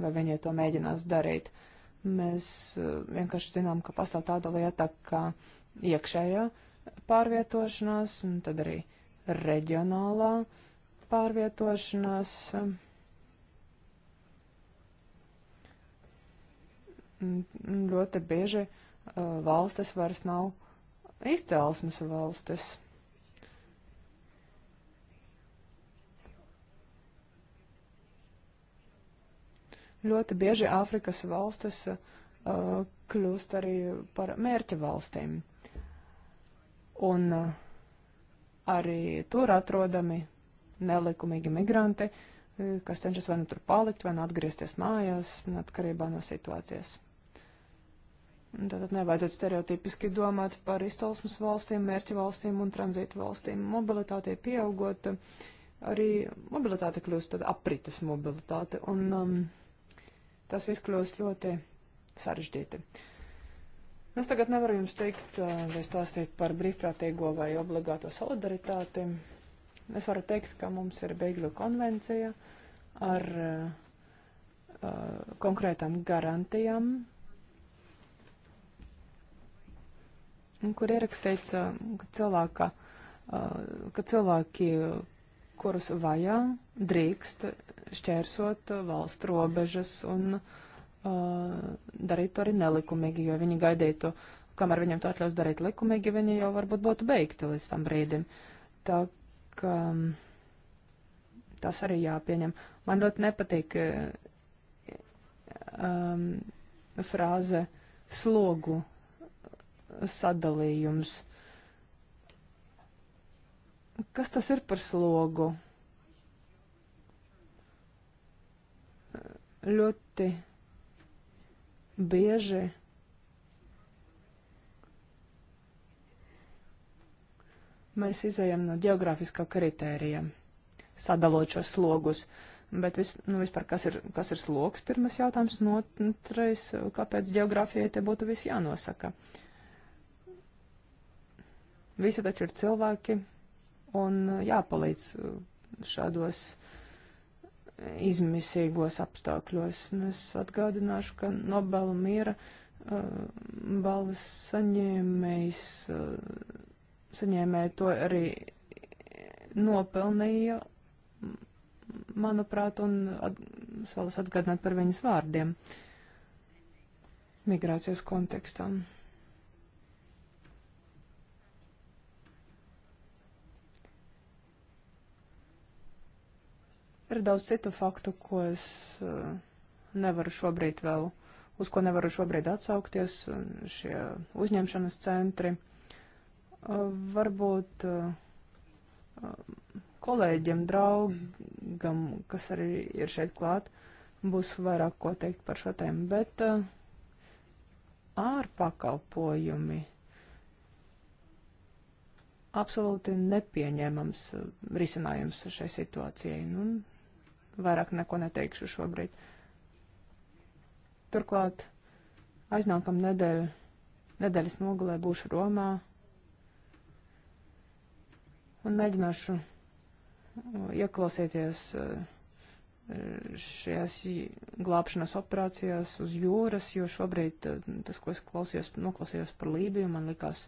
vai viņi to mēģinās darīt. Mēs uh, vienkārši zinām, ka pastāv tāda lieta, kā iekšējā pārvietošanās, un tad arī reģionālā pārvietošanās. Ļoti bieži uh, valstis vairs nav izcelsmes valstis. Ļoti bieži Āfrikas valstis uh, kļūst arī par mērķa valstīm. Un uh, arī tur atrodami nelikumīgi migranti, uh, kas cenšas vai nu tur palikt, vai nu atgriezties mājās, atkarībā no situācijas. Tātad nevajadzētu stereotipiski domāt par izcelsmes valstīm, mērķu valstīm un tranzītu valstīm. Mobilitātei pieaugot, arī mobilitāte kļūst tāda aprites mobilitāte. Un um, tas viss kļūst ļoti sarežģīti. Es tagad nevaru jums teikt, vai stāstīt par brīvprātīgo vai obligāto solidaritāti. Es varu teikt, ka mums ir bēgļu konvencija ar uh, konkrētām garantijām, kur ierakstīts, ka, cilvēka, uh, ka cilvēki kurus vajā drīkst šķērsot valstu robežas un uh, darīt to arī nelikumīgi, jo viņi gaidītu, kamēr viņam to atļaus darīt likumīgi, viņi jau varbūt būtu beigti līdz tam brīdim. Tā ka um, tas arī jāpieņem. Man ļoti nepatīk uh, um, frāze slogu sadalījums. Kas tas ir par slogu? Ļoti bieži mēs izējam no geogrāfiskā kritērija, sadalot šos slogus. Bet vis, nu, vispār, kas ir, kas ir sloks, pirmais jautājums, no otrais, kāpēc geogrāfijai te būtu viss jānosaka? Visi taču ir cilvēki, un jāpalīdz uh, šādos izmisīgos apstākļos. Un es atgādināšu, ka Nobela miera uh, balvas saņēmējs, uh, saņēmēja to arī nopelnīja, manuprāt, un at, es vēlos atgādināt par viņas vārdiem migrācijas kontekstam. Ir daudz citu faktu, ko es eh, nevaru šobrīd vēl, uz ko nevaru šobrīd atsaukties, šie uzņemšanas centri. Eh, varbūt eh, kolēģiem, draugam, kas arī ir šeit klāt, būs vairāk ko teikt par šo tēmu, bet ārpakalpojumi absolūti nepieņemams risinājums šai situācijai. Nu, Vairāk neko neteikšu šobrīd. Turklāt aiznākam nedēļ, nedēļas nogalē būšu Romā un mēģināšu uh, ieklausīties uh, šajās glābšanas operācijās uz jūras, jo šobrīd uh, tas, ko es klausījos, noklausījos par Lībiju, man likās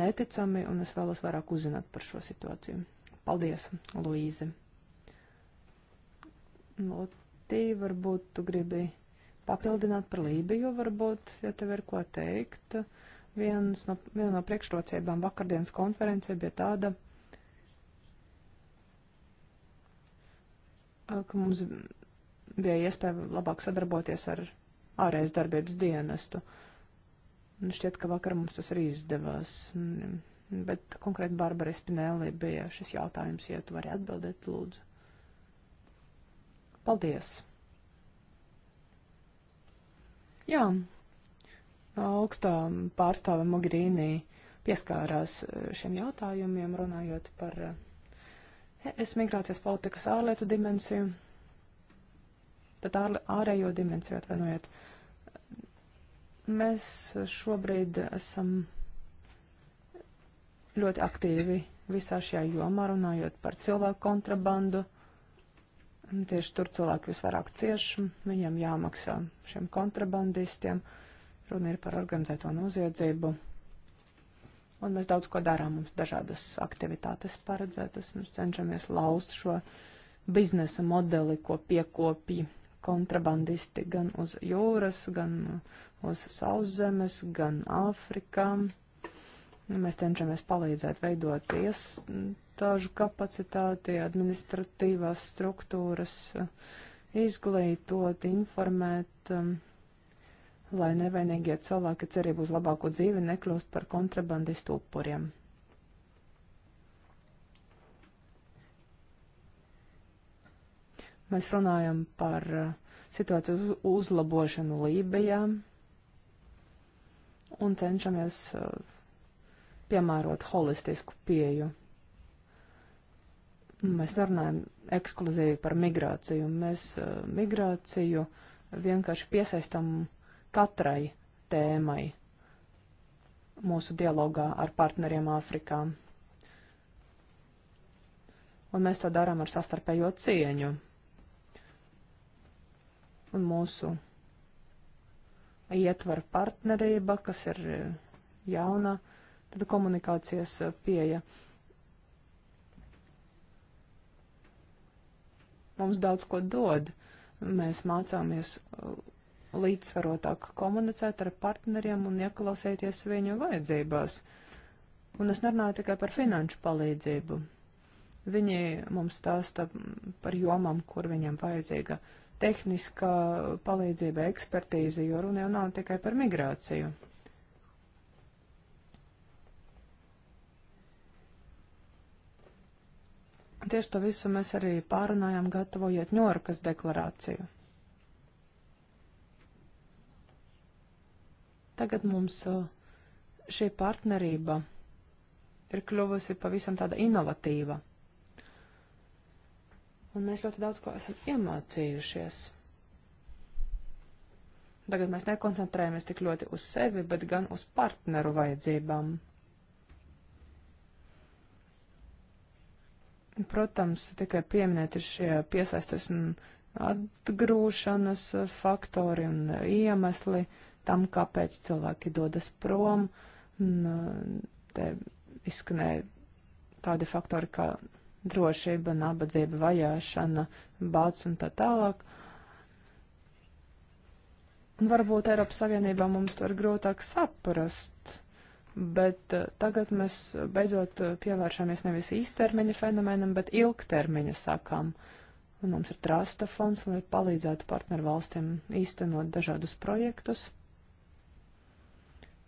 neticami, un es vēlos vairāk uzzināt par šo situāciju. Paldies, Luīze! Lotī, varbūt tu gribi papildināt par Lībiju, varbūt, ja tev ir ko teikt. Viens no, viena no priekšrocībām vakardienas konferencē bija tāda, ka mums bija iespēja labāk sadarboties ar ārējas darbības dienestu. Un šķiet, ka vakar mums tas arī izdevās. Bet konkrēti Barbara Spinelli bija šis jautājums, ja tu vari atbildēt, lūdzu. Paldies! Jā, augstā pārstāve Mogherīnī pieskārās eh, šiem jautājumiem, runājot par eh, es migrācijas politikas ārlietu dimensiju, tad ār, ārējo dimensiju atvainojiet. Mēs šobrīd esam ļoti aktīvi visā šajā jomā, runājot par cilvēku kontrabandu, Tieši tur cilvēki visvairāk cieš, viņiem jāmaksā šiem kontrabandistiem, runa ir par organizēto noziedzību. Un mēs daudz ko darām, mums dažādas aktivitātes paredzētas, mēs cenšamies laust šo biznesa modeli, ko piekopīja kontrabandisti gan uz jūras, gan uz sauszemes, gan Āfrikā. Nu, mēs cenšamies palīdzēt veidot iestāžu kapacitāti, administratīvās struktūras, izglītot, informēt, um, lai nevainīgie cilvēki cerību uz labāku dzīvi nekļūst par kontrabandistu upuriem. Mēs runājam par uh, situāciju uzlabošanu Lībijā un cenšamies uh, piemērot holistisku pieju. Mēs nerunājam ekskluzīvi par migrāciju. Mēs uh, migrāciju vienkārši piesaistam katrai tēmai mūsu dialogā ar partneriem Āfrikā. Un mēs to darām ar sastarpējo cieņu. Un mūsu ietver partnerība, kas ir eh, jauna, uh, Tad komunikācijas eh, pieeja. Mums daudz ko dod. Mēs mācāmies eh, līdzsvarotāk komunicēt ar partneriem un ieklausēties viņu vajadzībās. Un es nerunāju tikai par finanšu palīdzību. Viņi mums stāsta par jomām, kur viņiem vajadzīga tehniskā palīdzība, ekspertīze, jo runa jau nav tikai par migrāciju. Tieši to visu mēs arī pārunājām, gatavojot Ņorkas deklarāciju. Tagad mums uh, šī partnerība ir kļuvusi pavisam tāda inovatīva. Un mēs ļoti daudz ko esam iemācījušies. Tagad mēs nekoncentrējamies tik ļoti uz sevi, bet gan uz partneru vajadzībām. Protams, tikai pieminēt ir šie piesaistes un atgrūšanas uh, faktori un uh, iemesli tam, kāpēc cilvēki dodas prom. Un, uh, te izskanēja tādi faktori kā drošība, nabadzība, vajāšana, bāts un tā tālāk. Un varbūt Eiropas Savienībā mums to ir grūtāk saprast, bet eh, tagad mēs beidzot eh, pievēršamies nevis īstermiņa fenomenam, bet ilgtermiņa sakām. Un mums ir trasta fonds, lai palīdzētu partneru valstīm īstenot dažādus projektus.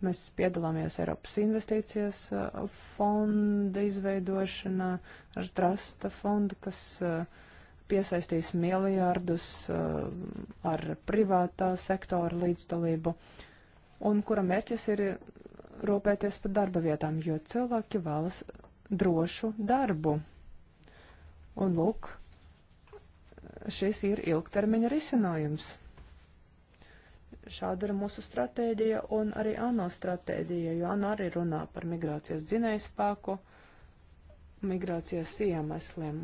Mēs piedalāmies Eiropas investīcijas eh, fonda izveidošanā ar trasta fondu, kas piesaistīs miljārdus ar privātā sektora līdzdalību un kura mērķis ir rūpēties par darba vietām, jo cilvēki vēlas drošu darbu. Un lūk, šis ir ilgtermiņa risinājums. Šāda ir mūsu stratēģija un arī ANO stratēģija, jo ANO arī runā par migrācijas dzinēju spēku, migrācijas iemesliem.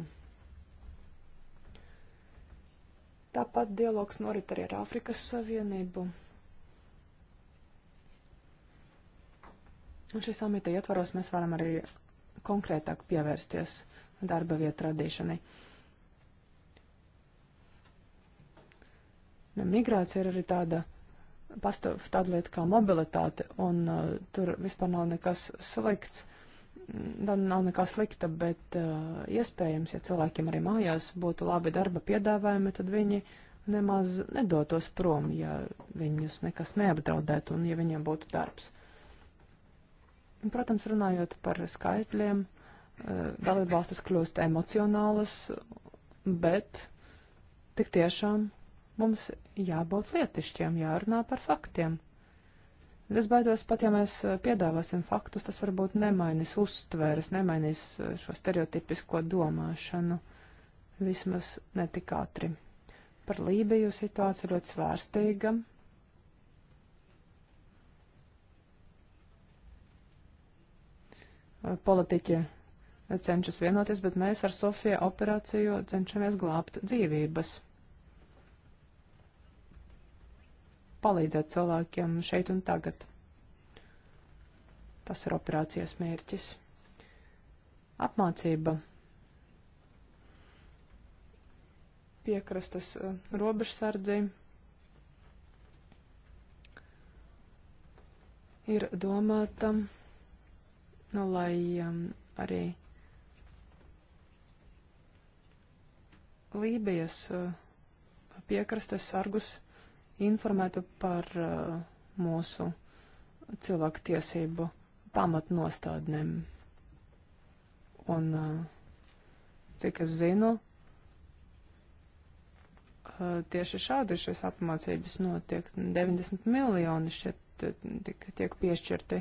Tāpat dialogs norit arī ar Āfrikas Savienību. Un šī samita ietvaros mēs varam arī konkrētāk pievērsties darba vietu radīšanai. Nu, migrācija ir arī tāda pastāv tāda lieta kā mobilitāte, un uh, tur vispār nav nekas slikts. Tad mm, nav nekā slikta, bet uh, iespējams, ja cilvēkiem arī mājās būtu labi darba piedāvājumi, tad viņi nemaz nedotos prom, ja viņus nekas neapdraudētu un ja viņiem būtu darbs. Protams, runājot par skaitļiem, eh, dalībvalstis kļūst emocionālas, bet tik tiešām mums jābūt lietišķiem, jārunā par faktiem. Es baidos, pat ja mēs eh, piedāvāsim faktus, tas varbūt nemainīs uztveres, nemainīs eh, šo stereotipisko domāšanu, vismaz netik ātri. Par Lībiju situācija ļoti svārstīga, politiķi cenšas vienoties, bet mēs ar Sofiju operāciju cenšamies glābt dzīvības. Palīdzēt cilvēkiem šeit un tagad. Tas ir operācijas mērķis. Apmācība. Piekrastes uh, robežsardzi. Ir domātam. Um, nu, lai um, arī Lībijas uh, piekrastes sargus informētu par uh, mūsu cilvēku tiesību pamatnostādnēm. Un, uh, cik es zinu, uh, tieši šādi šīs apmācības notiek. 90 miljoni šeit uh, tika, tiek piešķirti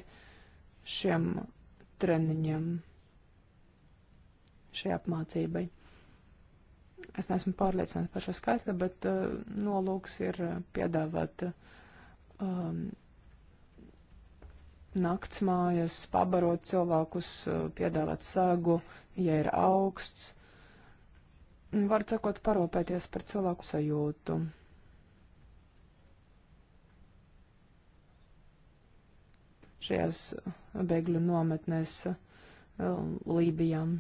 šiem treniņam šai apmācībai. Es neesmu pārliecināts par šo skaitli, bet uh, nolūks ir uh, piedāvāt um, nakts mājas, pabarot cilvēkus, uh, piedāvāt sagu, ja ir augsts. Var sakot, parūpēties par cilvēku sajūtu. šajās bēgļu nometnēs um, Lībijām.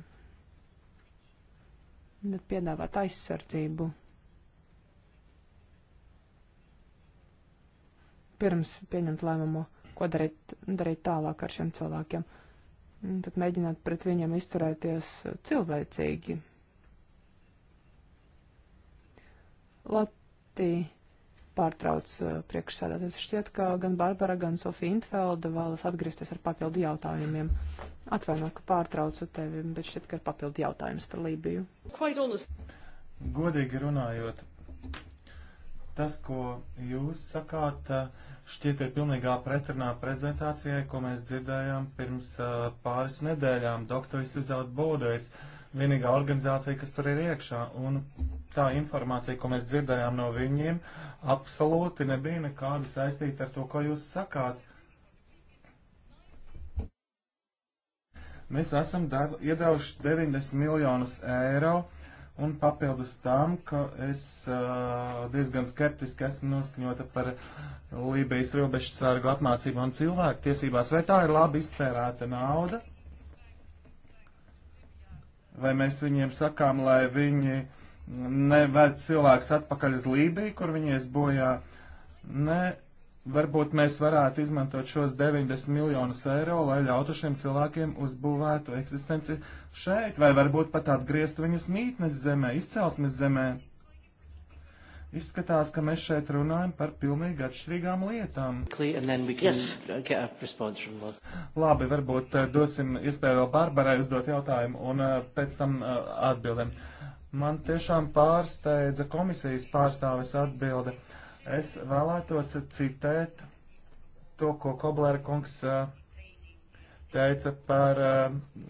Bet piedāvāt aizsardzību. Pirms pieņemt lēmumu, ko darīt, darīt tālāk ar šiem cilvēkiem. Tad mēģināt pret viņiem izturēties cilvēcīgi. Latvija pārtrauc eh, priekšsēdētājs. Šķiet, ka gan Barbara, gan Sofija Intfelda vēlas atgriezties ar papildu jautājumiem. Atvaino, ka pārtraucu tevi, bet šķiet, ka ir papildu jautājums par Lībiju. Godīgi runājot, tas, ko jūs sakāt, eh, šķiet ir pilnīgā pretrunā prezentācijai, ko mēs dzirdējām pirms eh, pāris nedēļām. Doktoris Izelt Baudojas vienīgā organizācija, kas tur ir iekšā. Un tā informācija, ko mēs dzirdējām no viņiem, absolūti nebija nekāda saistīta ar to, ko jūs sakāt. Mēs esam iedevuši 90 miljonus eiro, un papildus tam, ka es uh, diezgan skeptiski esmu noskaņota par Lībijas robežu sārgu apmācību un cilvēku tiesībās, vai tā ir labi iztērēta nauda? Vai mēs viņiem sakām, lai viņi neved cilvēkus atpakaļ uz Lībiju, kur viņi ies bojā? Nē, varbūt mēs varētu izmantot šos 90 miljonus eiro, lai ļautu šiem cilvēkiem uzbūvētu eksistenci šeit, vai varbūt pat atgriezt viņus mītnes zemē, izcelsmes zemē. Izskatās, ka mēs šeit runājam par pilnīgi atšķirīgām lietām. Yes. Uh, Labi, varbūt uh, dosim iespēju vēl Barbarai uzdot jautājumu un uh, pēc tam atbildēm. Man tiešām pārsteidza komisijas pārstāves atbilde. Es vēlētos citēt to, ko Koblēra kungs teica par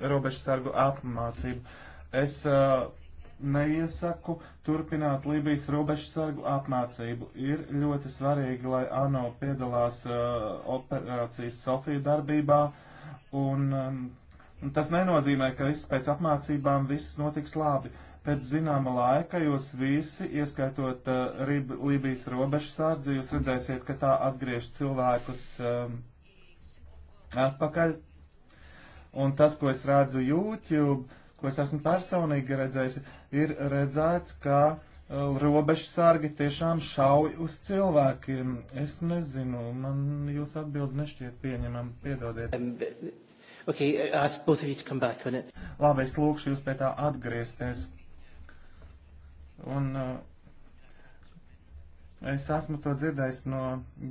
robežu sargu apmācību. Es uh, neiesaku turpināt Lībijas robežsargu apmācību. Ir ļoti svarīgi, lai ANO piedalās uh, operācijas Sofija darbībā, un um, tas nenozīmē, ka viss pēc apmācībām viss notiks labi. Pēc zināma laika jūs visi, ieskaitot uh, Rib Lībijas robežsardzi, jūs redzēsiet, ka tā atgriež cilvēkus um, atpakaļ. Un tas, ko es redzu YouTube, ko es esmu personīgi redzējis, ir redzēts, ka uh, robežsargi tiešām šauj uz cilvēkiem. Es nezinu, man jūs atbildi nešķiet pieņemam, piedodiet. Um, okay, ask both of you to come back on it. Labi, es lūkšu jūs pie tā atgriezties. Un uh, es esmu to dzirdējis no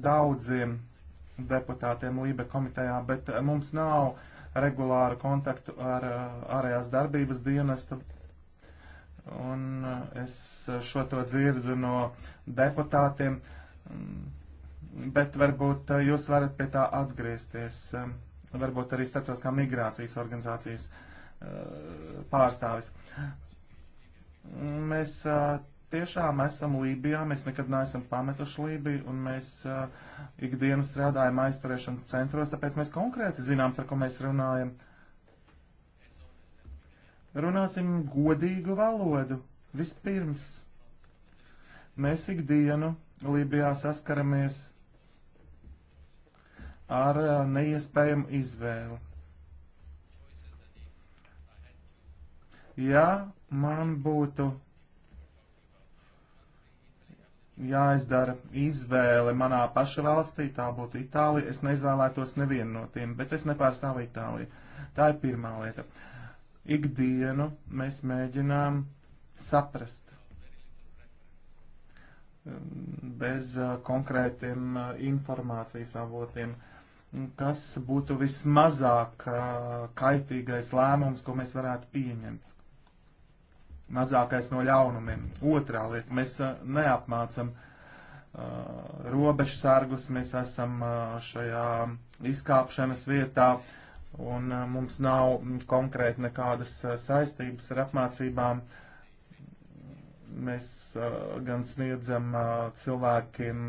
daudziem deputātiem Lībe komitejā, bet uh, mums nav uh, regulāru kontaktu ar uh, ārējās darbības dienestu. Un uh, es uh, šo to dzirdu no deputātiem, mm, bet varbūt jūs varat pie tā atgriezties. Um, varbūt arī statos kā migrācijas organizācijas pārstāvis. Mēs tiešām esam Lībijā, mēs nekad neesam pametuši Lībiju, un mēs uh, ikdienu strādājam aizturēšanas centros, tāpēc mēs konkrēti zinām, par ko mēs runājam. Runāsim godīgu valodu. Vispirms mēs ikdienu Lībijā saskaramies ar uh, neiespējamu izvēli. Ja man būtu jāizdara izvēle manā paša valstī, tā būtu Itālija. Es neizvēlētos nevienu no tiem, bet es nepārstāvu Itāliju. Tā ir pirmā lieta. Ikdienu mēs mēģinām saprast um, bez uh, konkrētiem uh, informācijas avotiem, kas būtu vismazāk uh, kaitīgais lēmums, ko mēs varētu pieņemt mazākais no ļaunumiem. Otrā lieta, mēs uh, neapmācam uh, robežu sargus, mēs esam uh, šajā izkāpšanas vietā un uh, mums nav konkrēti nekādas uh, saistības ar apmācībām. Mēs uh, gan sniedzam cilvēkiem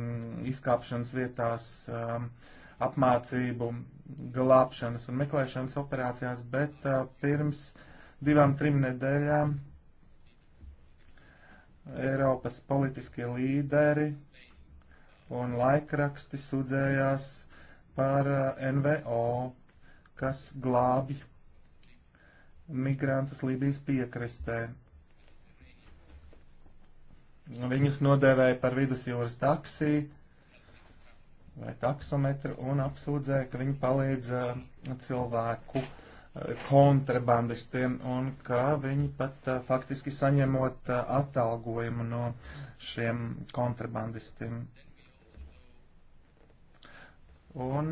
izkāpšanas vietās um, apmācību glābšanas un meklēšanas operācijās, bet pirms divām, trim nedēļām Eiropas politiskie līderi un laikraksti sudzējās par eh, NVO, kas glābi migrantus Lībijas piekrastē. Viņus nodēvēja par vidusjūras taksī vai taksometru un apsūdzēja, ka viņi palīdz eh, cilvēku kontrabandistiem un ka viņi pat uh, faktiski saņemot uh, atalgojumu no šiem kontrabandistiem. Un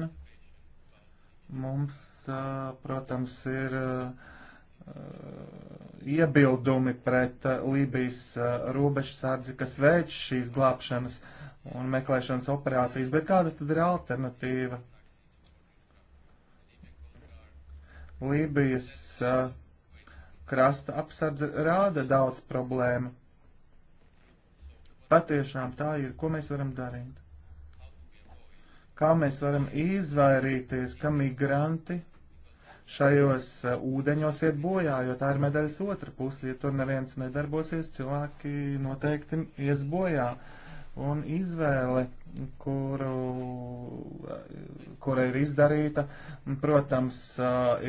mums, uh, protams, ir iebildumi pret Lībijas robežsardzi, kas veic šīs glābšanas un meklēšanas operācijas, bet kāda tad ir alternatīva? Lībijas uh, krasta apsardze rāda daudz problēmu. Patiešām tā ir, ko mēs varam darīt. Kā mēs varam izvairīties, ka migranti šajos uh, ūdeņos iet bojā, jo tā ir medaļas otra puse. Ja tur neviens nedarbosies, cilvēki noteikti ies bojā. Uh, Un izvēle, kuru, kura ir izdarīta, protams,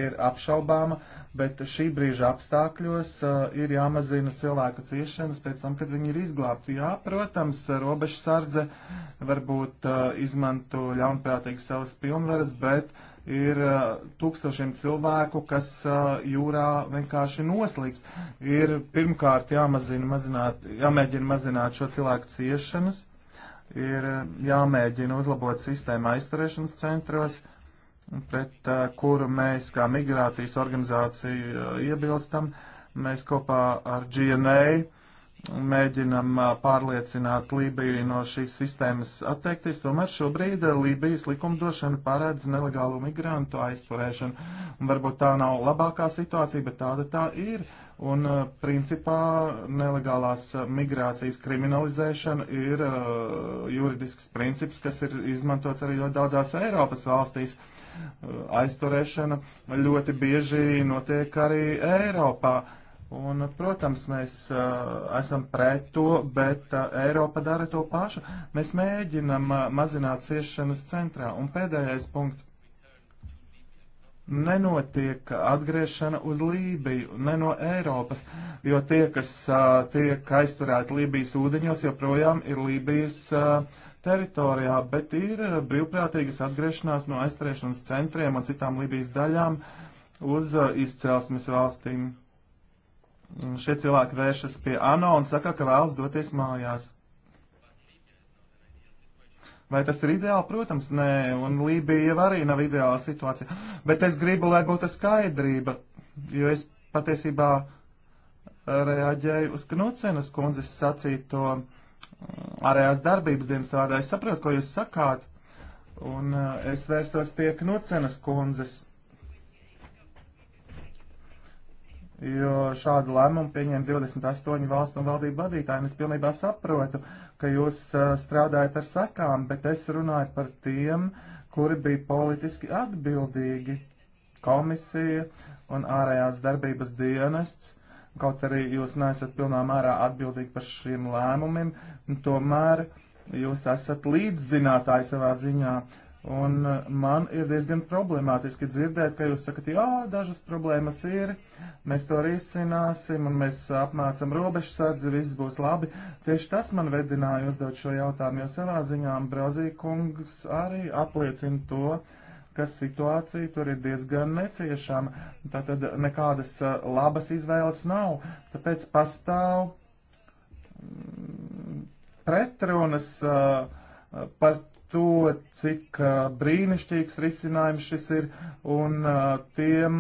ir apšaubāma, bet šī brīža apstākļos ir jāmazina cilvēku ciešanas pēc tam, kad viņi ir izglābti. Jā, protams, robežsardze varbūt izmanto ļaunprātīgi savas pilnvaras, bet uh, Ir tūkstošiem cilvēku, kas jūrā vienkārši noslīgs. Ir pirmkārt jāmazina, mazināt, jāmēģina mazināt šo cilvēku ciešanas, ir jāmēģina uzlabot sistēmu aizturēšanas centros, pret uh, kuru mēs kā migrācijas organizācija uh, iebilstam. Mēs kopā ar GNA uh, mēģinam pārliecināt Lībiju no šīs sistēmas atteikties, tomēr šobrīd Lībijas likumdošana paredz nelegālu migrantu aizturēšanu. Un varbūt tā nav labākā situācija, bet tāda tā ir. Un principā nelegālās migrācijas kriminalizēšana ir uh, juridisks princips, kas ir izmantots arī ļoti daudzās Eiropas valstīs. Uh, aizturēšana ļoti bieži notiek arī Eiropā. Uh, Un, protams, mēs uh, esam pret to, bet uh, Eiropa dara to pašu. Mēs mēģinam uh, mazināt ciešanas centrā. Un pēdējais punkts. Nenotiek atgriešana uz Lībiju, ne no Eiropas, jo tie, kas uh, tiek aizturēti Lībijas ūdeņos, joprojām ir Lībijas uh, teritorijā, bet ir uh, brīvprātīgas atgriešanās no aizturēšanas centriem un citām Lībijas daļām uz uh, izcelsmes valstīm šie cilvēki vēršas pie ANO un saka, ka vēlas doties mājās. Vai tas ir ideāli? Protams, nē, un Lībija arī nav ideāla situācija. Bet es gribu, lai būtu skaidrība, jo es patiesībā reaģēju uz Knudsenas kundzes sacīto mm, ārējās darbības dienas tādā. Es saprotu, ko jūs sakāt, un eh, es vērsos pie Knudsenas kundzes jo šādu lēmumu pieņem 28 valstu un valdību vadītāji. Es pilnībā saprotu, ka jūs strādājat ar sekām, bet es runāju par tiem, kuri bija politiski atbildīgi - komisija un ārējās darbības dienests. Kaut arī jūs neesat pilnā mērā atbildīgi par šiem lēmumiem, tomēr jūs esat līdzzinātāji savā ziņā. Un uh, man ir diezgan problemātiski dzirdēt, ka jūs sakat, jā, dažas problēmas ir, mēs to risināsim un mēs apmācam robežsardzi, viss būs labi. Tieši tas man vedināja uzdot šo jautājumu, jo savā ziņā Brazīja kungs arī apliecina to, ka situācija tur ir diezgan neciešama. Tātad nekādas uh, labas izvēles nav, tāpēc pastāv mm, pretrunas uh, par to, cik uh, brīnišķīgs risinājums šis ir un uh, tiem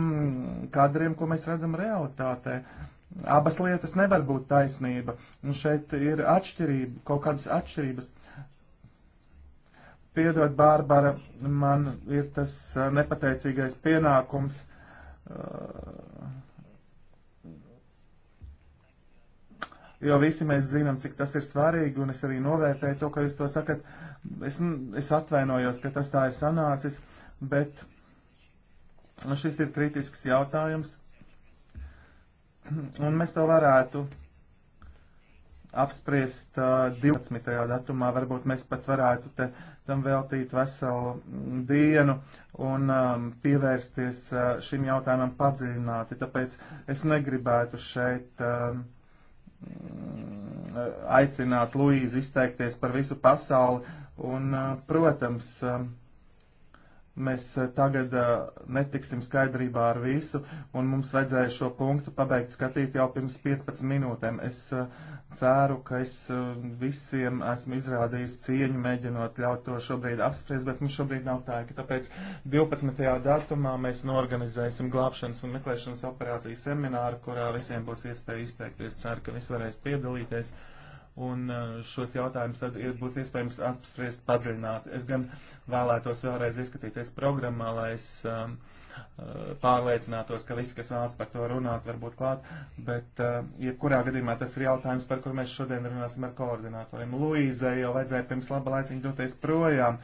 kadriem, ko mēs redzam realitātē. Abas lietas nevar būt taisnība, un šeit ir atšķirība, kaut kādas atšķirības. Piedod, Bārbara, man ir tas uh, nepateicīgais pienākums. Uh, jo visi mēs zinām, cik tas ir svarīgi, un es arī novērtēju to, ka jūs to sakat. Uh, Es, nu, es atvainojos, ka tas tā ir sanācis, bet šis ir kritisks jautājums, un mēs to varētu apspriest uh, 12. datumā. Varbūt mēs pat varētu te, tam veltīt veselu dienu un um, pievērsties uh, šim jautājumam padziļināti. Tāpēc es negribētu šeit um, aicināt Luīzi izteikties par visu pasauli Un, protams, mēs tagad netiksim skaidrībā ar visu, un mums vajadzēja šo punktu pabeigt skatīt jau pirms 15 minūtēm. Es ceru, ka es visiem esmu izrādījis cieņu, mēģinot ļaut to šobrīd apspriest, bet mums šobrīd nav tā, ka tāpēc 12. datumā mēs norganizēsim glābšanas un meklēšanas operāciju semināru, kurā visiem būs iespēja izteikties. Ceru, ka visi varēs piedalīties un uh, šos jautājumus tad būs iespējams apspriest padziļināt. Es gan vēlētos vēlreiz ieskatīties programmā, lai es um, uh, pārliecinātos, ka visi, kas vēlas par to runāt, var būt klāt, bet uh, jebkurā gadījumā tas ir jautājums, par kur mēs šodien runāsim ar koordinatoriem. Luīzai jau vajadzēja pirms laba laiciņa doties projām.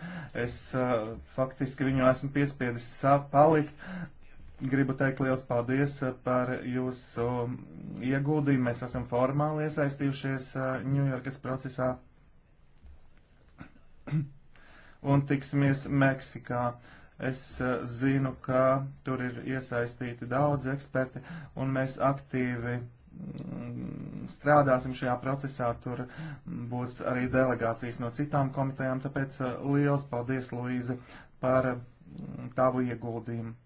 Es uh, faktiski viņu esmu piespiedis palikt, gribu teikt liels paldies eh, par jūsu mm, ieguldījumu. Mēs esam formāli iesaistījušies Ņujorkas eh, procesā un tiksimies Meksikā. Es eh, zinu, ka tur ir iesaistīti daudz eksperti un mēs aktīvi mm, strādāsim šajā procesā. Tur mm, būs arī delegācijas no citām komitejām, tāpēc liels paldies, Luīze, par tavu ieguldījumu.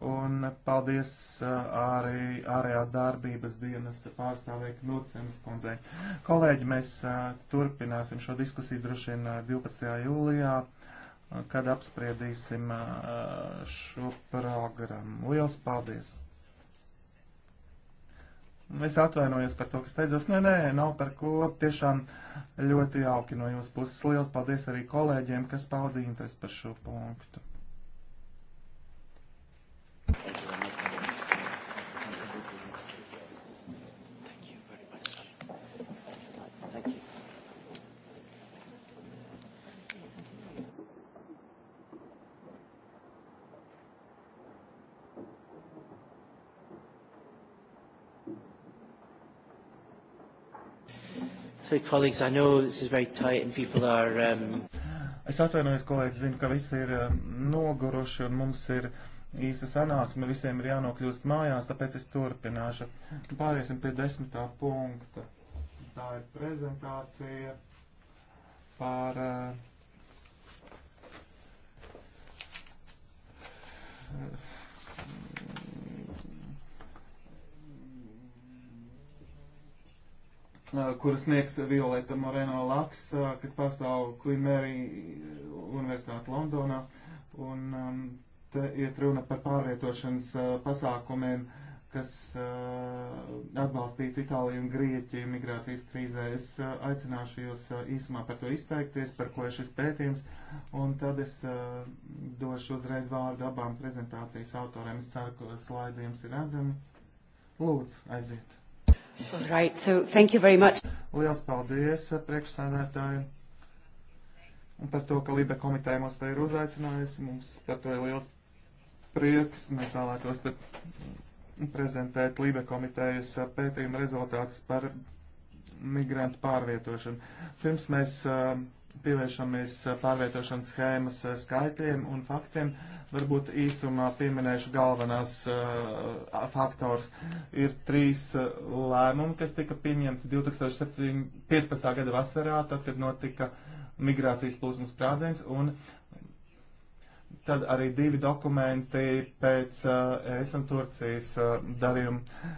Un paldies uh, arī ārējā darbības dienas pārstāvēja Knudsenes kundzei. Kolēģi, mēs uh, turpināsim šo diskusiju droši vien 12. Uh, jūlijā, kad apspriedīsim šo programmu. Liels paldies! Es atvainojos par to, ka steidzos. Nē, nē, nav par ko. Tiešām ļoti jauki no jūsu puses. Liels paldies arī kolēģiem, kas paudīja interesi par šo punktu. So, colleagues, I know this is very tight and people are... Um... Es atvainojos, kolēģis, zinu, ka visi ir um, noguruši un mums ir īsa sanāksme, visiem ir jānokļūst mājās, tāpēc es turpināšu. Pāriesim pie desmitā punkta. Tā ir prezentācija par uh, kuras sniegs Violeta Moreno Laks, kas pārstāv Queen Mary Universitāti Londonā. Un um, te iet runa par pārvietošanas uh, pasākumiem, kas uh, atbalstītu Itāliju un Grieķiju migrācijas krīzē. Es uh, aicināšu jūs uh, īsumā par to izteikties, par ko ir šis pētījums, un tad es uh, došu uzreiz vārdu abām prezentācijas autoriem. Es ceru, ka slaidījums ir redzami. Lūdzu, aiziet! Right, so thank you very much. Liels paldies eh, priekšsēdētāji un par to, ka Libe komiteja mums te ir uzaicinājusi. Mums par to ir liels prieks. Mēs vēlētos te prezentēt Libe komitejas eh, pētījuma rezultātus par migrantu pārvietošanu. Pirms mēs uh, pievēršamies pārvietošanas schēmas skaitļiem un faktiem. Varbūt īsumā pieminēšu galvenās uh, faktors. Ir trīs uh, lēmumi, kas tika pieņemti 2015. gada vasarā, tad, kad notika migrācijas plūsmas sprādziens, un Tad arī divi dokumenti pēc eh, ES un Turcijas eh, darījuma.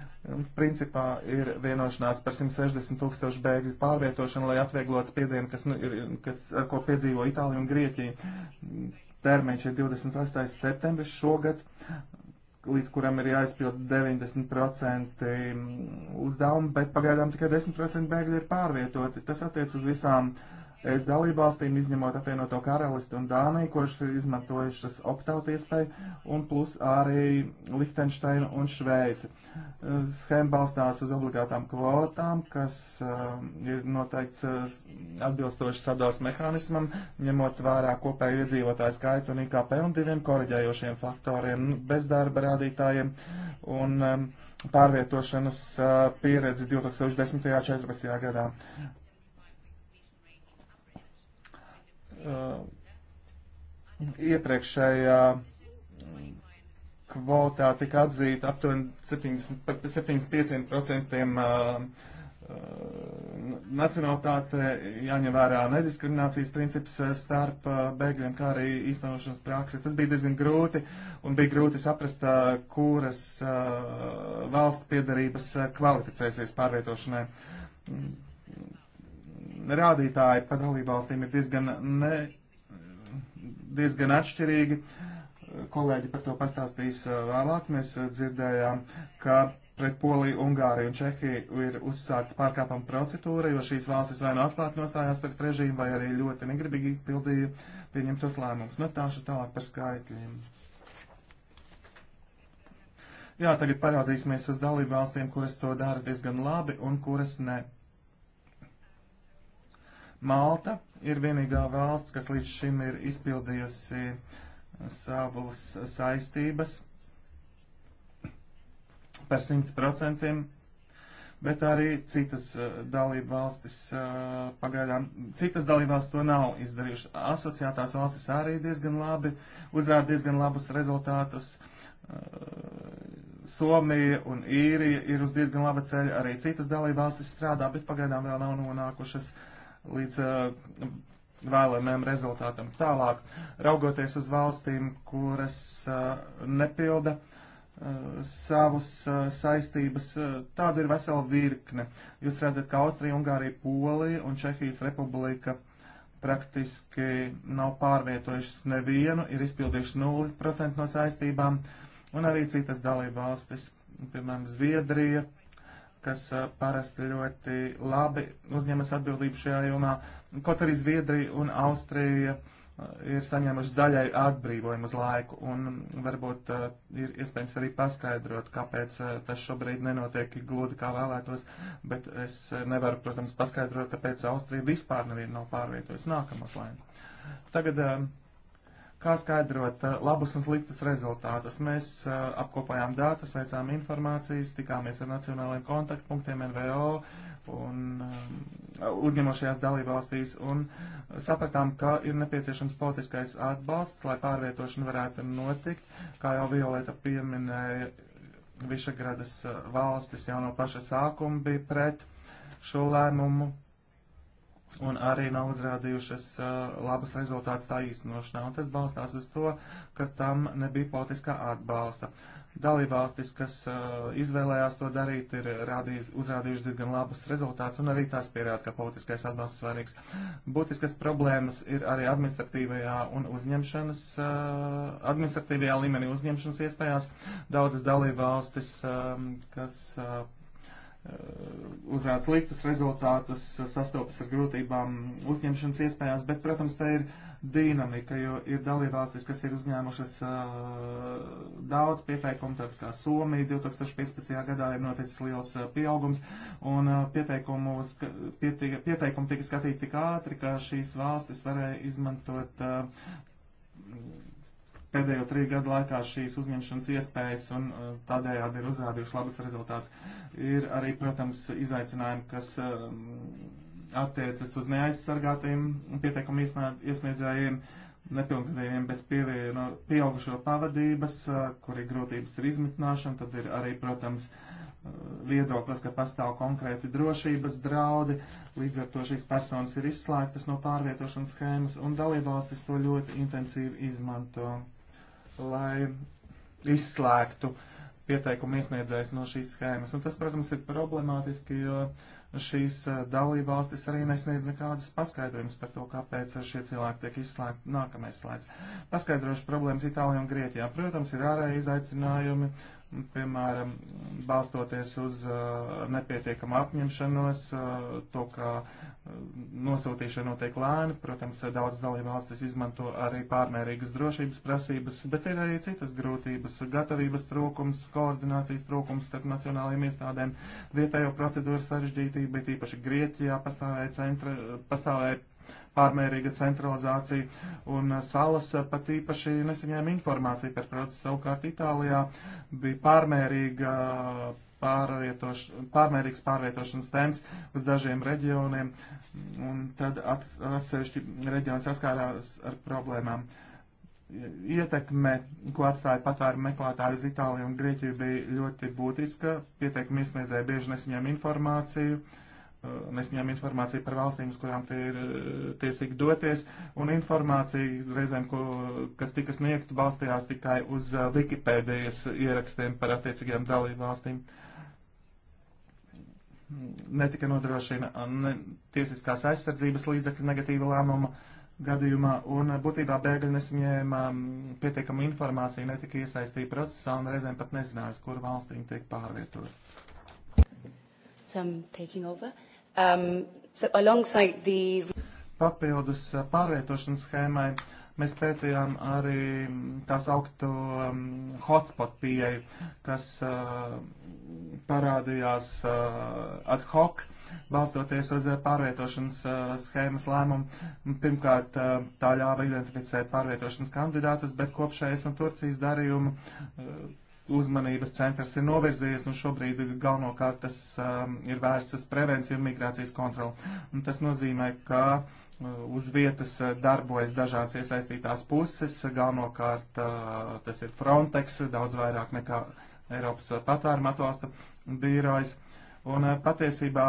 Principā ir vienošanās par 160 tūkstošu bēgļu pārvietošanu, lai atvieglotu spiedienu, kas, nu, ir, kas, ar ko piedzīvo Itālija un Grieķija. Termiņš ir 28. septembris šogad, līdz kuram ir jāizpild 90% mm, uzdevumu, bet pagaidām tikai 10% bēgļi ir pārvietoti. Tas attiec uz visām uh, es dalībvalstīm, izņemot apvienoto karalisti un Dāniju, kurš ir izmantojušas optaut iespēju, un plus arī Lihtenšteinu un Šveici. Schēma balstās uz obligātām kvotām, kas uh, ir noteikts uh, atbilstoši sadalas mehānismam, ņemot vērā kopēju iedzīvotāju skaitu un IKP un diviem koreģējošiem faktoriem - bezdarba rādītājiem un um, pārvietošanas uh, pieredzi 2010. un 2014. gadā. Uh, iepriekšējā mm, kvotā tika atzīta aptuveni 75% uh, uh, nacionālitāte, jāņem vērā nediskriminācijas princips starp bēgļiem, kā arī īstenošanas praksi. Tas bija diezgan grūti un bija grūti saprast, kuras valsts piedarības kvalificēsies pārvietošanai. Mm rādītāji pa dalībvalstīm ir diezgan, ne, diezgan atšķirīgi. Kolēģi par to pastāstīs uh, vēlāk. Mēs uh, dzirdējām, ka pret Poliju, Ungāriju un Čehiju ir uzsākta pārkāpuma procedūra, jo šīs valstis vai nu atklāti nostājās pret režīmu, vai arī ļoti negribīgi pildīja pieņemtos lēmumus. Nu, tāšu tālāk par skaitļiem. Jā, tagad parādīsimies uz dalību valstīm, kuras to dara diezgan labi un kuras ne. Malta ir vienīgā valsts, kas līdz šim ir izpildījusi savas saistības par 100%, bet arī citas eh, dalība valstis eh, pagaidām, citas dalība valstis to nav izdarījušas. Asociētās valstis arī diezgan labi uzrāda diezgan labus rezultātus. Eh, Somija un Īrija ir uz diezgan laba ceļa, arī citas dalība valstis strādā, bet pagaidām vēl nav nonākušas uh, līdz uh, eh, vēlamiem rezultātam. Tālāk, raugoties uz valstīm, kuras uh, nepilda uh, savus uh, saistības, uh, tādu ir vesela virkne. Jūs redzat, ka Austrija, Ungārija, Polija un Čehijas republika praktiski nav pārvietojušas nevienu, ir izpildījušas 0% no saistībām, un arī citas dalība valstis, piemēram, Zviedrija, kas parasti ļoti labi uzņemas atbildību šajā jomā, kaut arī Zviedrija un Austrija ir saņēmušas daļai atbrīvojumu uz laiku, un varbūt uh, ir iespējams arī paskaidrot, kāpēc uh, tas šobrīd nenotiek gludi kā vēlētos, bet es nevaru, protams, paskaidrot, kāpēc Austrija vispār nevienu nav pārvietojusi nākamos laimu. Tagad uh, Kā skaidrot eh, labus un sliktus rezultātus? Mēs eh, apkopojām datus, veicām informācijas, tikāmies ar nacionālajiem kontaktpunktiem, NVO un eh, uzņemošajās dalībvalstīs un sapratām, ka ir nepieciešams politiskais atbalsts, lai pārvietošana varētu notikt. Kā jau Violeta pieminēja, Višagradas valstis jau no paša sākuma bija pret šo lēmumu un arī nav uzrādījušas uh, labus rezultātus tā īstenošanā. Un tas balstās uz to, ka tam nebija politiskā atbalsta. Dalībvalstis, kas uh, izvēlējās to darīt, ir rādījus, uzrādījuši diezgan labus rezultātus, un arī tās pierāda, ka politiskais atbalsts svarīgs. Būtiskas problēmas ir arī administratīvajā un uzņemšanas, uh, administratīvajā līmenī uzņemšanas iespējās. Daudzas dalībvalstis, um, kas uh, uzrāda sliktus rezultātus, eh, sastopas ar grūtībām uzņemšanas iespējās, bet, protams, tā ir dinamika, jo ir dalībvalstis, kas ir uzņēmušas uh, daudz pieteikumu, tāds kā Somija 2015. gadā ir noticis liels uh, pieaugums, un uh, pieteikumu, pietika, pieteikumu tika skatīti tik ātri, ka šīs valstis varēja izmantot uh, pēdējo trīs gadu laikā šīs uzņemšanas iespējas un uh, tādējādi ir uzrādījuši labus rezultātus. Ir arī, protams, izaicinājumi, kas um, attiecas uz neaizsargātiem pieteikumu iesniedzējiem, nepilngadējiem bez pievieno, pieaugušo pavadības, uh, kuri grūtības ir izmitināšana, tad ir arī, protams, uh, viedoklis, ka pastāv konkrēti drošības draudi, līdz ar to šīs personas ir izslēgtas no pārvietošanas schēmas, un dalībvalstis to ļoti intensīvi izmanto lai izslēgtu pieteikumu iesniedzējs no šīs schēmas. Un tas, protams, ir problemātiski, jo šīs eh, dalībvalstis arī nesniedz nekādas paskaidrojumus par to, kāpēc šie cilvēki tiek izslēgti. Nākamais slaids. Paskaidrošu problēmas Itālijā un Grietijā. Protams, ir ārēji izaicinājumi, piemēram, balstoties uz eh, nepietiekamu apņemšanos, eh, to, ka nosūtīšana notiek lēni, protams, daudz dalībvalstis izmanto arī pārmērīgas drošības prasības, bet ir arī citas grūtības - gatavības trūkums, koordinācijas trūkums starp nacionālajiem iestādēm, vietējo procedūru sarežģītība, bet īpaši Grieķijā pastāvēja, centra, pastāvēja pārmērīga centralizācija, un salas pat īpaši nesaņēma informāciju par procesu. Savukārt Itālijā bija pārmērīga pārvietoš, pārmērīgs pārvietošanas temps uz dažiem reģioniem, un tad atsevišķi reģioni saskārās ar problēmām. Ietekme, ko atstāja patvēru meklētāju uz Itāliju un Grieķiju, bija ļoti būtiska. Pieteikumi iesniedzēja bieži nesaņēma informāciju. Mēs ņēmām informāciju par valstīm, uz kurām tie ir tiesīgi doties, un informācija reizēm, ko, kas tika sniegta, balstījās tikai uz Wikipēdijas ierakstiem par attiecīgajām dalību valstīm. Uh, netika nodrošina ne, tiesiskās aizsardzības līdzekļu negatīva lēmuma gadījumā, un būtībā bēgļi nesaņēma pietiekamu informāciju, netika iesaistīti procesā un reizēm pat nezināja, uz kuru valsti viņi tiek pārvietoti. So um, so the... Papildus pārvietošanas schēmai Mēs pētījām arī tās augtu um, hotspot pieeju, kas uh, parādījās uh, ad hoc, balstoties uz uh, pārvietošanas uh, schēmas lēmumu. Pirmkārt, uh, tā ļāva identificēt pārvietošanas kandidātus, bet kopšais un Turcijas darījumu. Uh, uzmanības centrs ir novirzījies un šobrīd galvenokārt tas um, ir vērsts uz prevenciju un migrācijas kontroli. Un tas nozīmē, ka uh, Eh, uz vietas eh, darbojas dažādas iesaistītās puses, galvenokārt eh, tas ir Frontex, daudz vairāk nekā Eiropas patvēruma atbalsta birojas. Un patiesībā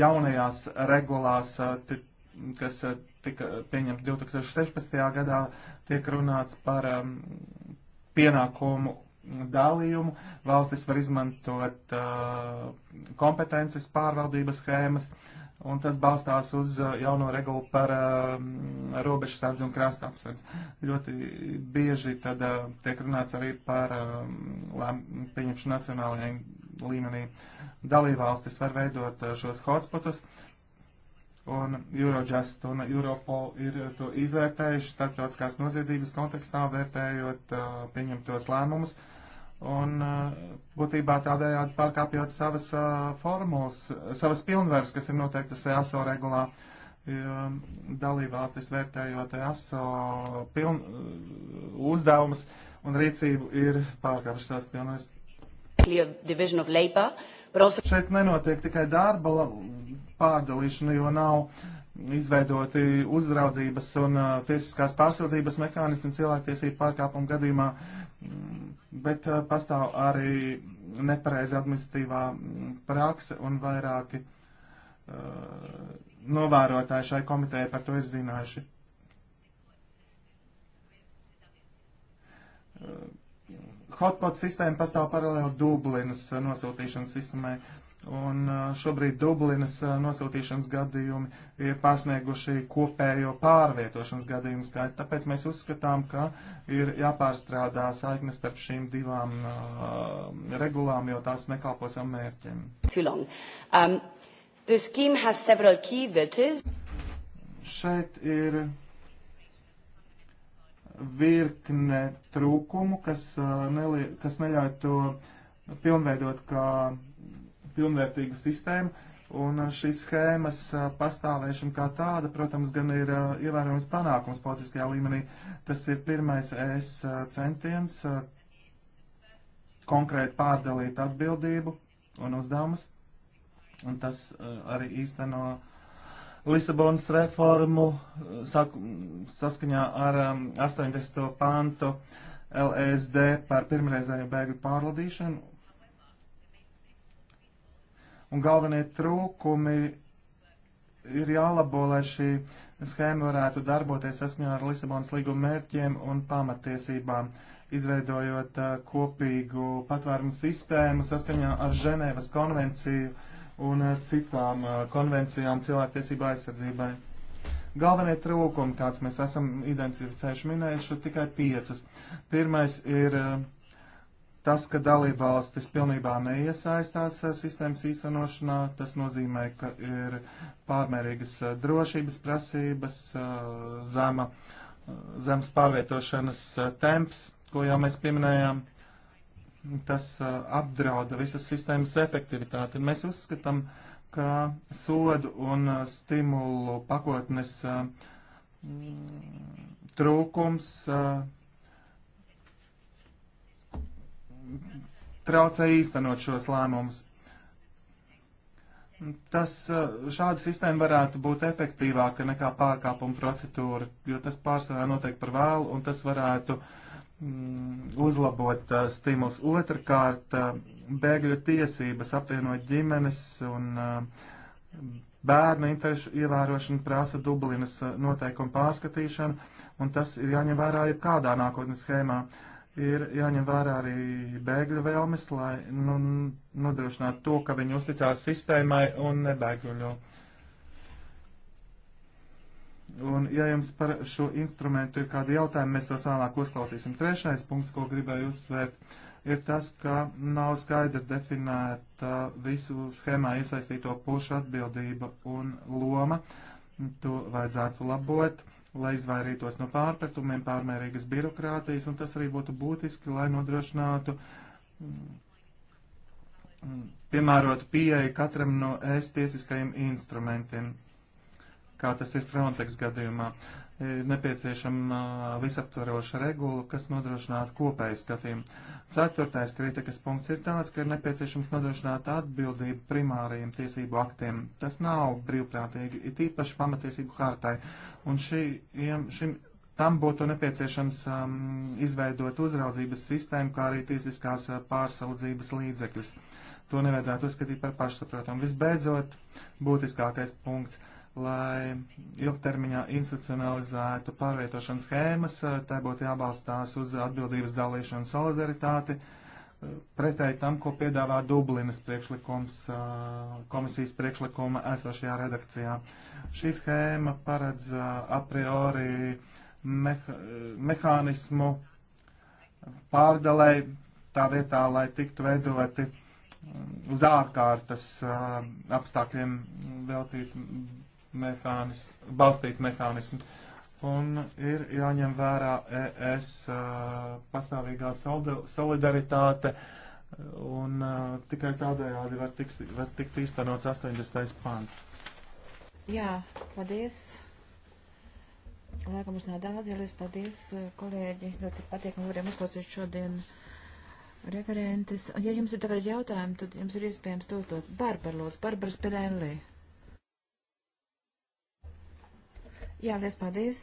jaunajās regulās, kas tika pieņemta 2016. gadā, tiek runāts par pienākumu dalījumu. Valstis var izmantot uh, kompetences pārvaldības schēmas, un tas balstās uz uh, jauno regulu par uh, robežu sardzi un krasta apsardzi. Ļoti bieži tad uh, tiek runāts arī par uh, um, lēmumu pieņemšanu nacionālajai līmenī. Dalībvalstis var veidot uh, šos hotspotus, un Eurojust un Europol ir to izvērtējuši starptautiskās noziedzības kontekstā, vērtējot uh, pieņemtos lēmumus. Uh, un eh, būtībā tādējādi pārkāpjot savas eh, formulas, savas pilnvaras, kas ir noteiktas EASO regulā. Dalībvalstis vērtējot EASO piln, eh, uzdevumus un rīcību ir pārkāpušas savas pilnvaras. Also... Šeit nenotiek tikai darba pārdalīšana, jo nav izveidoti uzraudzības un tiesiskās pārsūdzības mehānismi cilvēktiesību pārkāpumu gadījumā mm, bet uh, pastāv arī nepareiza administratīvā mm, prakse un vairāki uh, novērotāji šai komitejai par to ir zinājuši. Uh, hotpot sistēma pastāv paralēli Dublinas nosūtīšanas sistēmai. Uh, Un šobrīd Dublinas nosūtīšanas gadījumi ir pārsnieguši kopējo pārvietošanas gadījumu skaitu. Tāpēc mēs uzskatām, ka ir jāpārstrādā saikne starp šīm divām uh, regulām, jo tās nekalpo savam mērķim. Um, Šeit ir virkne trūkumu, kas, uh, nelie, kas neļauj to pilnveidot kā pilnvērtīgu sistēmu, un uh, šīs schēmas uh, pastāvēšana kā tāda, protams, gan ir uh, ievērojams panākums politiskajā līmenī. Tas ir pirmais es centiens konkrēti pārdalīt atbildību un uzdevumus, un tas arī īsteno no Lisabonas reformu saku, saskaņā ar um, 80. pantu LSD e par pirmreizēju bēgļu pārladīšanu Un galvenie trūkumi ir jālabo, lai šī schēma varētu darboties saskaņā ar Lisabonas līguma mērķiem un pamatiesībām, izveidojot uh, kopīgu patvērumu sistēmu saskaņā ar Ženēvas konvenciju un uh, citām uh, konvencijām cilvēktiesību aizsardzībai. Galvenie trūkumi, kāds mēs esam identificējuši, minējuši tikai piecas. Pirmais ir uh, Tas, ka dalībvalstis pilnībā neiesaistās eh, sistēmas īstenošanā, tas nozīmē, ka ir pārmērīgas eh, drošības prasības, eh, zema, zemes pārvietošanas temps, ko jau mēs pieminējām. Tas apdrauda visas sistēmas efektivitāti. Mēs uzskatām, ka sodu un stimulu pakotnes trūkums uh, traucē īstenot šos lēmumus. Tas, eh, šāda sistēma varētu būt efektīvāka nekā pārkāpuma procedūra, jo tas pārsvarā noteikti par vēlu un tas varētu mm, uzlabot uh, stimulus. Otrakārt, uh, eh, bēgļu tiesības apvienot ģimenes un uh, bērnu interesu ievērošana prasa Dublinas noteikumu pārskatīšanu, un tas ir jāņem vērā jebkādā nākotnes schēmā. Uh, ir jāņem vērā arī bēgļu vēlmes, lai nu, nodrošinātu to, ka viņi uzticās sistēmai un nebēguļo. Un, ja jums par šo instrumentu ir kādi jautājumi, mēs tos vēlāk uzklausīsim. Trešais punkts, ko gribēju uzsvērt, ir tas, ka nav skaidri definēta visu schēmā iesaistīto pušu atbildība un loma. To vajadzētu labot. Uh, lai izvairītos no pārpratumiem, pārmērīgas birokrātijas, un tas arī būtu būtiski, lai nodrošinātu mm, mm, piemērotu pieeju katram no ēst tiesiskajiem instrumentiem, kā tas ir Frontex gadījumā ir nepieciešama visaptvaroša regula, kas nodrošinātu kopēju skatījumu. Ceturtais kritikas punkts ir tāds, ka ir nepieciešams nodrošināt atbildību primārajiem tiesību aktiem. Tas nav brīvprātīgi, ir tīpaši pamatiesību hārtai. Un šī, šim, tam būtu nepieciešams um, izveidot uzraudzības sistēmu, kā arī tiesiskās uh, pārsaudzības līdzekļus. To nevajadzētu uzskatīt par pašsaprotamu. Visbeidzot, būtiskākais punkts. Uh, lai ilgtermiņā institucionalizētu pārvietošanas schēmas, tai būtu jābalstās uz atbildības dalīšanu solidaritāti, pretēji tam, ko piedāvā Dublinas priekšlikums, komisijas priekšlikuma esošajā redakcijā. Šī schēma paredz a priori meha mehānismu pārdalēji tā vietā, lai tiktu veidoti uz ārkārtas apstākļiem veltīti mehānis, balstīt mehānismu. Un ir jāņem vērā ES pastāvīgā solidaritāte, un tikai tādējādi var, tiks, var tikt īstenots 80. pants. Jā, paldies. Laika mums nav daudz, ja līdz paldies, kolēģi. Ļoti patīkami varējām uzklausīt šodien referentes. Ja jums ir tagad jautājumi, tad jums ir iespējams to uzdot. Barbaros, Barbara Spirelli. Jā, liels paldies.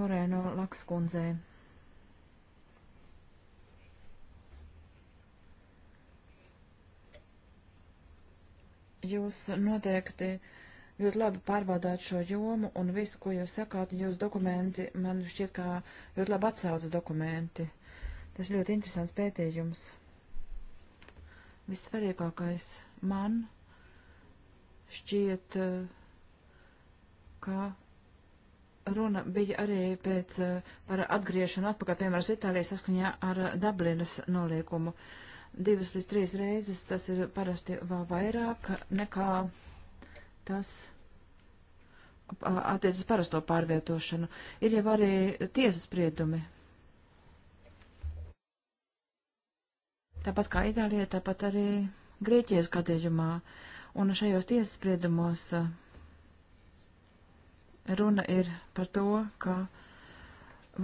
Morēno Lakskundzei. jūs noteikti ļoti labi pārbaudāt šo jomu un visu, ko jūs sakāt, jūs dokumenti, man šķiet, kā ļoti labi atsaucas dokumenti. Tas ļoti interesants pētījums. Vissvarīgākais man šķiet, eh, ka runa bija arī pēc eh, par atgriešanu atpakaļ, piemēram, Itālijā saskaņā ar Dablinas noliekumu. Divas līdz trīs reizes tas ir parasti vēl vairāk nekā tas attiecas parasto pārvietošanu. Ir jau arī tiesas spriedumi tāpat kā Itālijā, tāpat arī Grieķijas gadījumā. Un šajos tiesas spriedumos uh, runa ir par to, ka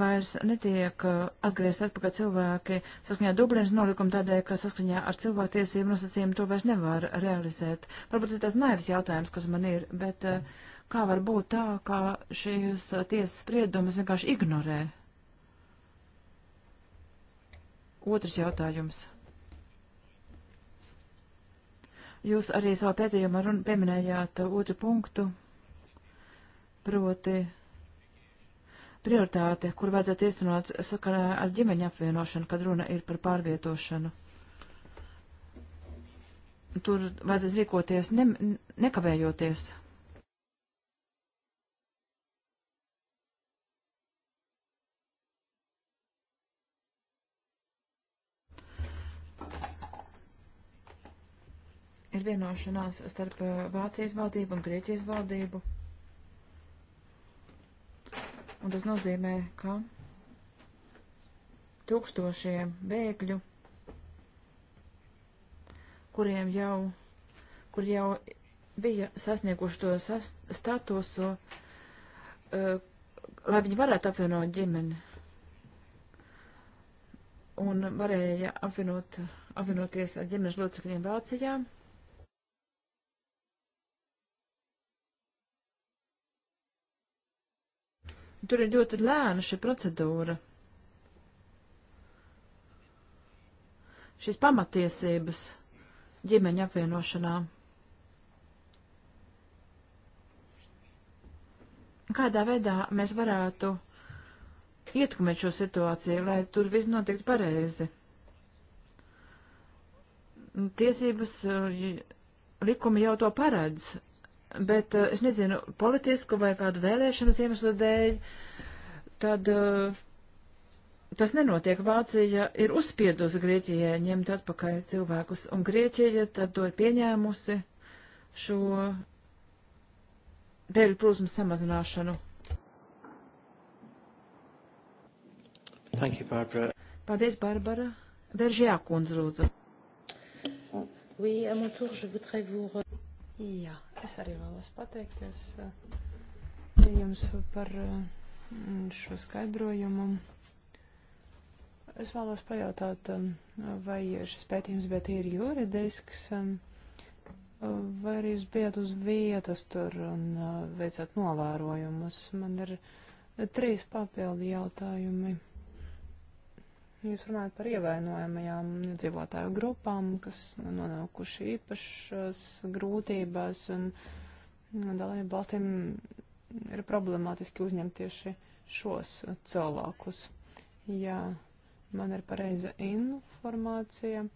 vairs netiek uh, atgriezt atpakaļ cilvēki saskaņā Dublinas nolikuma tādēļ, ka saskaņā ar cilvēktiesību nosacījumu to vairs nevar realizēt. Varbūt ir tas naivs jautājums, kas man ir, bet uh, kā var būt tā, ka šīs tiesas spriedumus vienkārši ignorē? Otrs jautājums. Jūs arī savā pēdējumā runa pieminējāt otru punktu, proti prioritāte, kur vajadzētu iestanot sakarā ar ģimeņa apvienošanu, kad runa ir par pārvietošanu. Tur vajadzētu rīkoties ne, nekavējoties. Ne ir vienošanās starp eh, Vācijas valdību un Grieķijas valdību. Un tas nozīmē, ka tūkstošiem bēgļu, kuriem jau, kur jau bija sasnieguši to sas, statusu, uh, lai viņi varētu apvienot ģimeni. Un varēja apvienot, apvienoties ar ģimenes locekļiem Vācijā. Tur ir ļoti lēna šī procedūra. Šīs pamatiesības ģimeņa apvienošanā. Kādā veidā mēs varētu ietekmēt šo situāciju, lai tur viss notiktu pareizi? Tiesības eh, likumi jau to paredz, bet eh, es nezinu, politisku vai kādu vēlēšanas iemeslu dēļ, tad eh, tas nenotiek. Vācija ir uzspiedusi Grieķijai ņemt atpakaļ cilvēkus, un Grieķija tad to ir pieņēmusi šo bēgļu plūsmu samazināšanu. Thank you, Barbara. Paldies, Barbara. Veržjā kundze, lūdzu. Oui, à mon tour, je voudrais vous... Jā, es arī vēlos pateikties eh, jums par mm, šo skaidrojumu. Es vēlos pajautāt, mm, vai šis pētījums bija tīri juridisks, mm, vai arī jūs bijat uz vietas tur un eh, veicat novērojumus. Man ir trīs papildi jautājumi. Jūs runājat par ievainojamajām iedzīvotāju grupām, kas nonākuši īpašas grūtībās, un dalību valstīm ir problemātiski uzņemt tieši šos cilvēkus. Jā, man ir pareiza informācija.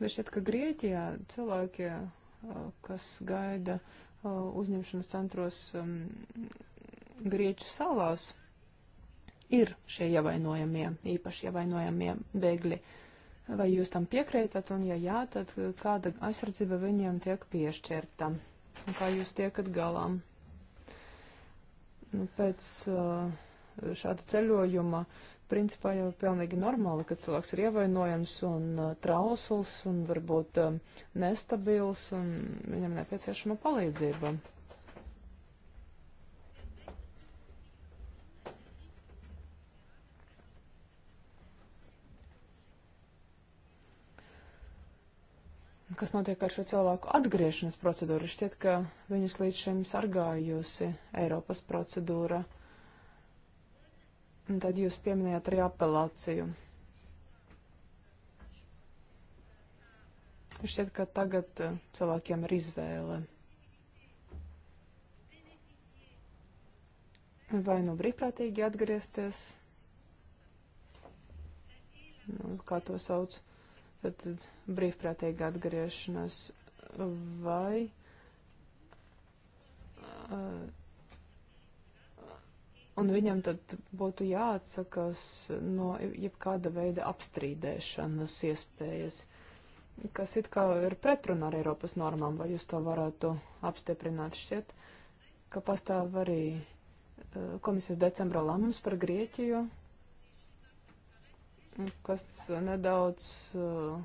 Bet šķiet, ka Grieķijā cilvēki, uh, kas gaida uh, uzņemšanas centros um, Grieķu salās, ir šie ievainojamie, īpaši ievainojamie bēgļi. Vai jūs tam piekrītat, un ja jā, tad kāda aizsardzība viņiem tiek piešķirta? Un kā jūs tiekat galām? Nu, pēc uh, šāda ceļojuma principā jau pilnīgi normāli, ka cilvēks ir ievainojams un uh, trausls un varbūt uh, nestabils, un viņam nepieciešama palīdzība. kas notiek ar šo cilvēku atgriešanas procedūru. Šķiet, ka viņus līdz šim sargājusi Eiropas procedūra. Un tad jūs pieminējāt arī apelāciju. Šķiet, ka tagad eh, cilvēkiem ir izvēle. Vai nu brīvprātīgi atgriezties, nu, kā to sauc, tad brīvprātīga atgriešanās vai un viņam tad būtu jāatsakās no jebkāda veida apstrīdēšanas iespējas, kas it kā ir pretrunā ar Eiropas normām, vai jūs to varētu apstiprināt šķiet, ka pastāv arī komisijas decembra lēmums par Grieķiju, kas nedaudz uh,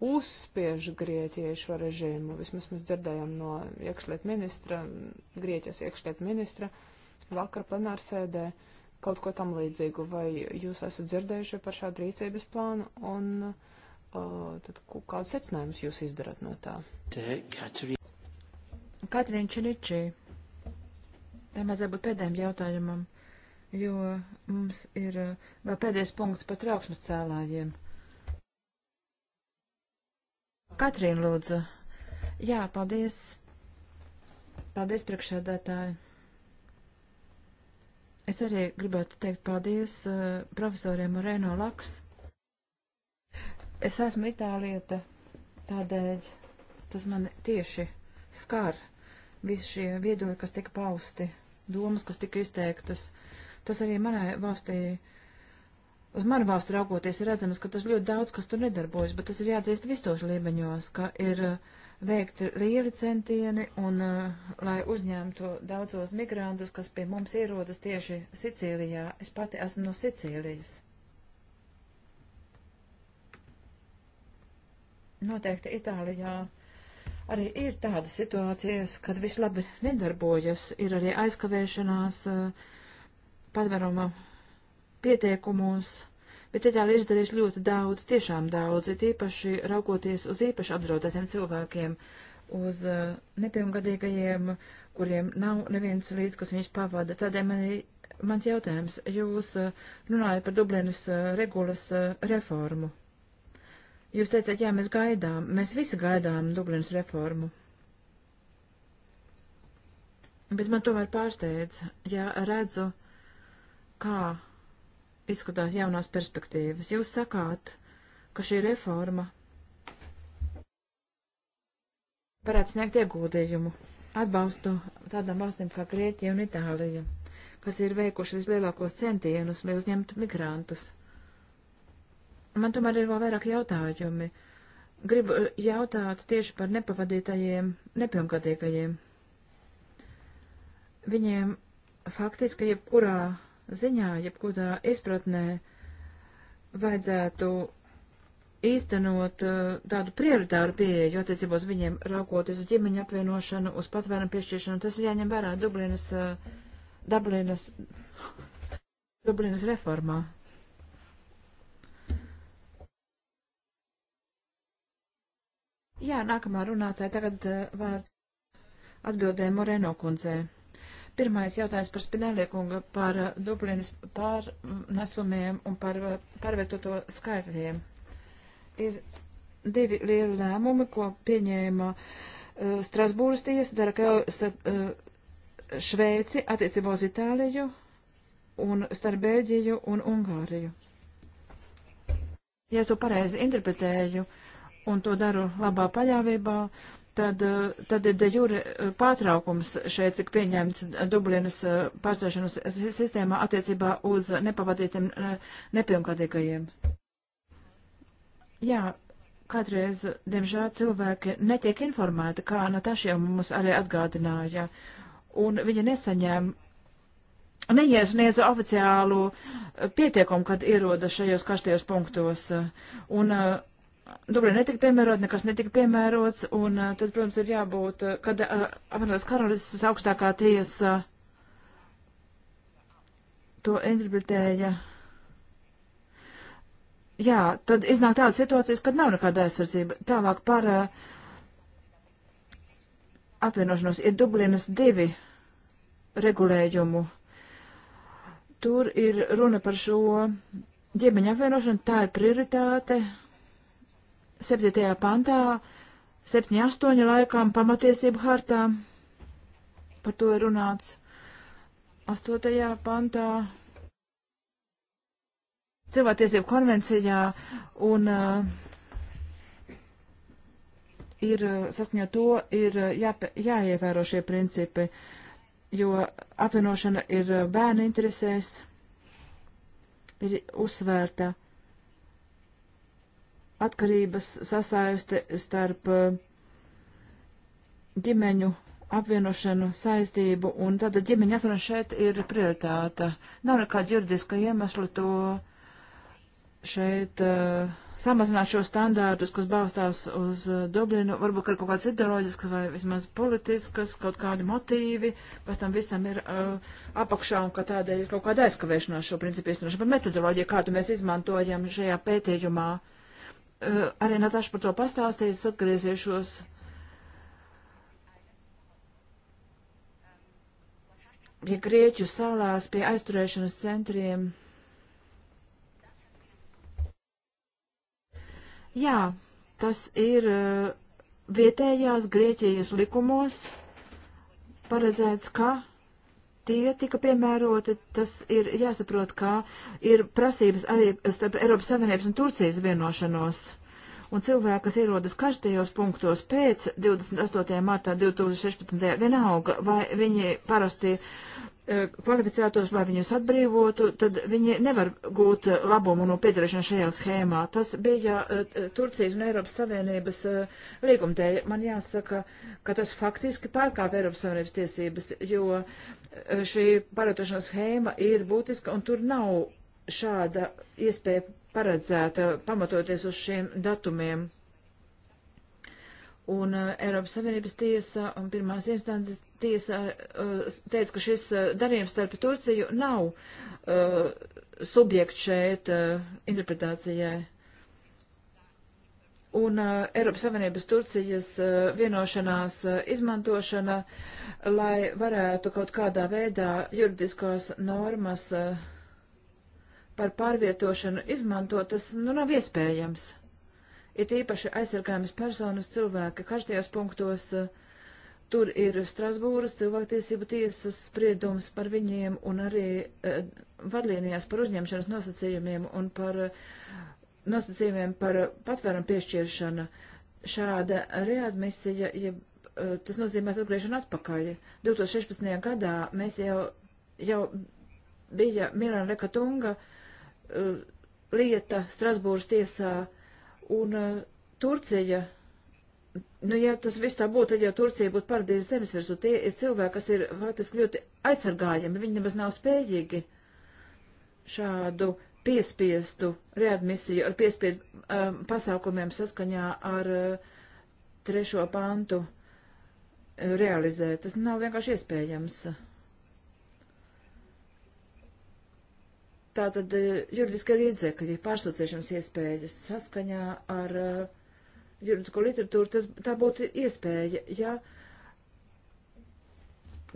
uzspiež Grieķijai šo režīmu. Vismaz mēs dzirdējām no iekšliet ministra, Grieķijas iekšliet ministra vakar plenārsēdē kaut ko tam līdzīgu. Vai jūs esat dzirdējuši par šādu rīcības plānu un uh, tad kādu secinājumus jūs izdarat no tā? Katrīna Čiličī. Tā mazliet būtu pēdējiem jautājumam. Uh, jo mums ir eh, vēl pēdējais punkts par trauksmes cēlājiem. Katrīna lūdzu. Jā, paldies. Paldies, priekšsēdētāji. Es arī gribētu teikt paldies uh, profesoriem Moreno Laks. Es esmu itālieta, tādēļ tas man tieši skar visi šie viedokļi, kas tika pausti, domas, kas tika izteiktas. Uh, Tas arī manai valstī, uz manu valstu raugoties, ir redzams, ka tas ļoti daudz, kas tur nedarbojas, bet tas ir jāatzīst visos līmeņos, ka ir uh, veikti lieli centieni un, uh, lai uzņemtu daudzos migrantus, kas pie mums ierodas tieši Sicīlijā. Es pati esmu no Sicīlijas. noteikti Itālijā arī ir tādas situācijas, kad viss labi nedarbojas, ir arī aizkavēšanās, uh, patvērumā pieteikumos, bet Itālija izdarīs ļoti daudz, tiešām daudz, ir īpaši raugoties uz īpaši apdraudētiem cilvēkiem, uz uh, nepilngadīgajiem, kuriem nav neviens līdz, kas viņus pavada. Tādēļ man ir mans jautājums. Jūs uh, runājat par Dublinas uh, regulas reformu. Jūs teicāt, jā, mēs gaidām, mēs visi gaidām Dublinas reformu. Bet man tomēr pārsteidz, ja redzu, kā izskatās jaunās perspektīvas. Jūs sakāt, ka šī reforma varētu sniegt ieguldījumu atbalstu tādām valstīm kā Grieķija un Itālija, kas ir veikuši vislielākos centienus, lai uzņemtu migrantus. Man tomēr ir vēl vairāk jautājumi. Gribu jautāt tieši par nepavadītajiem, nepilngadīgajiem. Viņiem faktiski jebkurā ziņā, jebkurā izpratnē, vajadzētu īstenot uh, tādu prioritāru pieeju attiecībos viņiem raukoties uz ģimeņa apvienošanu, uz patvērumu piešķiršanu. Tas ir jāņem vērā Dublinas, uh, Dublinas, Dublinas reformā. Jā, nākamā runātāja tagad uh, vārds atbildēja Moreno kundzei. Pirmais jautājums par Spineliekunga, par uh, Dublinas pārnesumiem un par uh, pārvietoto skaitļiem. Ir divi lieli lēmumi, ko pieņēma uh, Strasbūras tiesa, dara kā starp uh, Šveici attiecībā uz Itāliju un starp Bēļģiju un Ungāriju. Ja to pareizi interpretēju un to daru labā paļāvībā, uh, tad, eh, tad ir de jure eh, pārtraukums šeit tik pieņemts Dublinas eh, pārceļšanas sistēmā attiecībā uz nepavadītiem nepilngadīgajiem. Jā, kādreiz, diemžēl, cilvēki netiek informēti, kā Natašiem mums arī atgādināja, un viņi nesaņēma neiesniedz oficiālu pietiekumu, kad ierodas šajos karstajos punktos. Un uh, Dublina netika piemērot, nekas netika piemērots, un uh, tad, protams, ir jābūt, uh, kad uh, apvienotās karalistas augstākā tiesa to interpretēja. Jā, tad iznāk tādas situācijas, kad nav nekāda aizsardzība. Tālāk par apvienošanos ir Dublinas divi regulējumu. Tur ir runa par šo ģimeņa apvienošanu, tā ir prioritāte 7. pantā, 7.8. laikām pamatiesību hartā. Par to ir runāts 8. pantā. Cilvēktiesību konvencijā un uh, ir uh, saskaņā to ir uh, jā, jāievēro šie principi, jo apvienošana ir uh, bērnu interesēs, ir uzsvērta atkarības sasaiste starp eh, ģimeņu apvienošanu saistību, un tad ģimeņa apvienošana šeit ir prioritāte. Nav nekāda juridiska iemesla to šeit uh, samazināt šo standārtus, kas balstās uz uh, Dublinu, varbūt ir kaut kāds ideoloģisks vai vismaz politisks, kaut kādi motīvi, pēc tam visam ir uh, apakšā un ka tādēļ ir kaut kāda aizkavēšanās šo principu īstenošanu. Par metodoloģiju, kādu mēs izmantojam šajā pētījumā, uh, Eh, arī Natāša par to pastāstīs, es atgriezīšos. Pie Grieķu salās, pie aizturēšanas centriem. Jā, tas ir eh, vietējās Grieķijas likumos paredzēts, ka tie tika piemēroti, tas ir jāsaprot, kā ir prasības arī starp Eiropas Savienības un Turcijas vienošanos. Un cilvēki, kas ierodas karstajos punktos pēc 28. martā 2016. vienalga, vai viņi parasti E, kvalificētos, lai viņus atbrīvotu, tad viņi nevar gūt labumu no piedarīšanas šajā schēmā. Tas bija e, e, Turcijas un Eiropas Savienības līgumdēļ. Man jāsaka, ka tas faktiski pārkāp Eiropas Savienības tiesības, jo šī pārvietošanas schēma ir būtiska un tur nav šāda iespēja paredzēta pamatoties uz šiem datumiem. Un Eiropas Savienības tiesa un pirmās instances tiesa eh, teica, ka šis eh, darījums starp Turciju nav uh, eh, subjekts šeit uh, interpretācijai. Un uh, Eiropas Savienības Turcijas uh, vienošanās uh, izmantošana, lai varētu kaut kādā veidā juridiskās normas uh, par pārvietošanu izmantot, tas nu, nav iespējams. Ir īpaši aizsargājums personas cilvēki karstajos punktos. Uh, Tur ir Strasbūras cilvēktiesība tiesas spriedums par viņiem un arī e, vadlīnijās par uzņemšanas nosacījumiem un par e, nosacījumiem par patvērumu piešķiršanu. Šāda readmisija, ja, e, tas nozīmē atgriešanu atpakaļ. 2016. gadā mēs jau, jau bija Milāna Lekatunga e, lieta Strasbūras tiesā un e, Turcija Nu, ja tas viss tā būtu, tad jau Turcija būtu paradīze zemes virsū. Tie ir cilvēki, kas ir faktiski ļoti aizsargājami. Viņi nemaz nav spējīgi šādu piespiestu readmisiju ar piespiedu um, pasākumiem saskaņā ar uh, trešo pantu uh, realizēt. Tas nav vienkārši iespējams. Tātad uh, juridiskie līdzekļi, pārsūcēšanas iespējas saskaņā ar uh, juridisko literatūru, tas, tā būtu iespēja, ja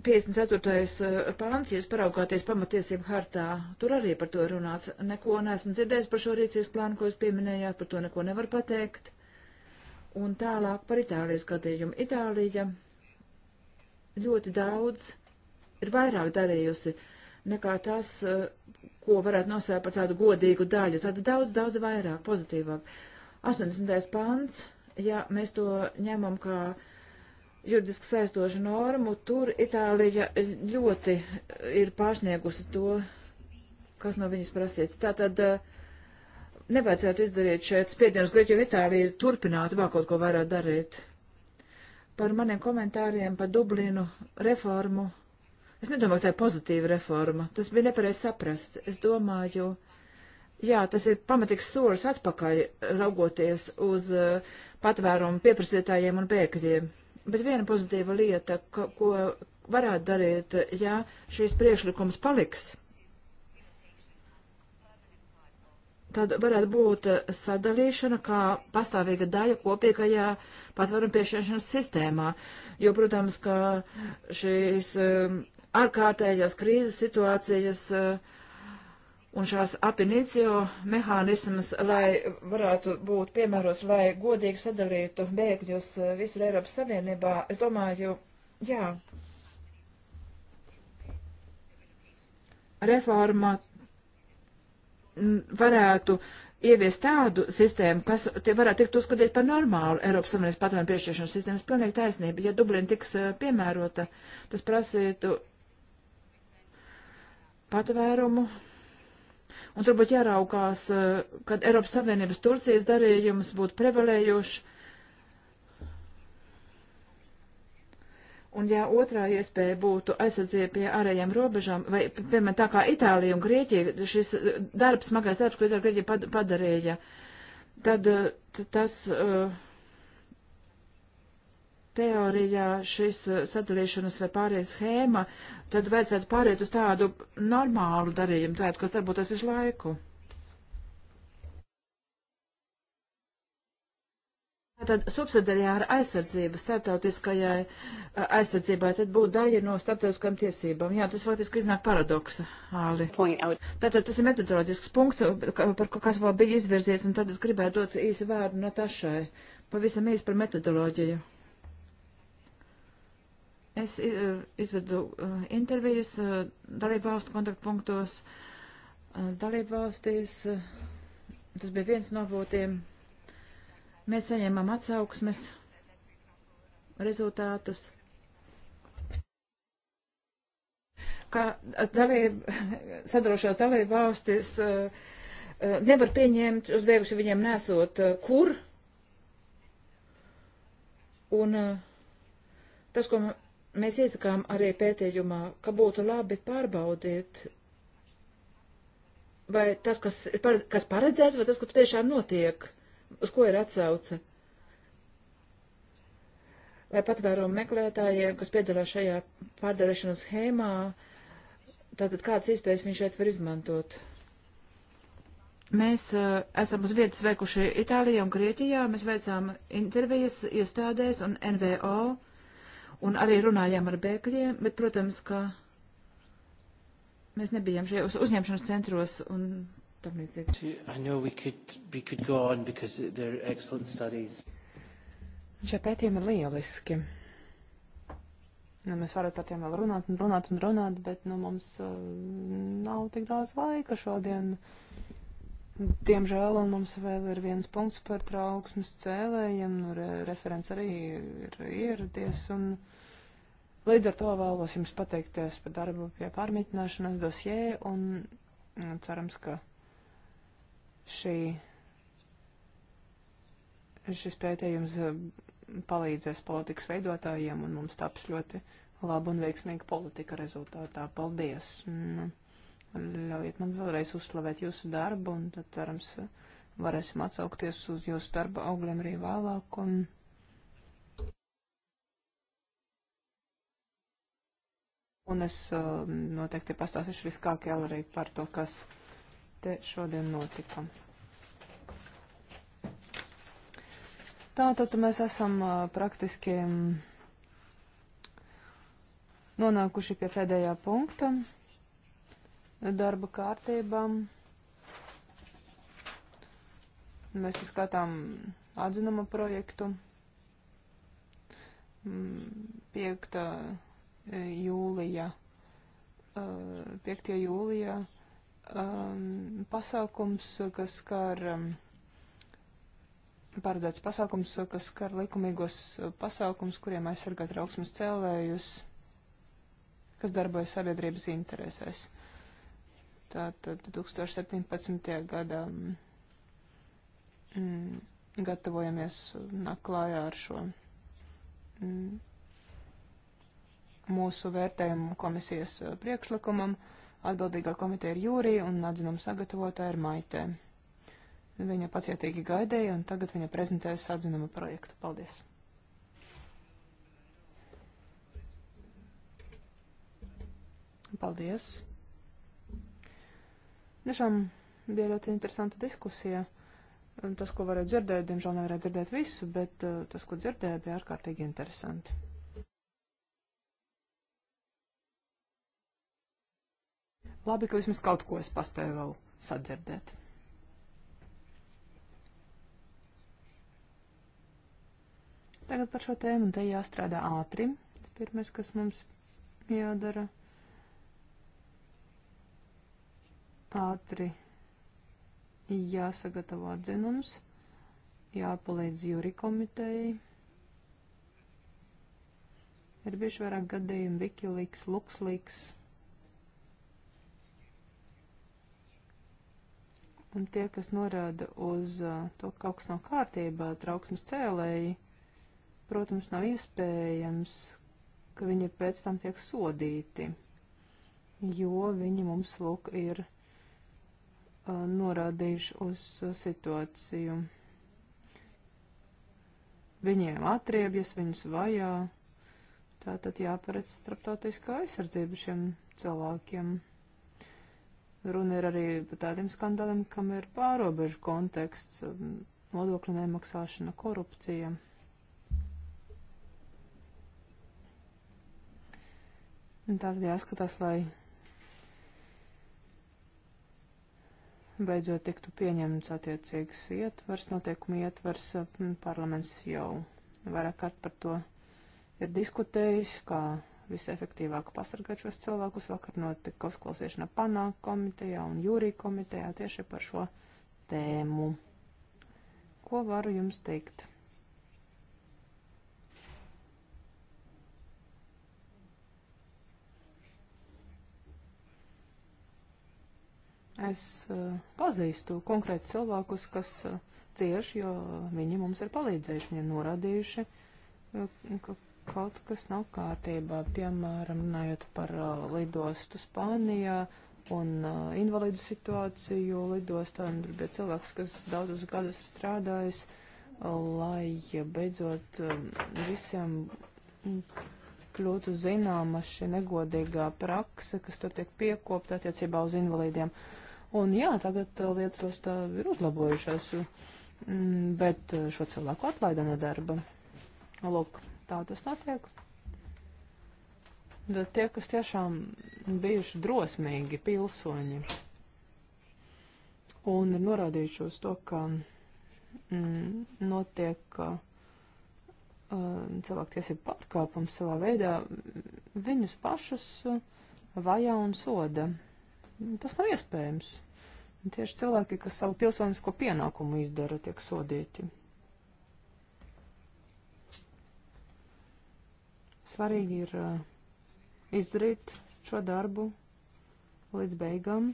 54. Eh, pāns, ja jūs paraugāties pamatiesību hartā, tur arī par to runāts. Neko neesmu dzirdējis par šo rīcības plānu, ko jūs pieminējāt, par to neko nevar pateikt. Un tālāk par Itālijas gadījumu. Itālija ļoti daudz ir vairāk darījusi nekā tas, eh, ko varētu nosaukt par tādu godīgu daļu. Tāda daudz, daudz vairāk, pozitīvāk. 80. pāns ja mēs to ņemam kā juridiski saistošu normu, tur Itālija ļoti ir pārsniegusi to, kas no viņas prasīts. Tātad eh, nevajadzētu izdarīt šeit spiedienus Grieķiju un Itāliju turpināt vēl kaut ko vairāk darīt. Par maniem komentāriem par Dublinu reformu. Es nedomāju, ka tā ir pozitīva reforma. Tas bija nepareizi saprasts. Es domāju, jo Jā, tas ir pamatīgs solis atpakaļ, raugoties uz uh, patvērumu pieprasītājiem un bēgļiem. Bet viena pozitīva lieta, ka, ko varētu darīt, ja šīs priekšlikums paliks, tad varētu būt eh, sadalīšana kā pastāvīga daļa kopīgajā patvērumu piešķiršanas sistēmā. Jo, protams, ka šīs uh, ārkārtējās krīzes situācijas uh, un šās apinīcio mehānismas, lai varētu būt piemēros, lai godīgi sadalītu bēgļus eh, visur Eiropas Savienībā, es domāju, jā, reforma varētu ieviest tādu sistēmu, kas tie varētu tikt uzskatīt par normālu Eiropas Savienības patvērumu piešķiršanas sistēmas. Pilnīgi taisnība. Ja Dublina tiks eh, piemērota, tas prasītu patvērumu Un tur būtu jāraukās, eh, kad Eiropas Savienības Turcijas darījums būtu prevalējošs. Un ja otrā iespēja būtu aizsardzība pie ārējām robežām, vai, piemēram, tā kā Itālija un Grieķija, šis darbs, smagais darbs, ko Itālija Grieķija pad padarīja, tad eh, tas eh, teorijā šis sadalīšanas vai pārējais schēma tad vajadzētu pāriet uz tādu normālu darījumu, tādu, kas darbotos visu laiku. Tātad subsidiariāra aizsardzība starptautiskajai aizsardzībai tad būtu daļa no starptautiskām tiesībām. Jā, tas faktiski iznāk paradoksāli. Tātad tas ir metodoloģisks punkts, par kas vēl bija izvirzīts, un tad es gribēju dot īsi vārdu Natašai. Pavisam īsi par metodoloģiju. Es e, izvedu e, intervijas e, dalību valstu kontaktpunktos, dalību valstīs. Tas bija viens no būtiem. Mēs saņēmām atsauksmes rezultātus. Kā dalība, sadarošās dalību valstis nevar pieņemt uz bēguši viņiem nesot kur. Un tas, ko Mēs iesakām arī pētījumā, ka būtu labi pārbaudīt, vai tas, kas, par, kas paredzēts, vai tas, kas patiešām notiek, uz ko ir atsauce. Lai patvērumu meklētājiem, kas piedalās šajā pārdarīšanas schēmā, tātad kādas iespējas viņš šeit var izmantot. Mēs uh, esam uz vietas veikuši Itālijā un Grieķijā. Mēs veicām intervijas iestādēs un NVO un arī runājām ar bēgļiem, bet, protams, ka mēs nebijām šajos uzņemšanas centros un tam līdzīgi. Šie pētījumi ir lieliski. Nu, mēs varētu par tiem vēl runāt un runāt un runāt, bet nu, mums uh, nav tik daudz laika šodien. Uh, Diemžēl, un mums vēl ir viens punkts par trauksmes cēlējiem, nu, re, referents arī ir ieradies, un līdz ar to vēlos jums pateikties par darbu pie pārmītināšanas dosjē, un nu, cerams, ka šī, šis pētījums palīdzēs politikas veidotājiem, un mums taps ļoti laba un veiksmīga politika rezultātā. Paldies! Mm. Ļaujiet man vēlreiz uzslavēt jūsu darbu, un tad, cerams, varēsim atsaukties uz jūsu darba augļiem arī vēlāk. Un... Un es uh, noteikti pastāstīšu riskāk jau arī par to, kas te šodien notika. Tātad mēs esam uh, praktiski mm, nonākuši pie pēdējā punkta darba kārtībām. Mēs skatām atzinuma projektu 5. jūlijā. 5. jūlijā pasākums, kas skar e, paredzēts pasākums, kas skar likumīgos pasākums, kuriem aizsargāt trauksmes cēlējus, kas darbojas sabiedrības interesēs. Tātad 2017. gadā mm, gatavojamies naklājā ar šo mm, mūsu vērtējumu komisijas priekšlikumam. Atbildīgā komiteja ir jūrija un atzinuma sagatavotāja ir maitē. Viņa pacietīgi gaidīja un tagad viņa prezentēs atzinuma projektu. Paldies! Paldies! Tiešām bija ļoti interesanta diskusija. Tas, ko varēja dzirdēt, diemžēl nevarēja dzirdēt visu, bet uh, tas, ko dzirdēju, bija ārkārtīgi interesanti. Labi, ka vismaz kaut ko es paspēju vēl sadzirdēt. Tagad par šo tēmu, un te jāstrādā ātri. Pirmais, kas mums jādara. ātri jāsagatavo atzinums, jāpalīdz jūri komitejai. Ir bieži vairāk gadījumi Wikileaks, LuxLeaks. Un tie, kas norāda uz to, ka kaut kas nav kārtībā, trauksmes cēlēji, protams, nav iespējams, ka viņi pēc tam tiek sodīti, jo viņi mums, lūk, ir norādījuši uz situāciju. Viņiem atriebjas, viņus vajā. Tātad jāparedz starptautiskā aizsardzība šiem cilvēkiem. Runa ir arī par tādiem skandaliem, kam ir pārobežu konteksts, nodokļu nemaksāšana, korupcija. Un tātad jāskatās, lai beidzot tiktu pieņemts attiecīgs ietvars, noteikumu ietvars. Eh, parlaments jau vairāk kārt par to ir diskutējis, kā visefektīvāk pasargāt šos cilvēkus. Vakar notika uzklausīšana panā komitejā un jūrī komitejā tieši par šo tēmu. Ko varu jums teikt? Es uh, pazīstu konkrēti cilvēkus, kas uh, cieši, jo eh, viņi mums ir palīdzējuši, viņi ir norādījuši, ka kaut kas nav kārtībā. Piemēram, runājot par uh, lidostu Spānijā un uh, invalīdu situāciju lidostā, un tur bija cilvēks, kas daudzus gadus ir strādājis, uh, lai beidzot visiem mm, kļūtu zināma šī negodīgā prakse, kas tur tiek piekopta attiecībā uz invalīdiem. Uh, Un jā, tagad lietas rostā ir uzlabojušās, mm, bet eh, šo cilvēku atlaida no darba. Lūk, tā tas notiek. Bet tie, kas tiešām bijuši drosmīgi pilsoņi un ir norādījuši uz to, ka mm, notiek uh, eh, cilvēktiesību pārkāpums savā veidā, mm, viņus pašus eh, vajā un soda. Tas nav iespējams. Tieši cilvēki, kas savu pilsonisko pienākumu izdara, tiek sodīti. Svarīgi ir uh, izdarīt šo darbu līdz beigām.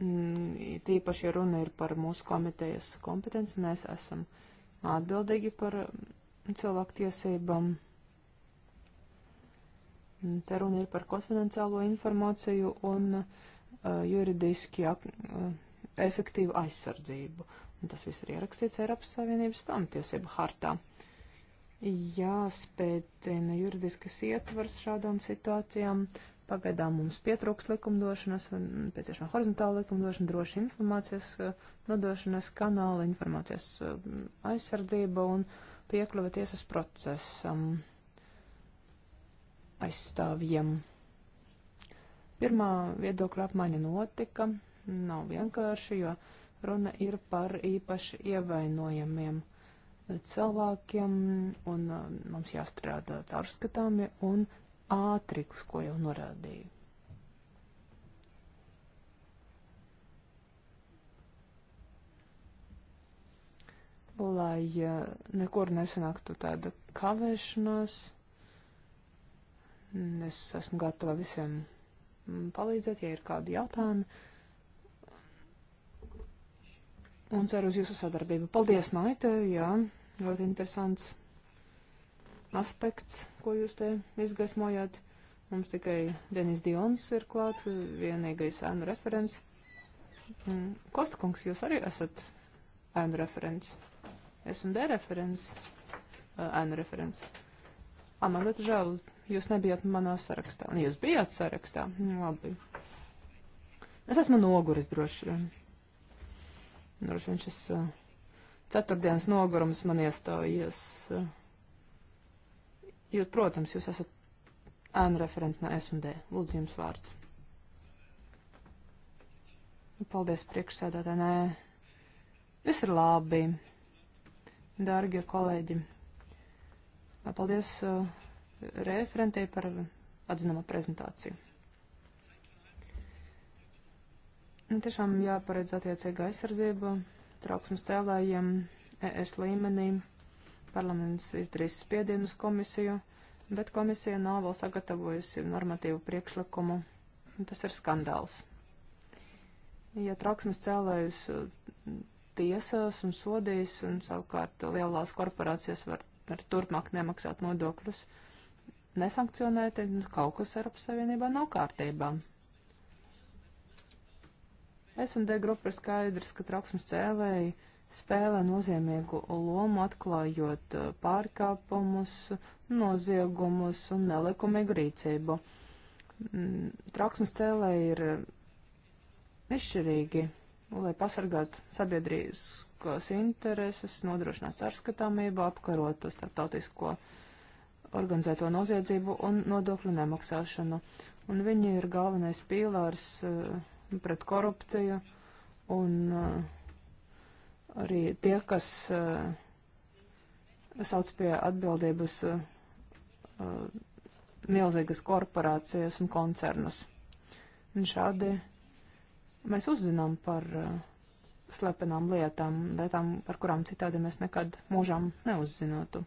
Mm, tīpaši, ja runa ir par mūsu komitejas kompetenci, mēs esam atbildīgi par mm, cilvēku tiesībām. Te runa ir par konfidenciālo informāciju un uh, juridiski ak, uh, efektīvu aizsardzību. Un tas viss ir ierakstīts Eiropas Savienības pamatiesību hartā. Jāspēcina juridiskas ietvars šādām situācijām. Pagaidām mums pietrūks likumdošanas, un pēciešām horizontāla likumdošana, droši informācijas uh, nodošanas kanāla, informācijas uh, aizsardzība un piekļuva tiesas procesam. Um, aizstāvjiem. Pirmā viedokļa apmaiņa notika, nav vienkārši, jo runa ir par īpaši ievainojamiem cilvēkiem, un uh, mums jāstrādā caurskatāmi un ātri, uz ko jau norādīju. Lai uh, nekur nesanāktu tāda kavēšanās Es esmu gatava visiem palīdzēt, ja ir kādi jautājumi. Un ceru uz jūsu sadarbību. Paldies, Maite, jā, ļoti interesants aspekts, ko jūs te izgaismojāt. Mums tikai Denis Dions ir klāt, vienīgais ēnu referents. Kostakungs, jūs arī esat ēnu referents. Es un D referents, ēnu referents. Ā, man ļoti žēl, Jūs nebijat manā sarakstā. Nu, jūs bijāt sarakstā. Nu, labi. Es esmu noguris droši vien. Droši vien šis uh, ceturtdienas nogurums man iestājies. Uh, jo, protams, jūs esat ēnu referents no S&D. Lūdzu, jums vārds. Paldies priekšsēdētā. Nē, viss ir labi. Dārgie kolēģi, paldies. Uh, referentei par atzinamo prezentāciju. Nu, tiešām jāparedz attiecīga aizsardzība trauksmes cēlājiem ES līmenī. Parlaments izdarīs spiedienus komisiju, bet komisija nav vēl sagatavojusi normatīvu priekšlikumu. Tas ir skandāls. Ja trauksmes cēlājus uh, tiesās un sodīs, un savukārt lielās korporācijas var arī turpmāk nemaksāt nodokļus, uh, nesankcionēti, kaut kas Eiropas Savienībā nav kārtībā. S&D grupa ir skaidrs, ka trauksmes cēlēji spēlē nozīmīgu lomu atklājot uh, pārkāpumus, noziegumus un nelikumīgu rīcību. Mm, trauksmes cēlēji ir uh, izšķirīgi, lai pasargātu sabiedrības ekonomiskos intereses, nodrošināt sarskatāmību, apkarot starptautisko uh, organizēto noziedzību un nodokļu nemaksāšanu. Un viņi ir galvenais pīlārs eh, pret korupciju un eh, arī tie, kas eh, sauc pie atbildības milzīgas korporācijas un koncernus. Un šādi mēs uzzinām par slepenām lietām, lietām, par kurām citādi mēs nekad mūžām neuzzinātu.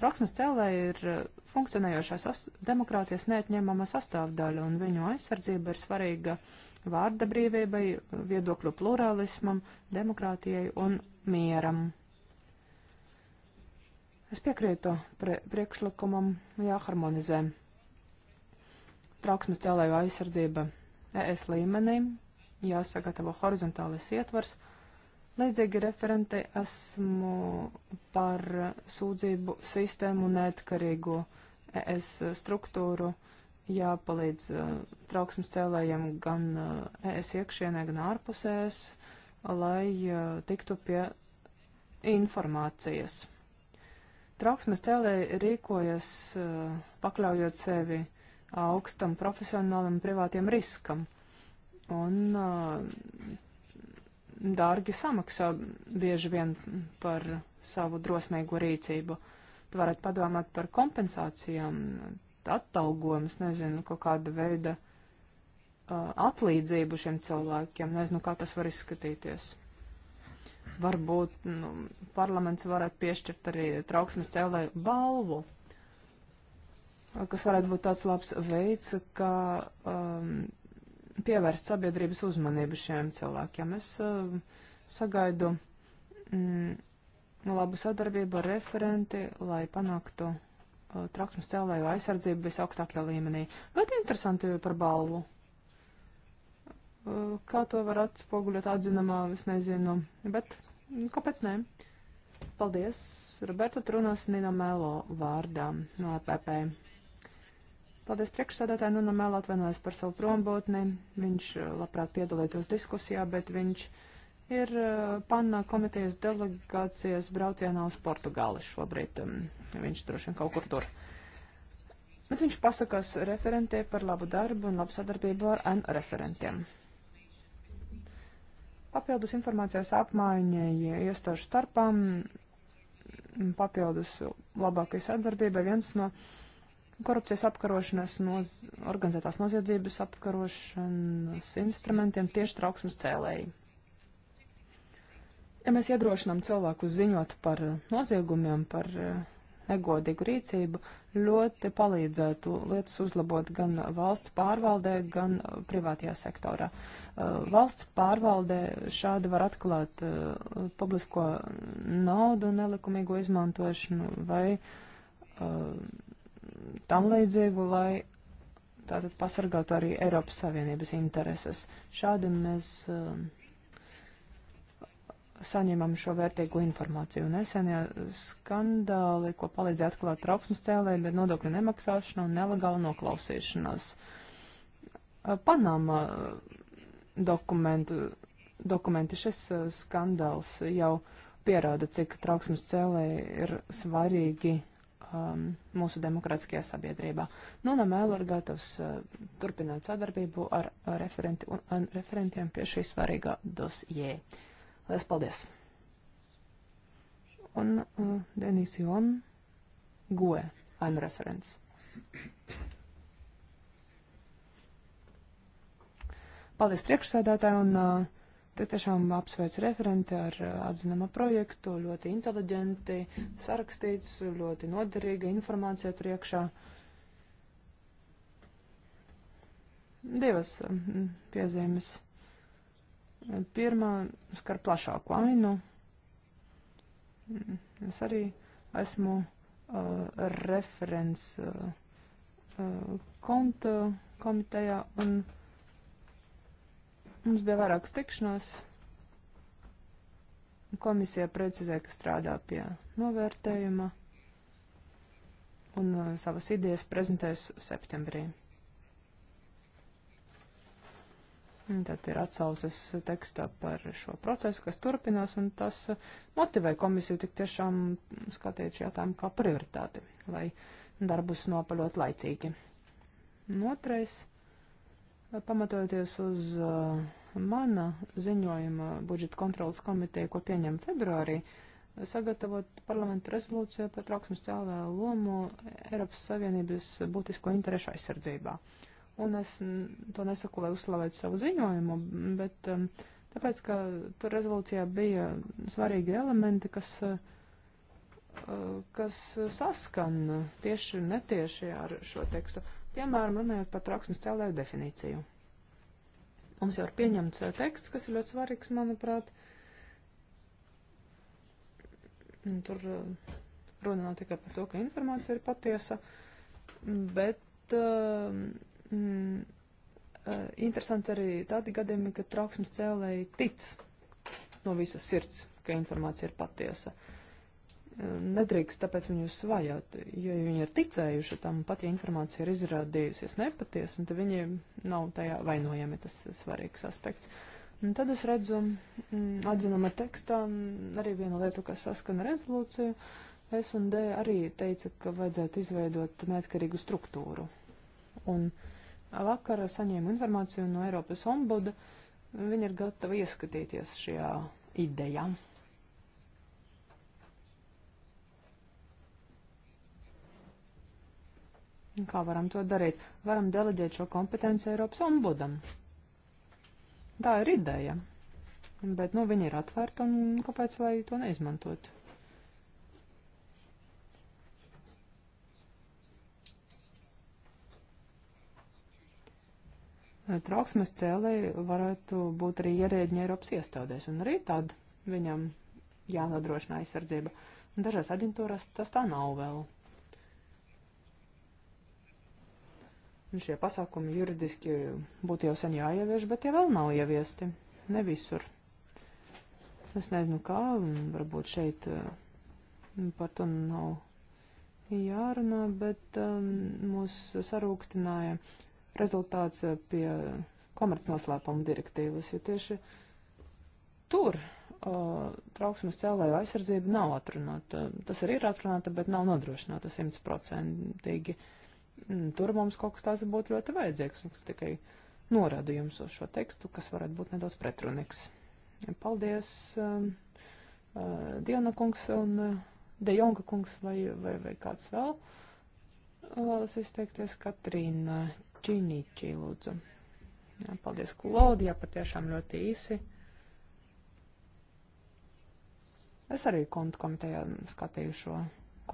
Trauksmes cēlēji ir eh, funkcionējošās demokrātijas neatņēmama sastāvdaļa, un viņu aizsardzība ir svarīga vārda brīvībai, viedokļu plurālismam, demokrātijai un mieram. Es piekrītu pre priekšlikumam jāharmonizē trauksmes cēlēju aizsardzība ES līmenī, jāsagatavo horizontālais ietvars, Līdzīgi referentei esmu par sūdzību sistēmu un neatkarīgo ES struktūru jāpalīdz uh, trauksmes cēlējiem gan uh, ES iekšienē, gan ārpus ES, lai uh, tiktu pie informācijas. Trauksmes cēlēji rīkojas uh, pakļaujot sevi augstam profesionālam privātiem riskam. Un uh, dārgi samaksā bieži vien par savu drosmīgo rīcību. Tu varētu padomāt par kompensācijām, atalgojumu, nezinu, kaut kāda veida uh, atlīdzību šiem cilvēkiem. Nezinu, kā tas var izskatīties. Varbūt nu, parlaments varētu piešķirt arī trauksmes cēlēju balvu, kas varētu būt tāds labs veids, kā um, pievērst sabiedrības uzmanību šiem cilvēkiem. Es uh, sagaidu mm, labu sadarbību ar referenti, lai panāktu uh, eh, traksmas cēlēju aizsardzību visaugstākajā līmenī. Ļoti interesanti par balvu. Uh, kā to var atspoguļot atzinamā, es nezinu, bet nu, kāpēc nē? Paldies, Roberta Trunas Nino Melo vārdā no PP. E Paldies priekšstādātāji, nu, namēl no atvainojas par savu prombūtni. Viņš eh, labprāt piedalītos diskusijā, bet viņš ir eh, panna komitejas delegācijas braucienā uz Portugāli šobrīd. Um, viņš droši vien kaut kur tur. Bet viņš pasakās referentē par labu darbu un labu sadarbību ar N referentiem. Papildus informācijas apmaiņai iestāžu starpām, papildus labākai sadarbībai viens no. Uh, korupcijas apkarošanas, noz, organizētās noziedzības apkarošanas instrumentiem tieši trauksmes cēlēji. Ja mēs iedrošinām cilvēku ziņot par eh, noziegumiem, par eh, negodīgu rīcību, ļoti palīdzētu lietas uzlabot gan valsts pārvaldē, gan eh, privātajā sektorā. Valsts pārvaldē šādi var atklāt publisko naudu nelikumīgo izmantošanu vai tam līdzīgu, lai tātad pasargātu arī Eiropas Savienības intereses. Šādi mēs um, saņemam šo vērtīgo informāciju. Nesenie skandāli, ko palīdzēja atklāt trauksmes cēlējiem, ir nodokļu nemaksāšana un nelegāla noklausīšanās. Uh, Panama uh, dokumentu, dokumenti šis uh, skandāls jau pierāda, cik trauksmes cēlēji ir svarīgi um, mūsu demokrātiskajā sabiedrībā. Nu, no mēlu ir gatavs uh, turpināt sadarbību ar, ar referenti un, un referentiem pie šī svarīgā dosjē. Lielas paldies! Un uh, Denis Jon Goe, I'm referents. Paldies priekšsēdētāji un uh, Tik tiešām apsveicu referenti ar uh, atzinama projektu, ļoti inteliģenti sarakstīts, ļoti noderīga informācija tur iekšā. Divas um, piezīmes. Pirmā skar plašāku ainu. Mm, es arī esmu uh, referents uh, uh konta komitejā un. Uh, Mums bija vairākas tikšanās. Komisija precizē, ka strādā pie novērtējuma un uh, savas idejas prezentēs septembrī. Tad ir atsauces tekstā par šo procesu, kas turpinās, un tas uh, motivē komisiju tik tiešām skatīt šajā tām kā prioritāti, lai darbus nopaļot laicīgi. Un otrais pamatojoties uz uh, mana ziņojuma budžeta kontrolas komiteja, ko pieņem februārī, sagatavot parlamentu rezolūciju par trauksmes cēlēju lomu Eiropas Savienības būtisko interešu aizsardzībā. Un es to nesaku, lai uzslavētu savu ziņojumu, bet um, tāpēc, ka tur rezolūcijā bija svarīgi elementi, kas, uh, kas saskan tieši netieši ar šo tekstu. Piemēram, runājot par trauksmes cēlēju definīciju. Mums jau ir pieņemts eh, teksts, kas ir ļoti svarīgs, manuprāt. Tur eh, runa nav tikai par to, ka informācija ir patiesa, bet eh, mm, interesanti arī tādi gadījumi, ka trauksmes cēlēji tic no visas sirds, ka informācija ir patiesa. Uh, nedrīkst tāpēc viņus vajāt, jo viņi ir ticējuši tam, pat ja informācija ir izrādījusies nepaties, un tad viņi nav tajā vainojami, tas ir svarīgs aspekts. Un tad es redzu mm, atzinuma tekstā arī vienu lietu, kas saskana rezolūciju. S&D arī teica, ka vajadzētu izveidot neatkarīgu struktūru. Un vakarā saņēmu informāciju no Eiropas ombuda, viņi ir gatavi ieskatīties šajā idejā. Kā varam to darīt? Varam deleģēt šo kompetenci Eiropas ombudam. Tā ir ideja. Bet, nu, viņi ir atvērti, un kāpēc lai to neizmantot? Trauksmes cēlēji varētu būt arī ierēģi Eiropas iestādēs, un arī tad viņam jānodrošina aizsardzība. Dažās aģentūrās tas tā nav vēl. Šie pasākumi juridiski būtu jau sen jāievieš, bet tie vēl nav ieviesti. Ne visur. Es nezinu, kā, varbūt šeit eh, par to nav jārunā, bet um, mūs sarūktināja rezultāts eh, pie komercnoslēpuma direktīvas, jo tieši tur uh, trauksmes cēlēju aizsardzība nav atrunāta. Tas arī ir atrunāta, bet nav nodrošināta simtprocentīgi. Uh, Mm, tur mums kaut kas tāds būtu ļoti vajadzīgs, un es tikai norādu jums uz šo tekstu, kas varētu būt nedaudz pretrunīgs. Paldies, uh, uh, Diana kungs un uh, Dejonga kungs vai, vai, vai kāds vēl. Vēlas uh, izteikties Katrīna Činičī, lūdzu. Jā, paldies, Klaudijā, patiešām ļoti īsi. Es arī kontu komitejā skatīju šo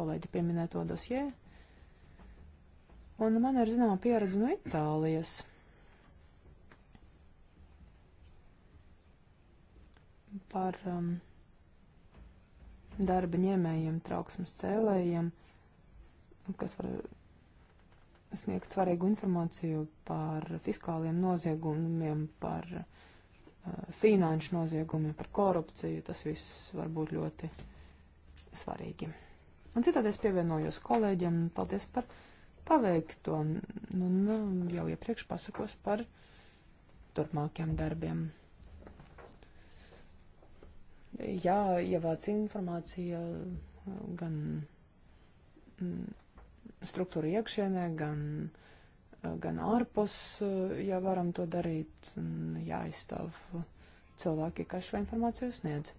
kolēģi pieminēto dosieru. Un man ir zināma pieredze no Itālijas. Par um, darba ņēmējiem, trauksmes cēlējiem, kas var sniegt svarīgu informāciju par fiskāliem noziegumiem, par uh, finanšu noziegumiem, par korupciju. Tas viss var būt ļoti svarīgi. Un citādi es pievienojos kolēģiem. Paldies par! paveikto un, nu, nu, un jau iepriekš pasakos par turpmākiem darbiem. Jā, ievāc informācija gan mm, struktūra iekšienē, gan, gan ārpus, ja varam to darīt, jāizstāv cilvēki, kas šo informāciju sniedz.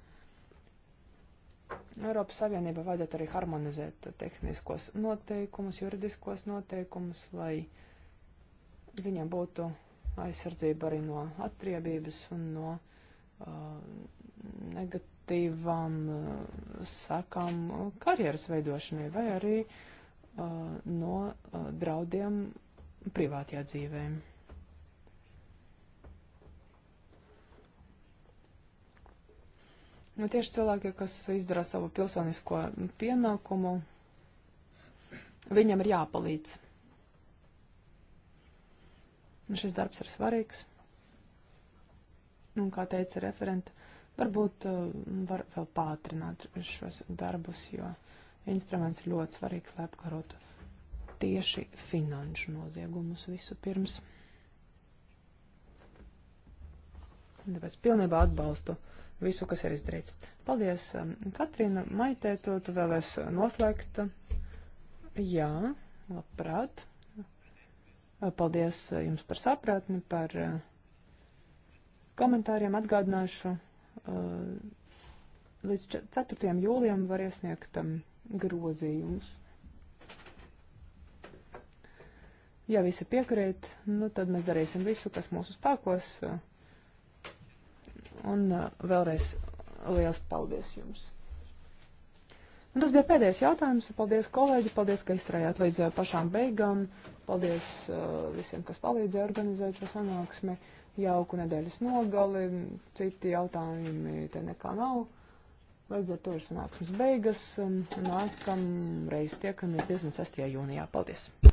Eiropas Savienība vajadzētu arī harmonizēt tehniskos noteikumus, juridiskos noteikumus, lai viņam būtu aizsardzība arī no atriebības un no uh, negatīvām uh, sakām karjeras veidošanai vai arī uh, no uh, draudiem privātajā dzīvēm. Nu, tieši cilvēki, kas izdara savu pilsonisko pienākumu, viņam ir jāpalīdz. Un šis darbs ir svarīgs. Un, kā teica referenta, varbūt uh, var vēl pātrināt šos darbus, jo instruments ļoti svarīgs, lai apkarotu tieši finanšu noziegumus visu pirms. Tāpēc pilnībā atbalstu visu, kas ir izdarīts. Paldies, um, Katrīna. Maitē, tu, tu vēlēs uh, noslēgt. Jā, labprāt. Uh, paldies uh, jums par saprātni, par komentāriem atgādināšu. Līdz 4. jūlijam var iesniegt um, grozījumus. Ja visi piekrīt, nu tad mēs darīsim visu, kas mūsu spēkos. Uh, Un uh, vēlreiz liels paldies jums! Un tas bija pēdējais jautājums. Paldies, kolēģi, paldies, ka izstrādājāt līdz uh, pašām beigām. Paldies uh, visiem, kas palīdzēja organizēt šo sanāksmi. Jauku nedēļas nogali, citi jautājumi te nekā nav. Līdz ar to ir sanāksmes beigas. Nākamreiz tiekamies 26. jūnijā. Paldies!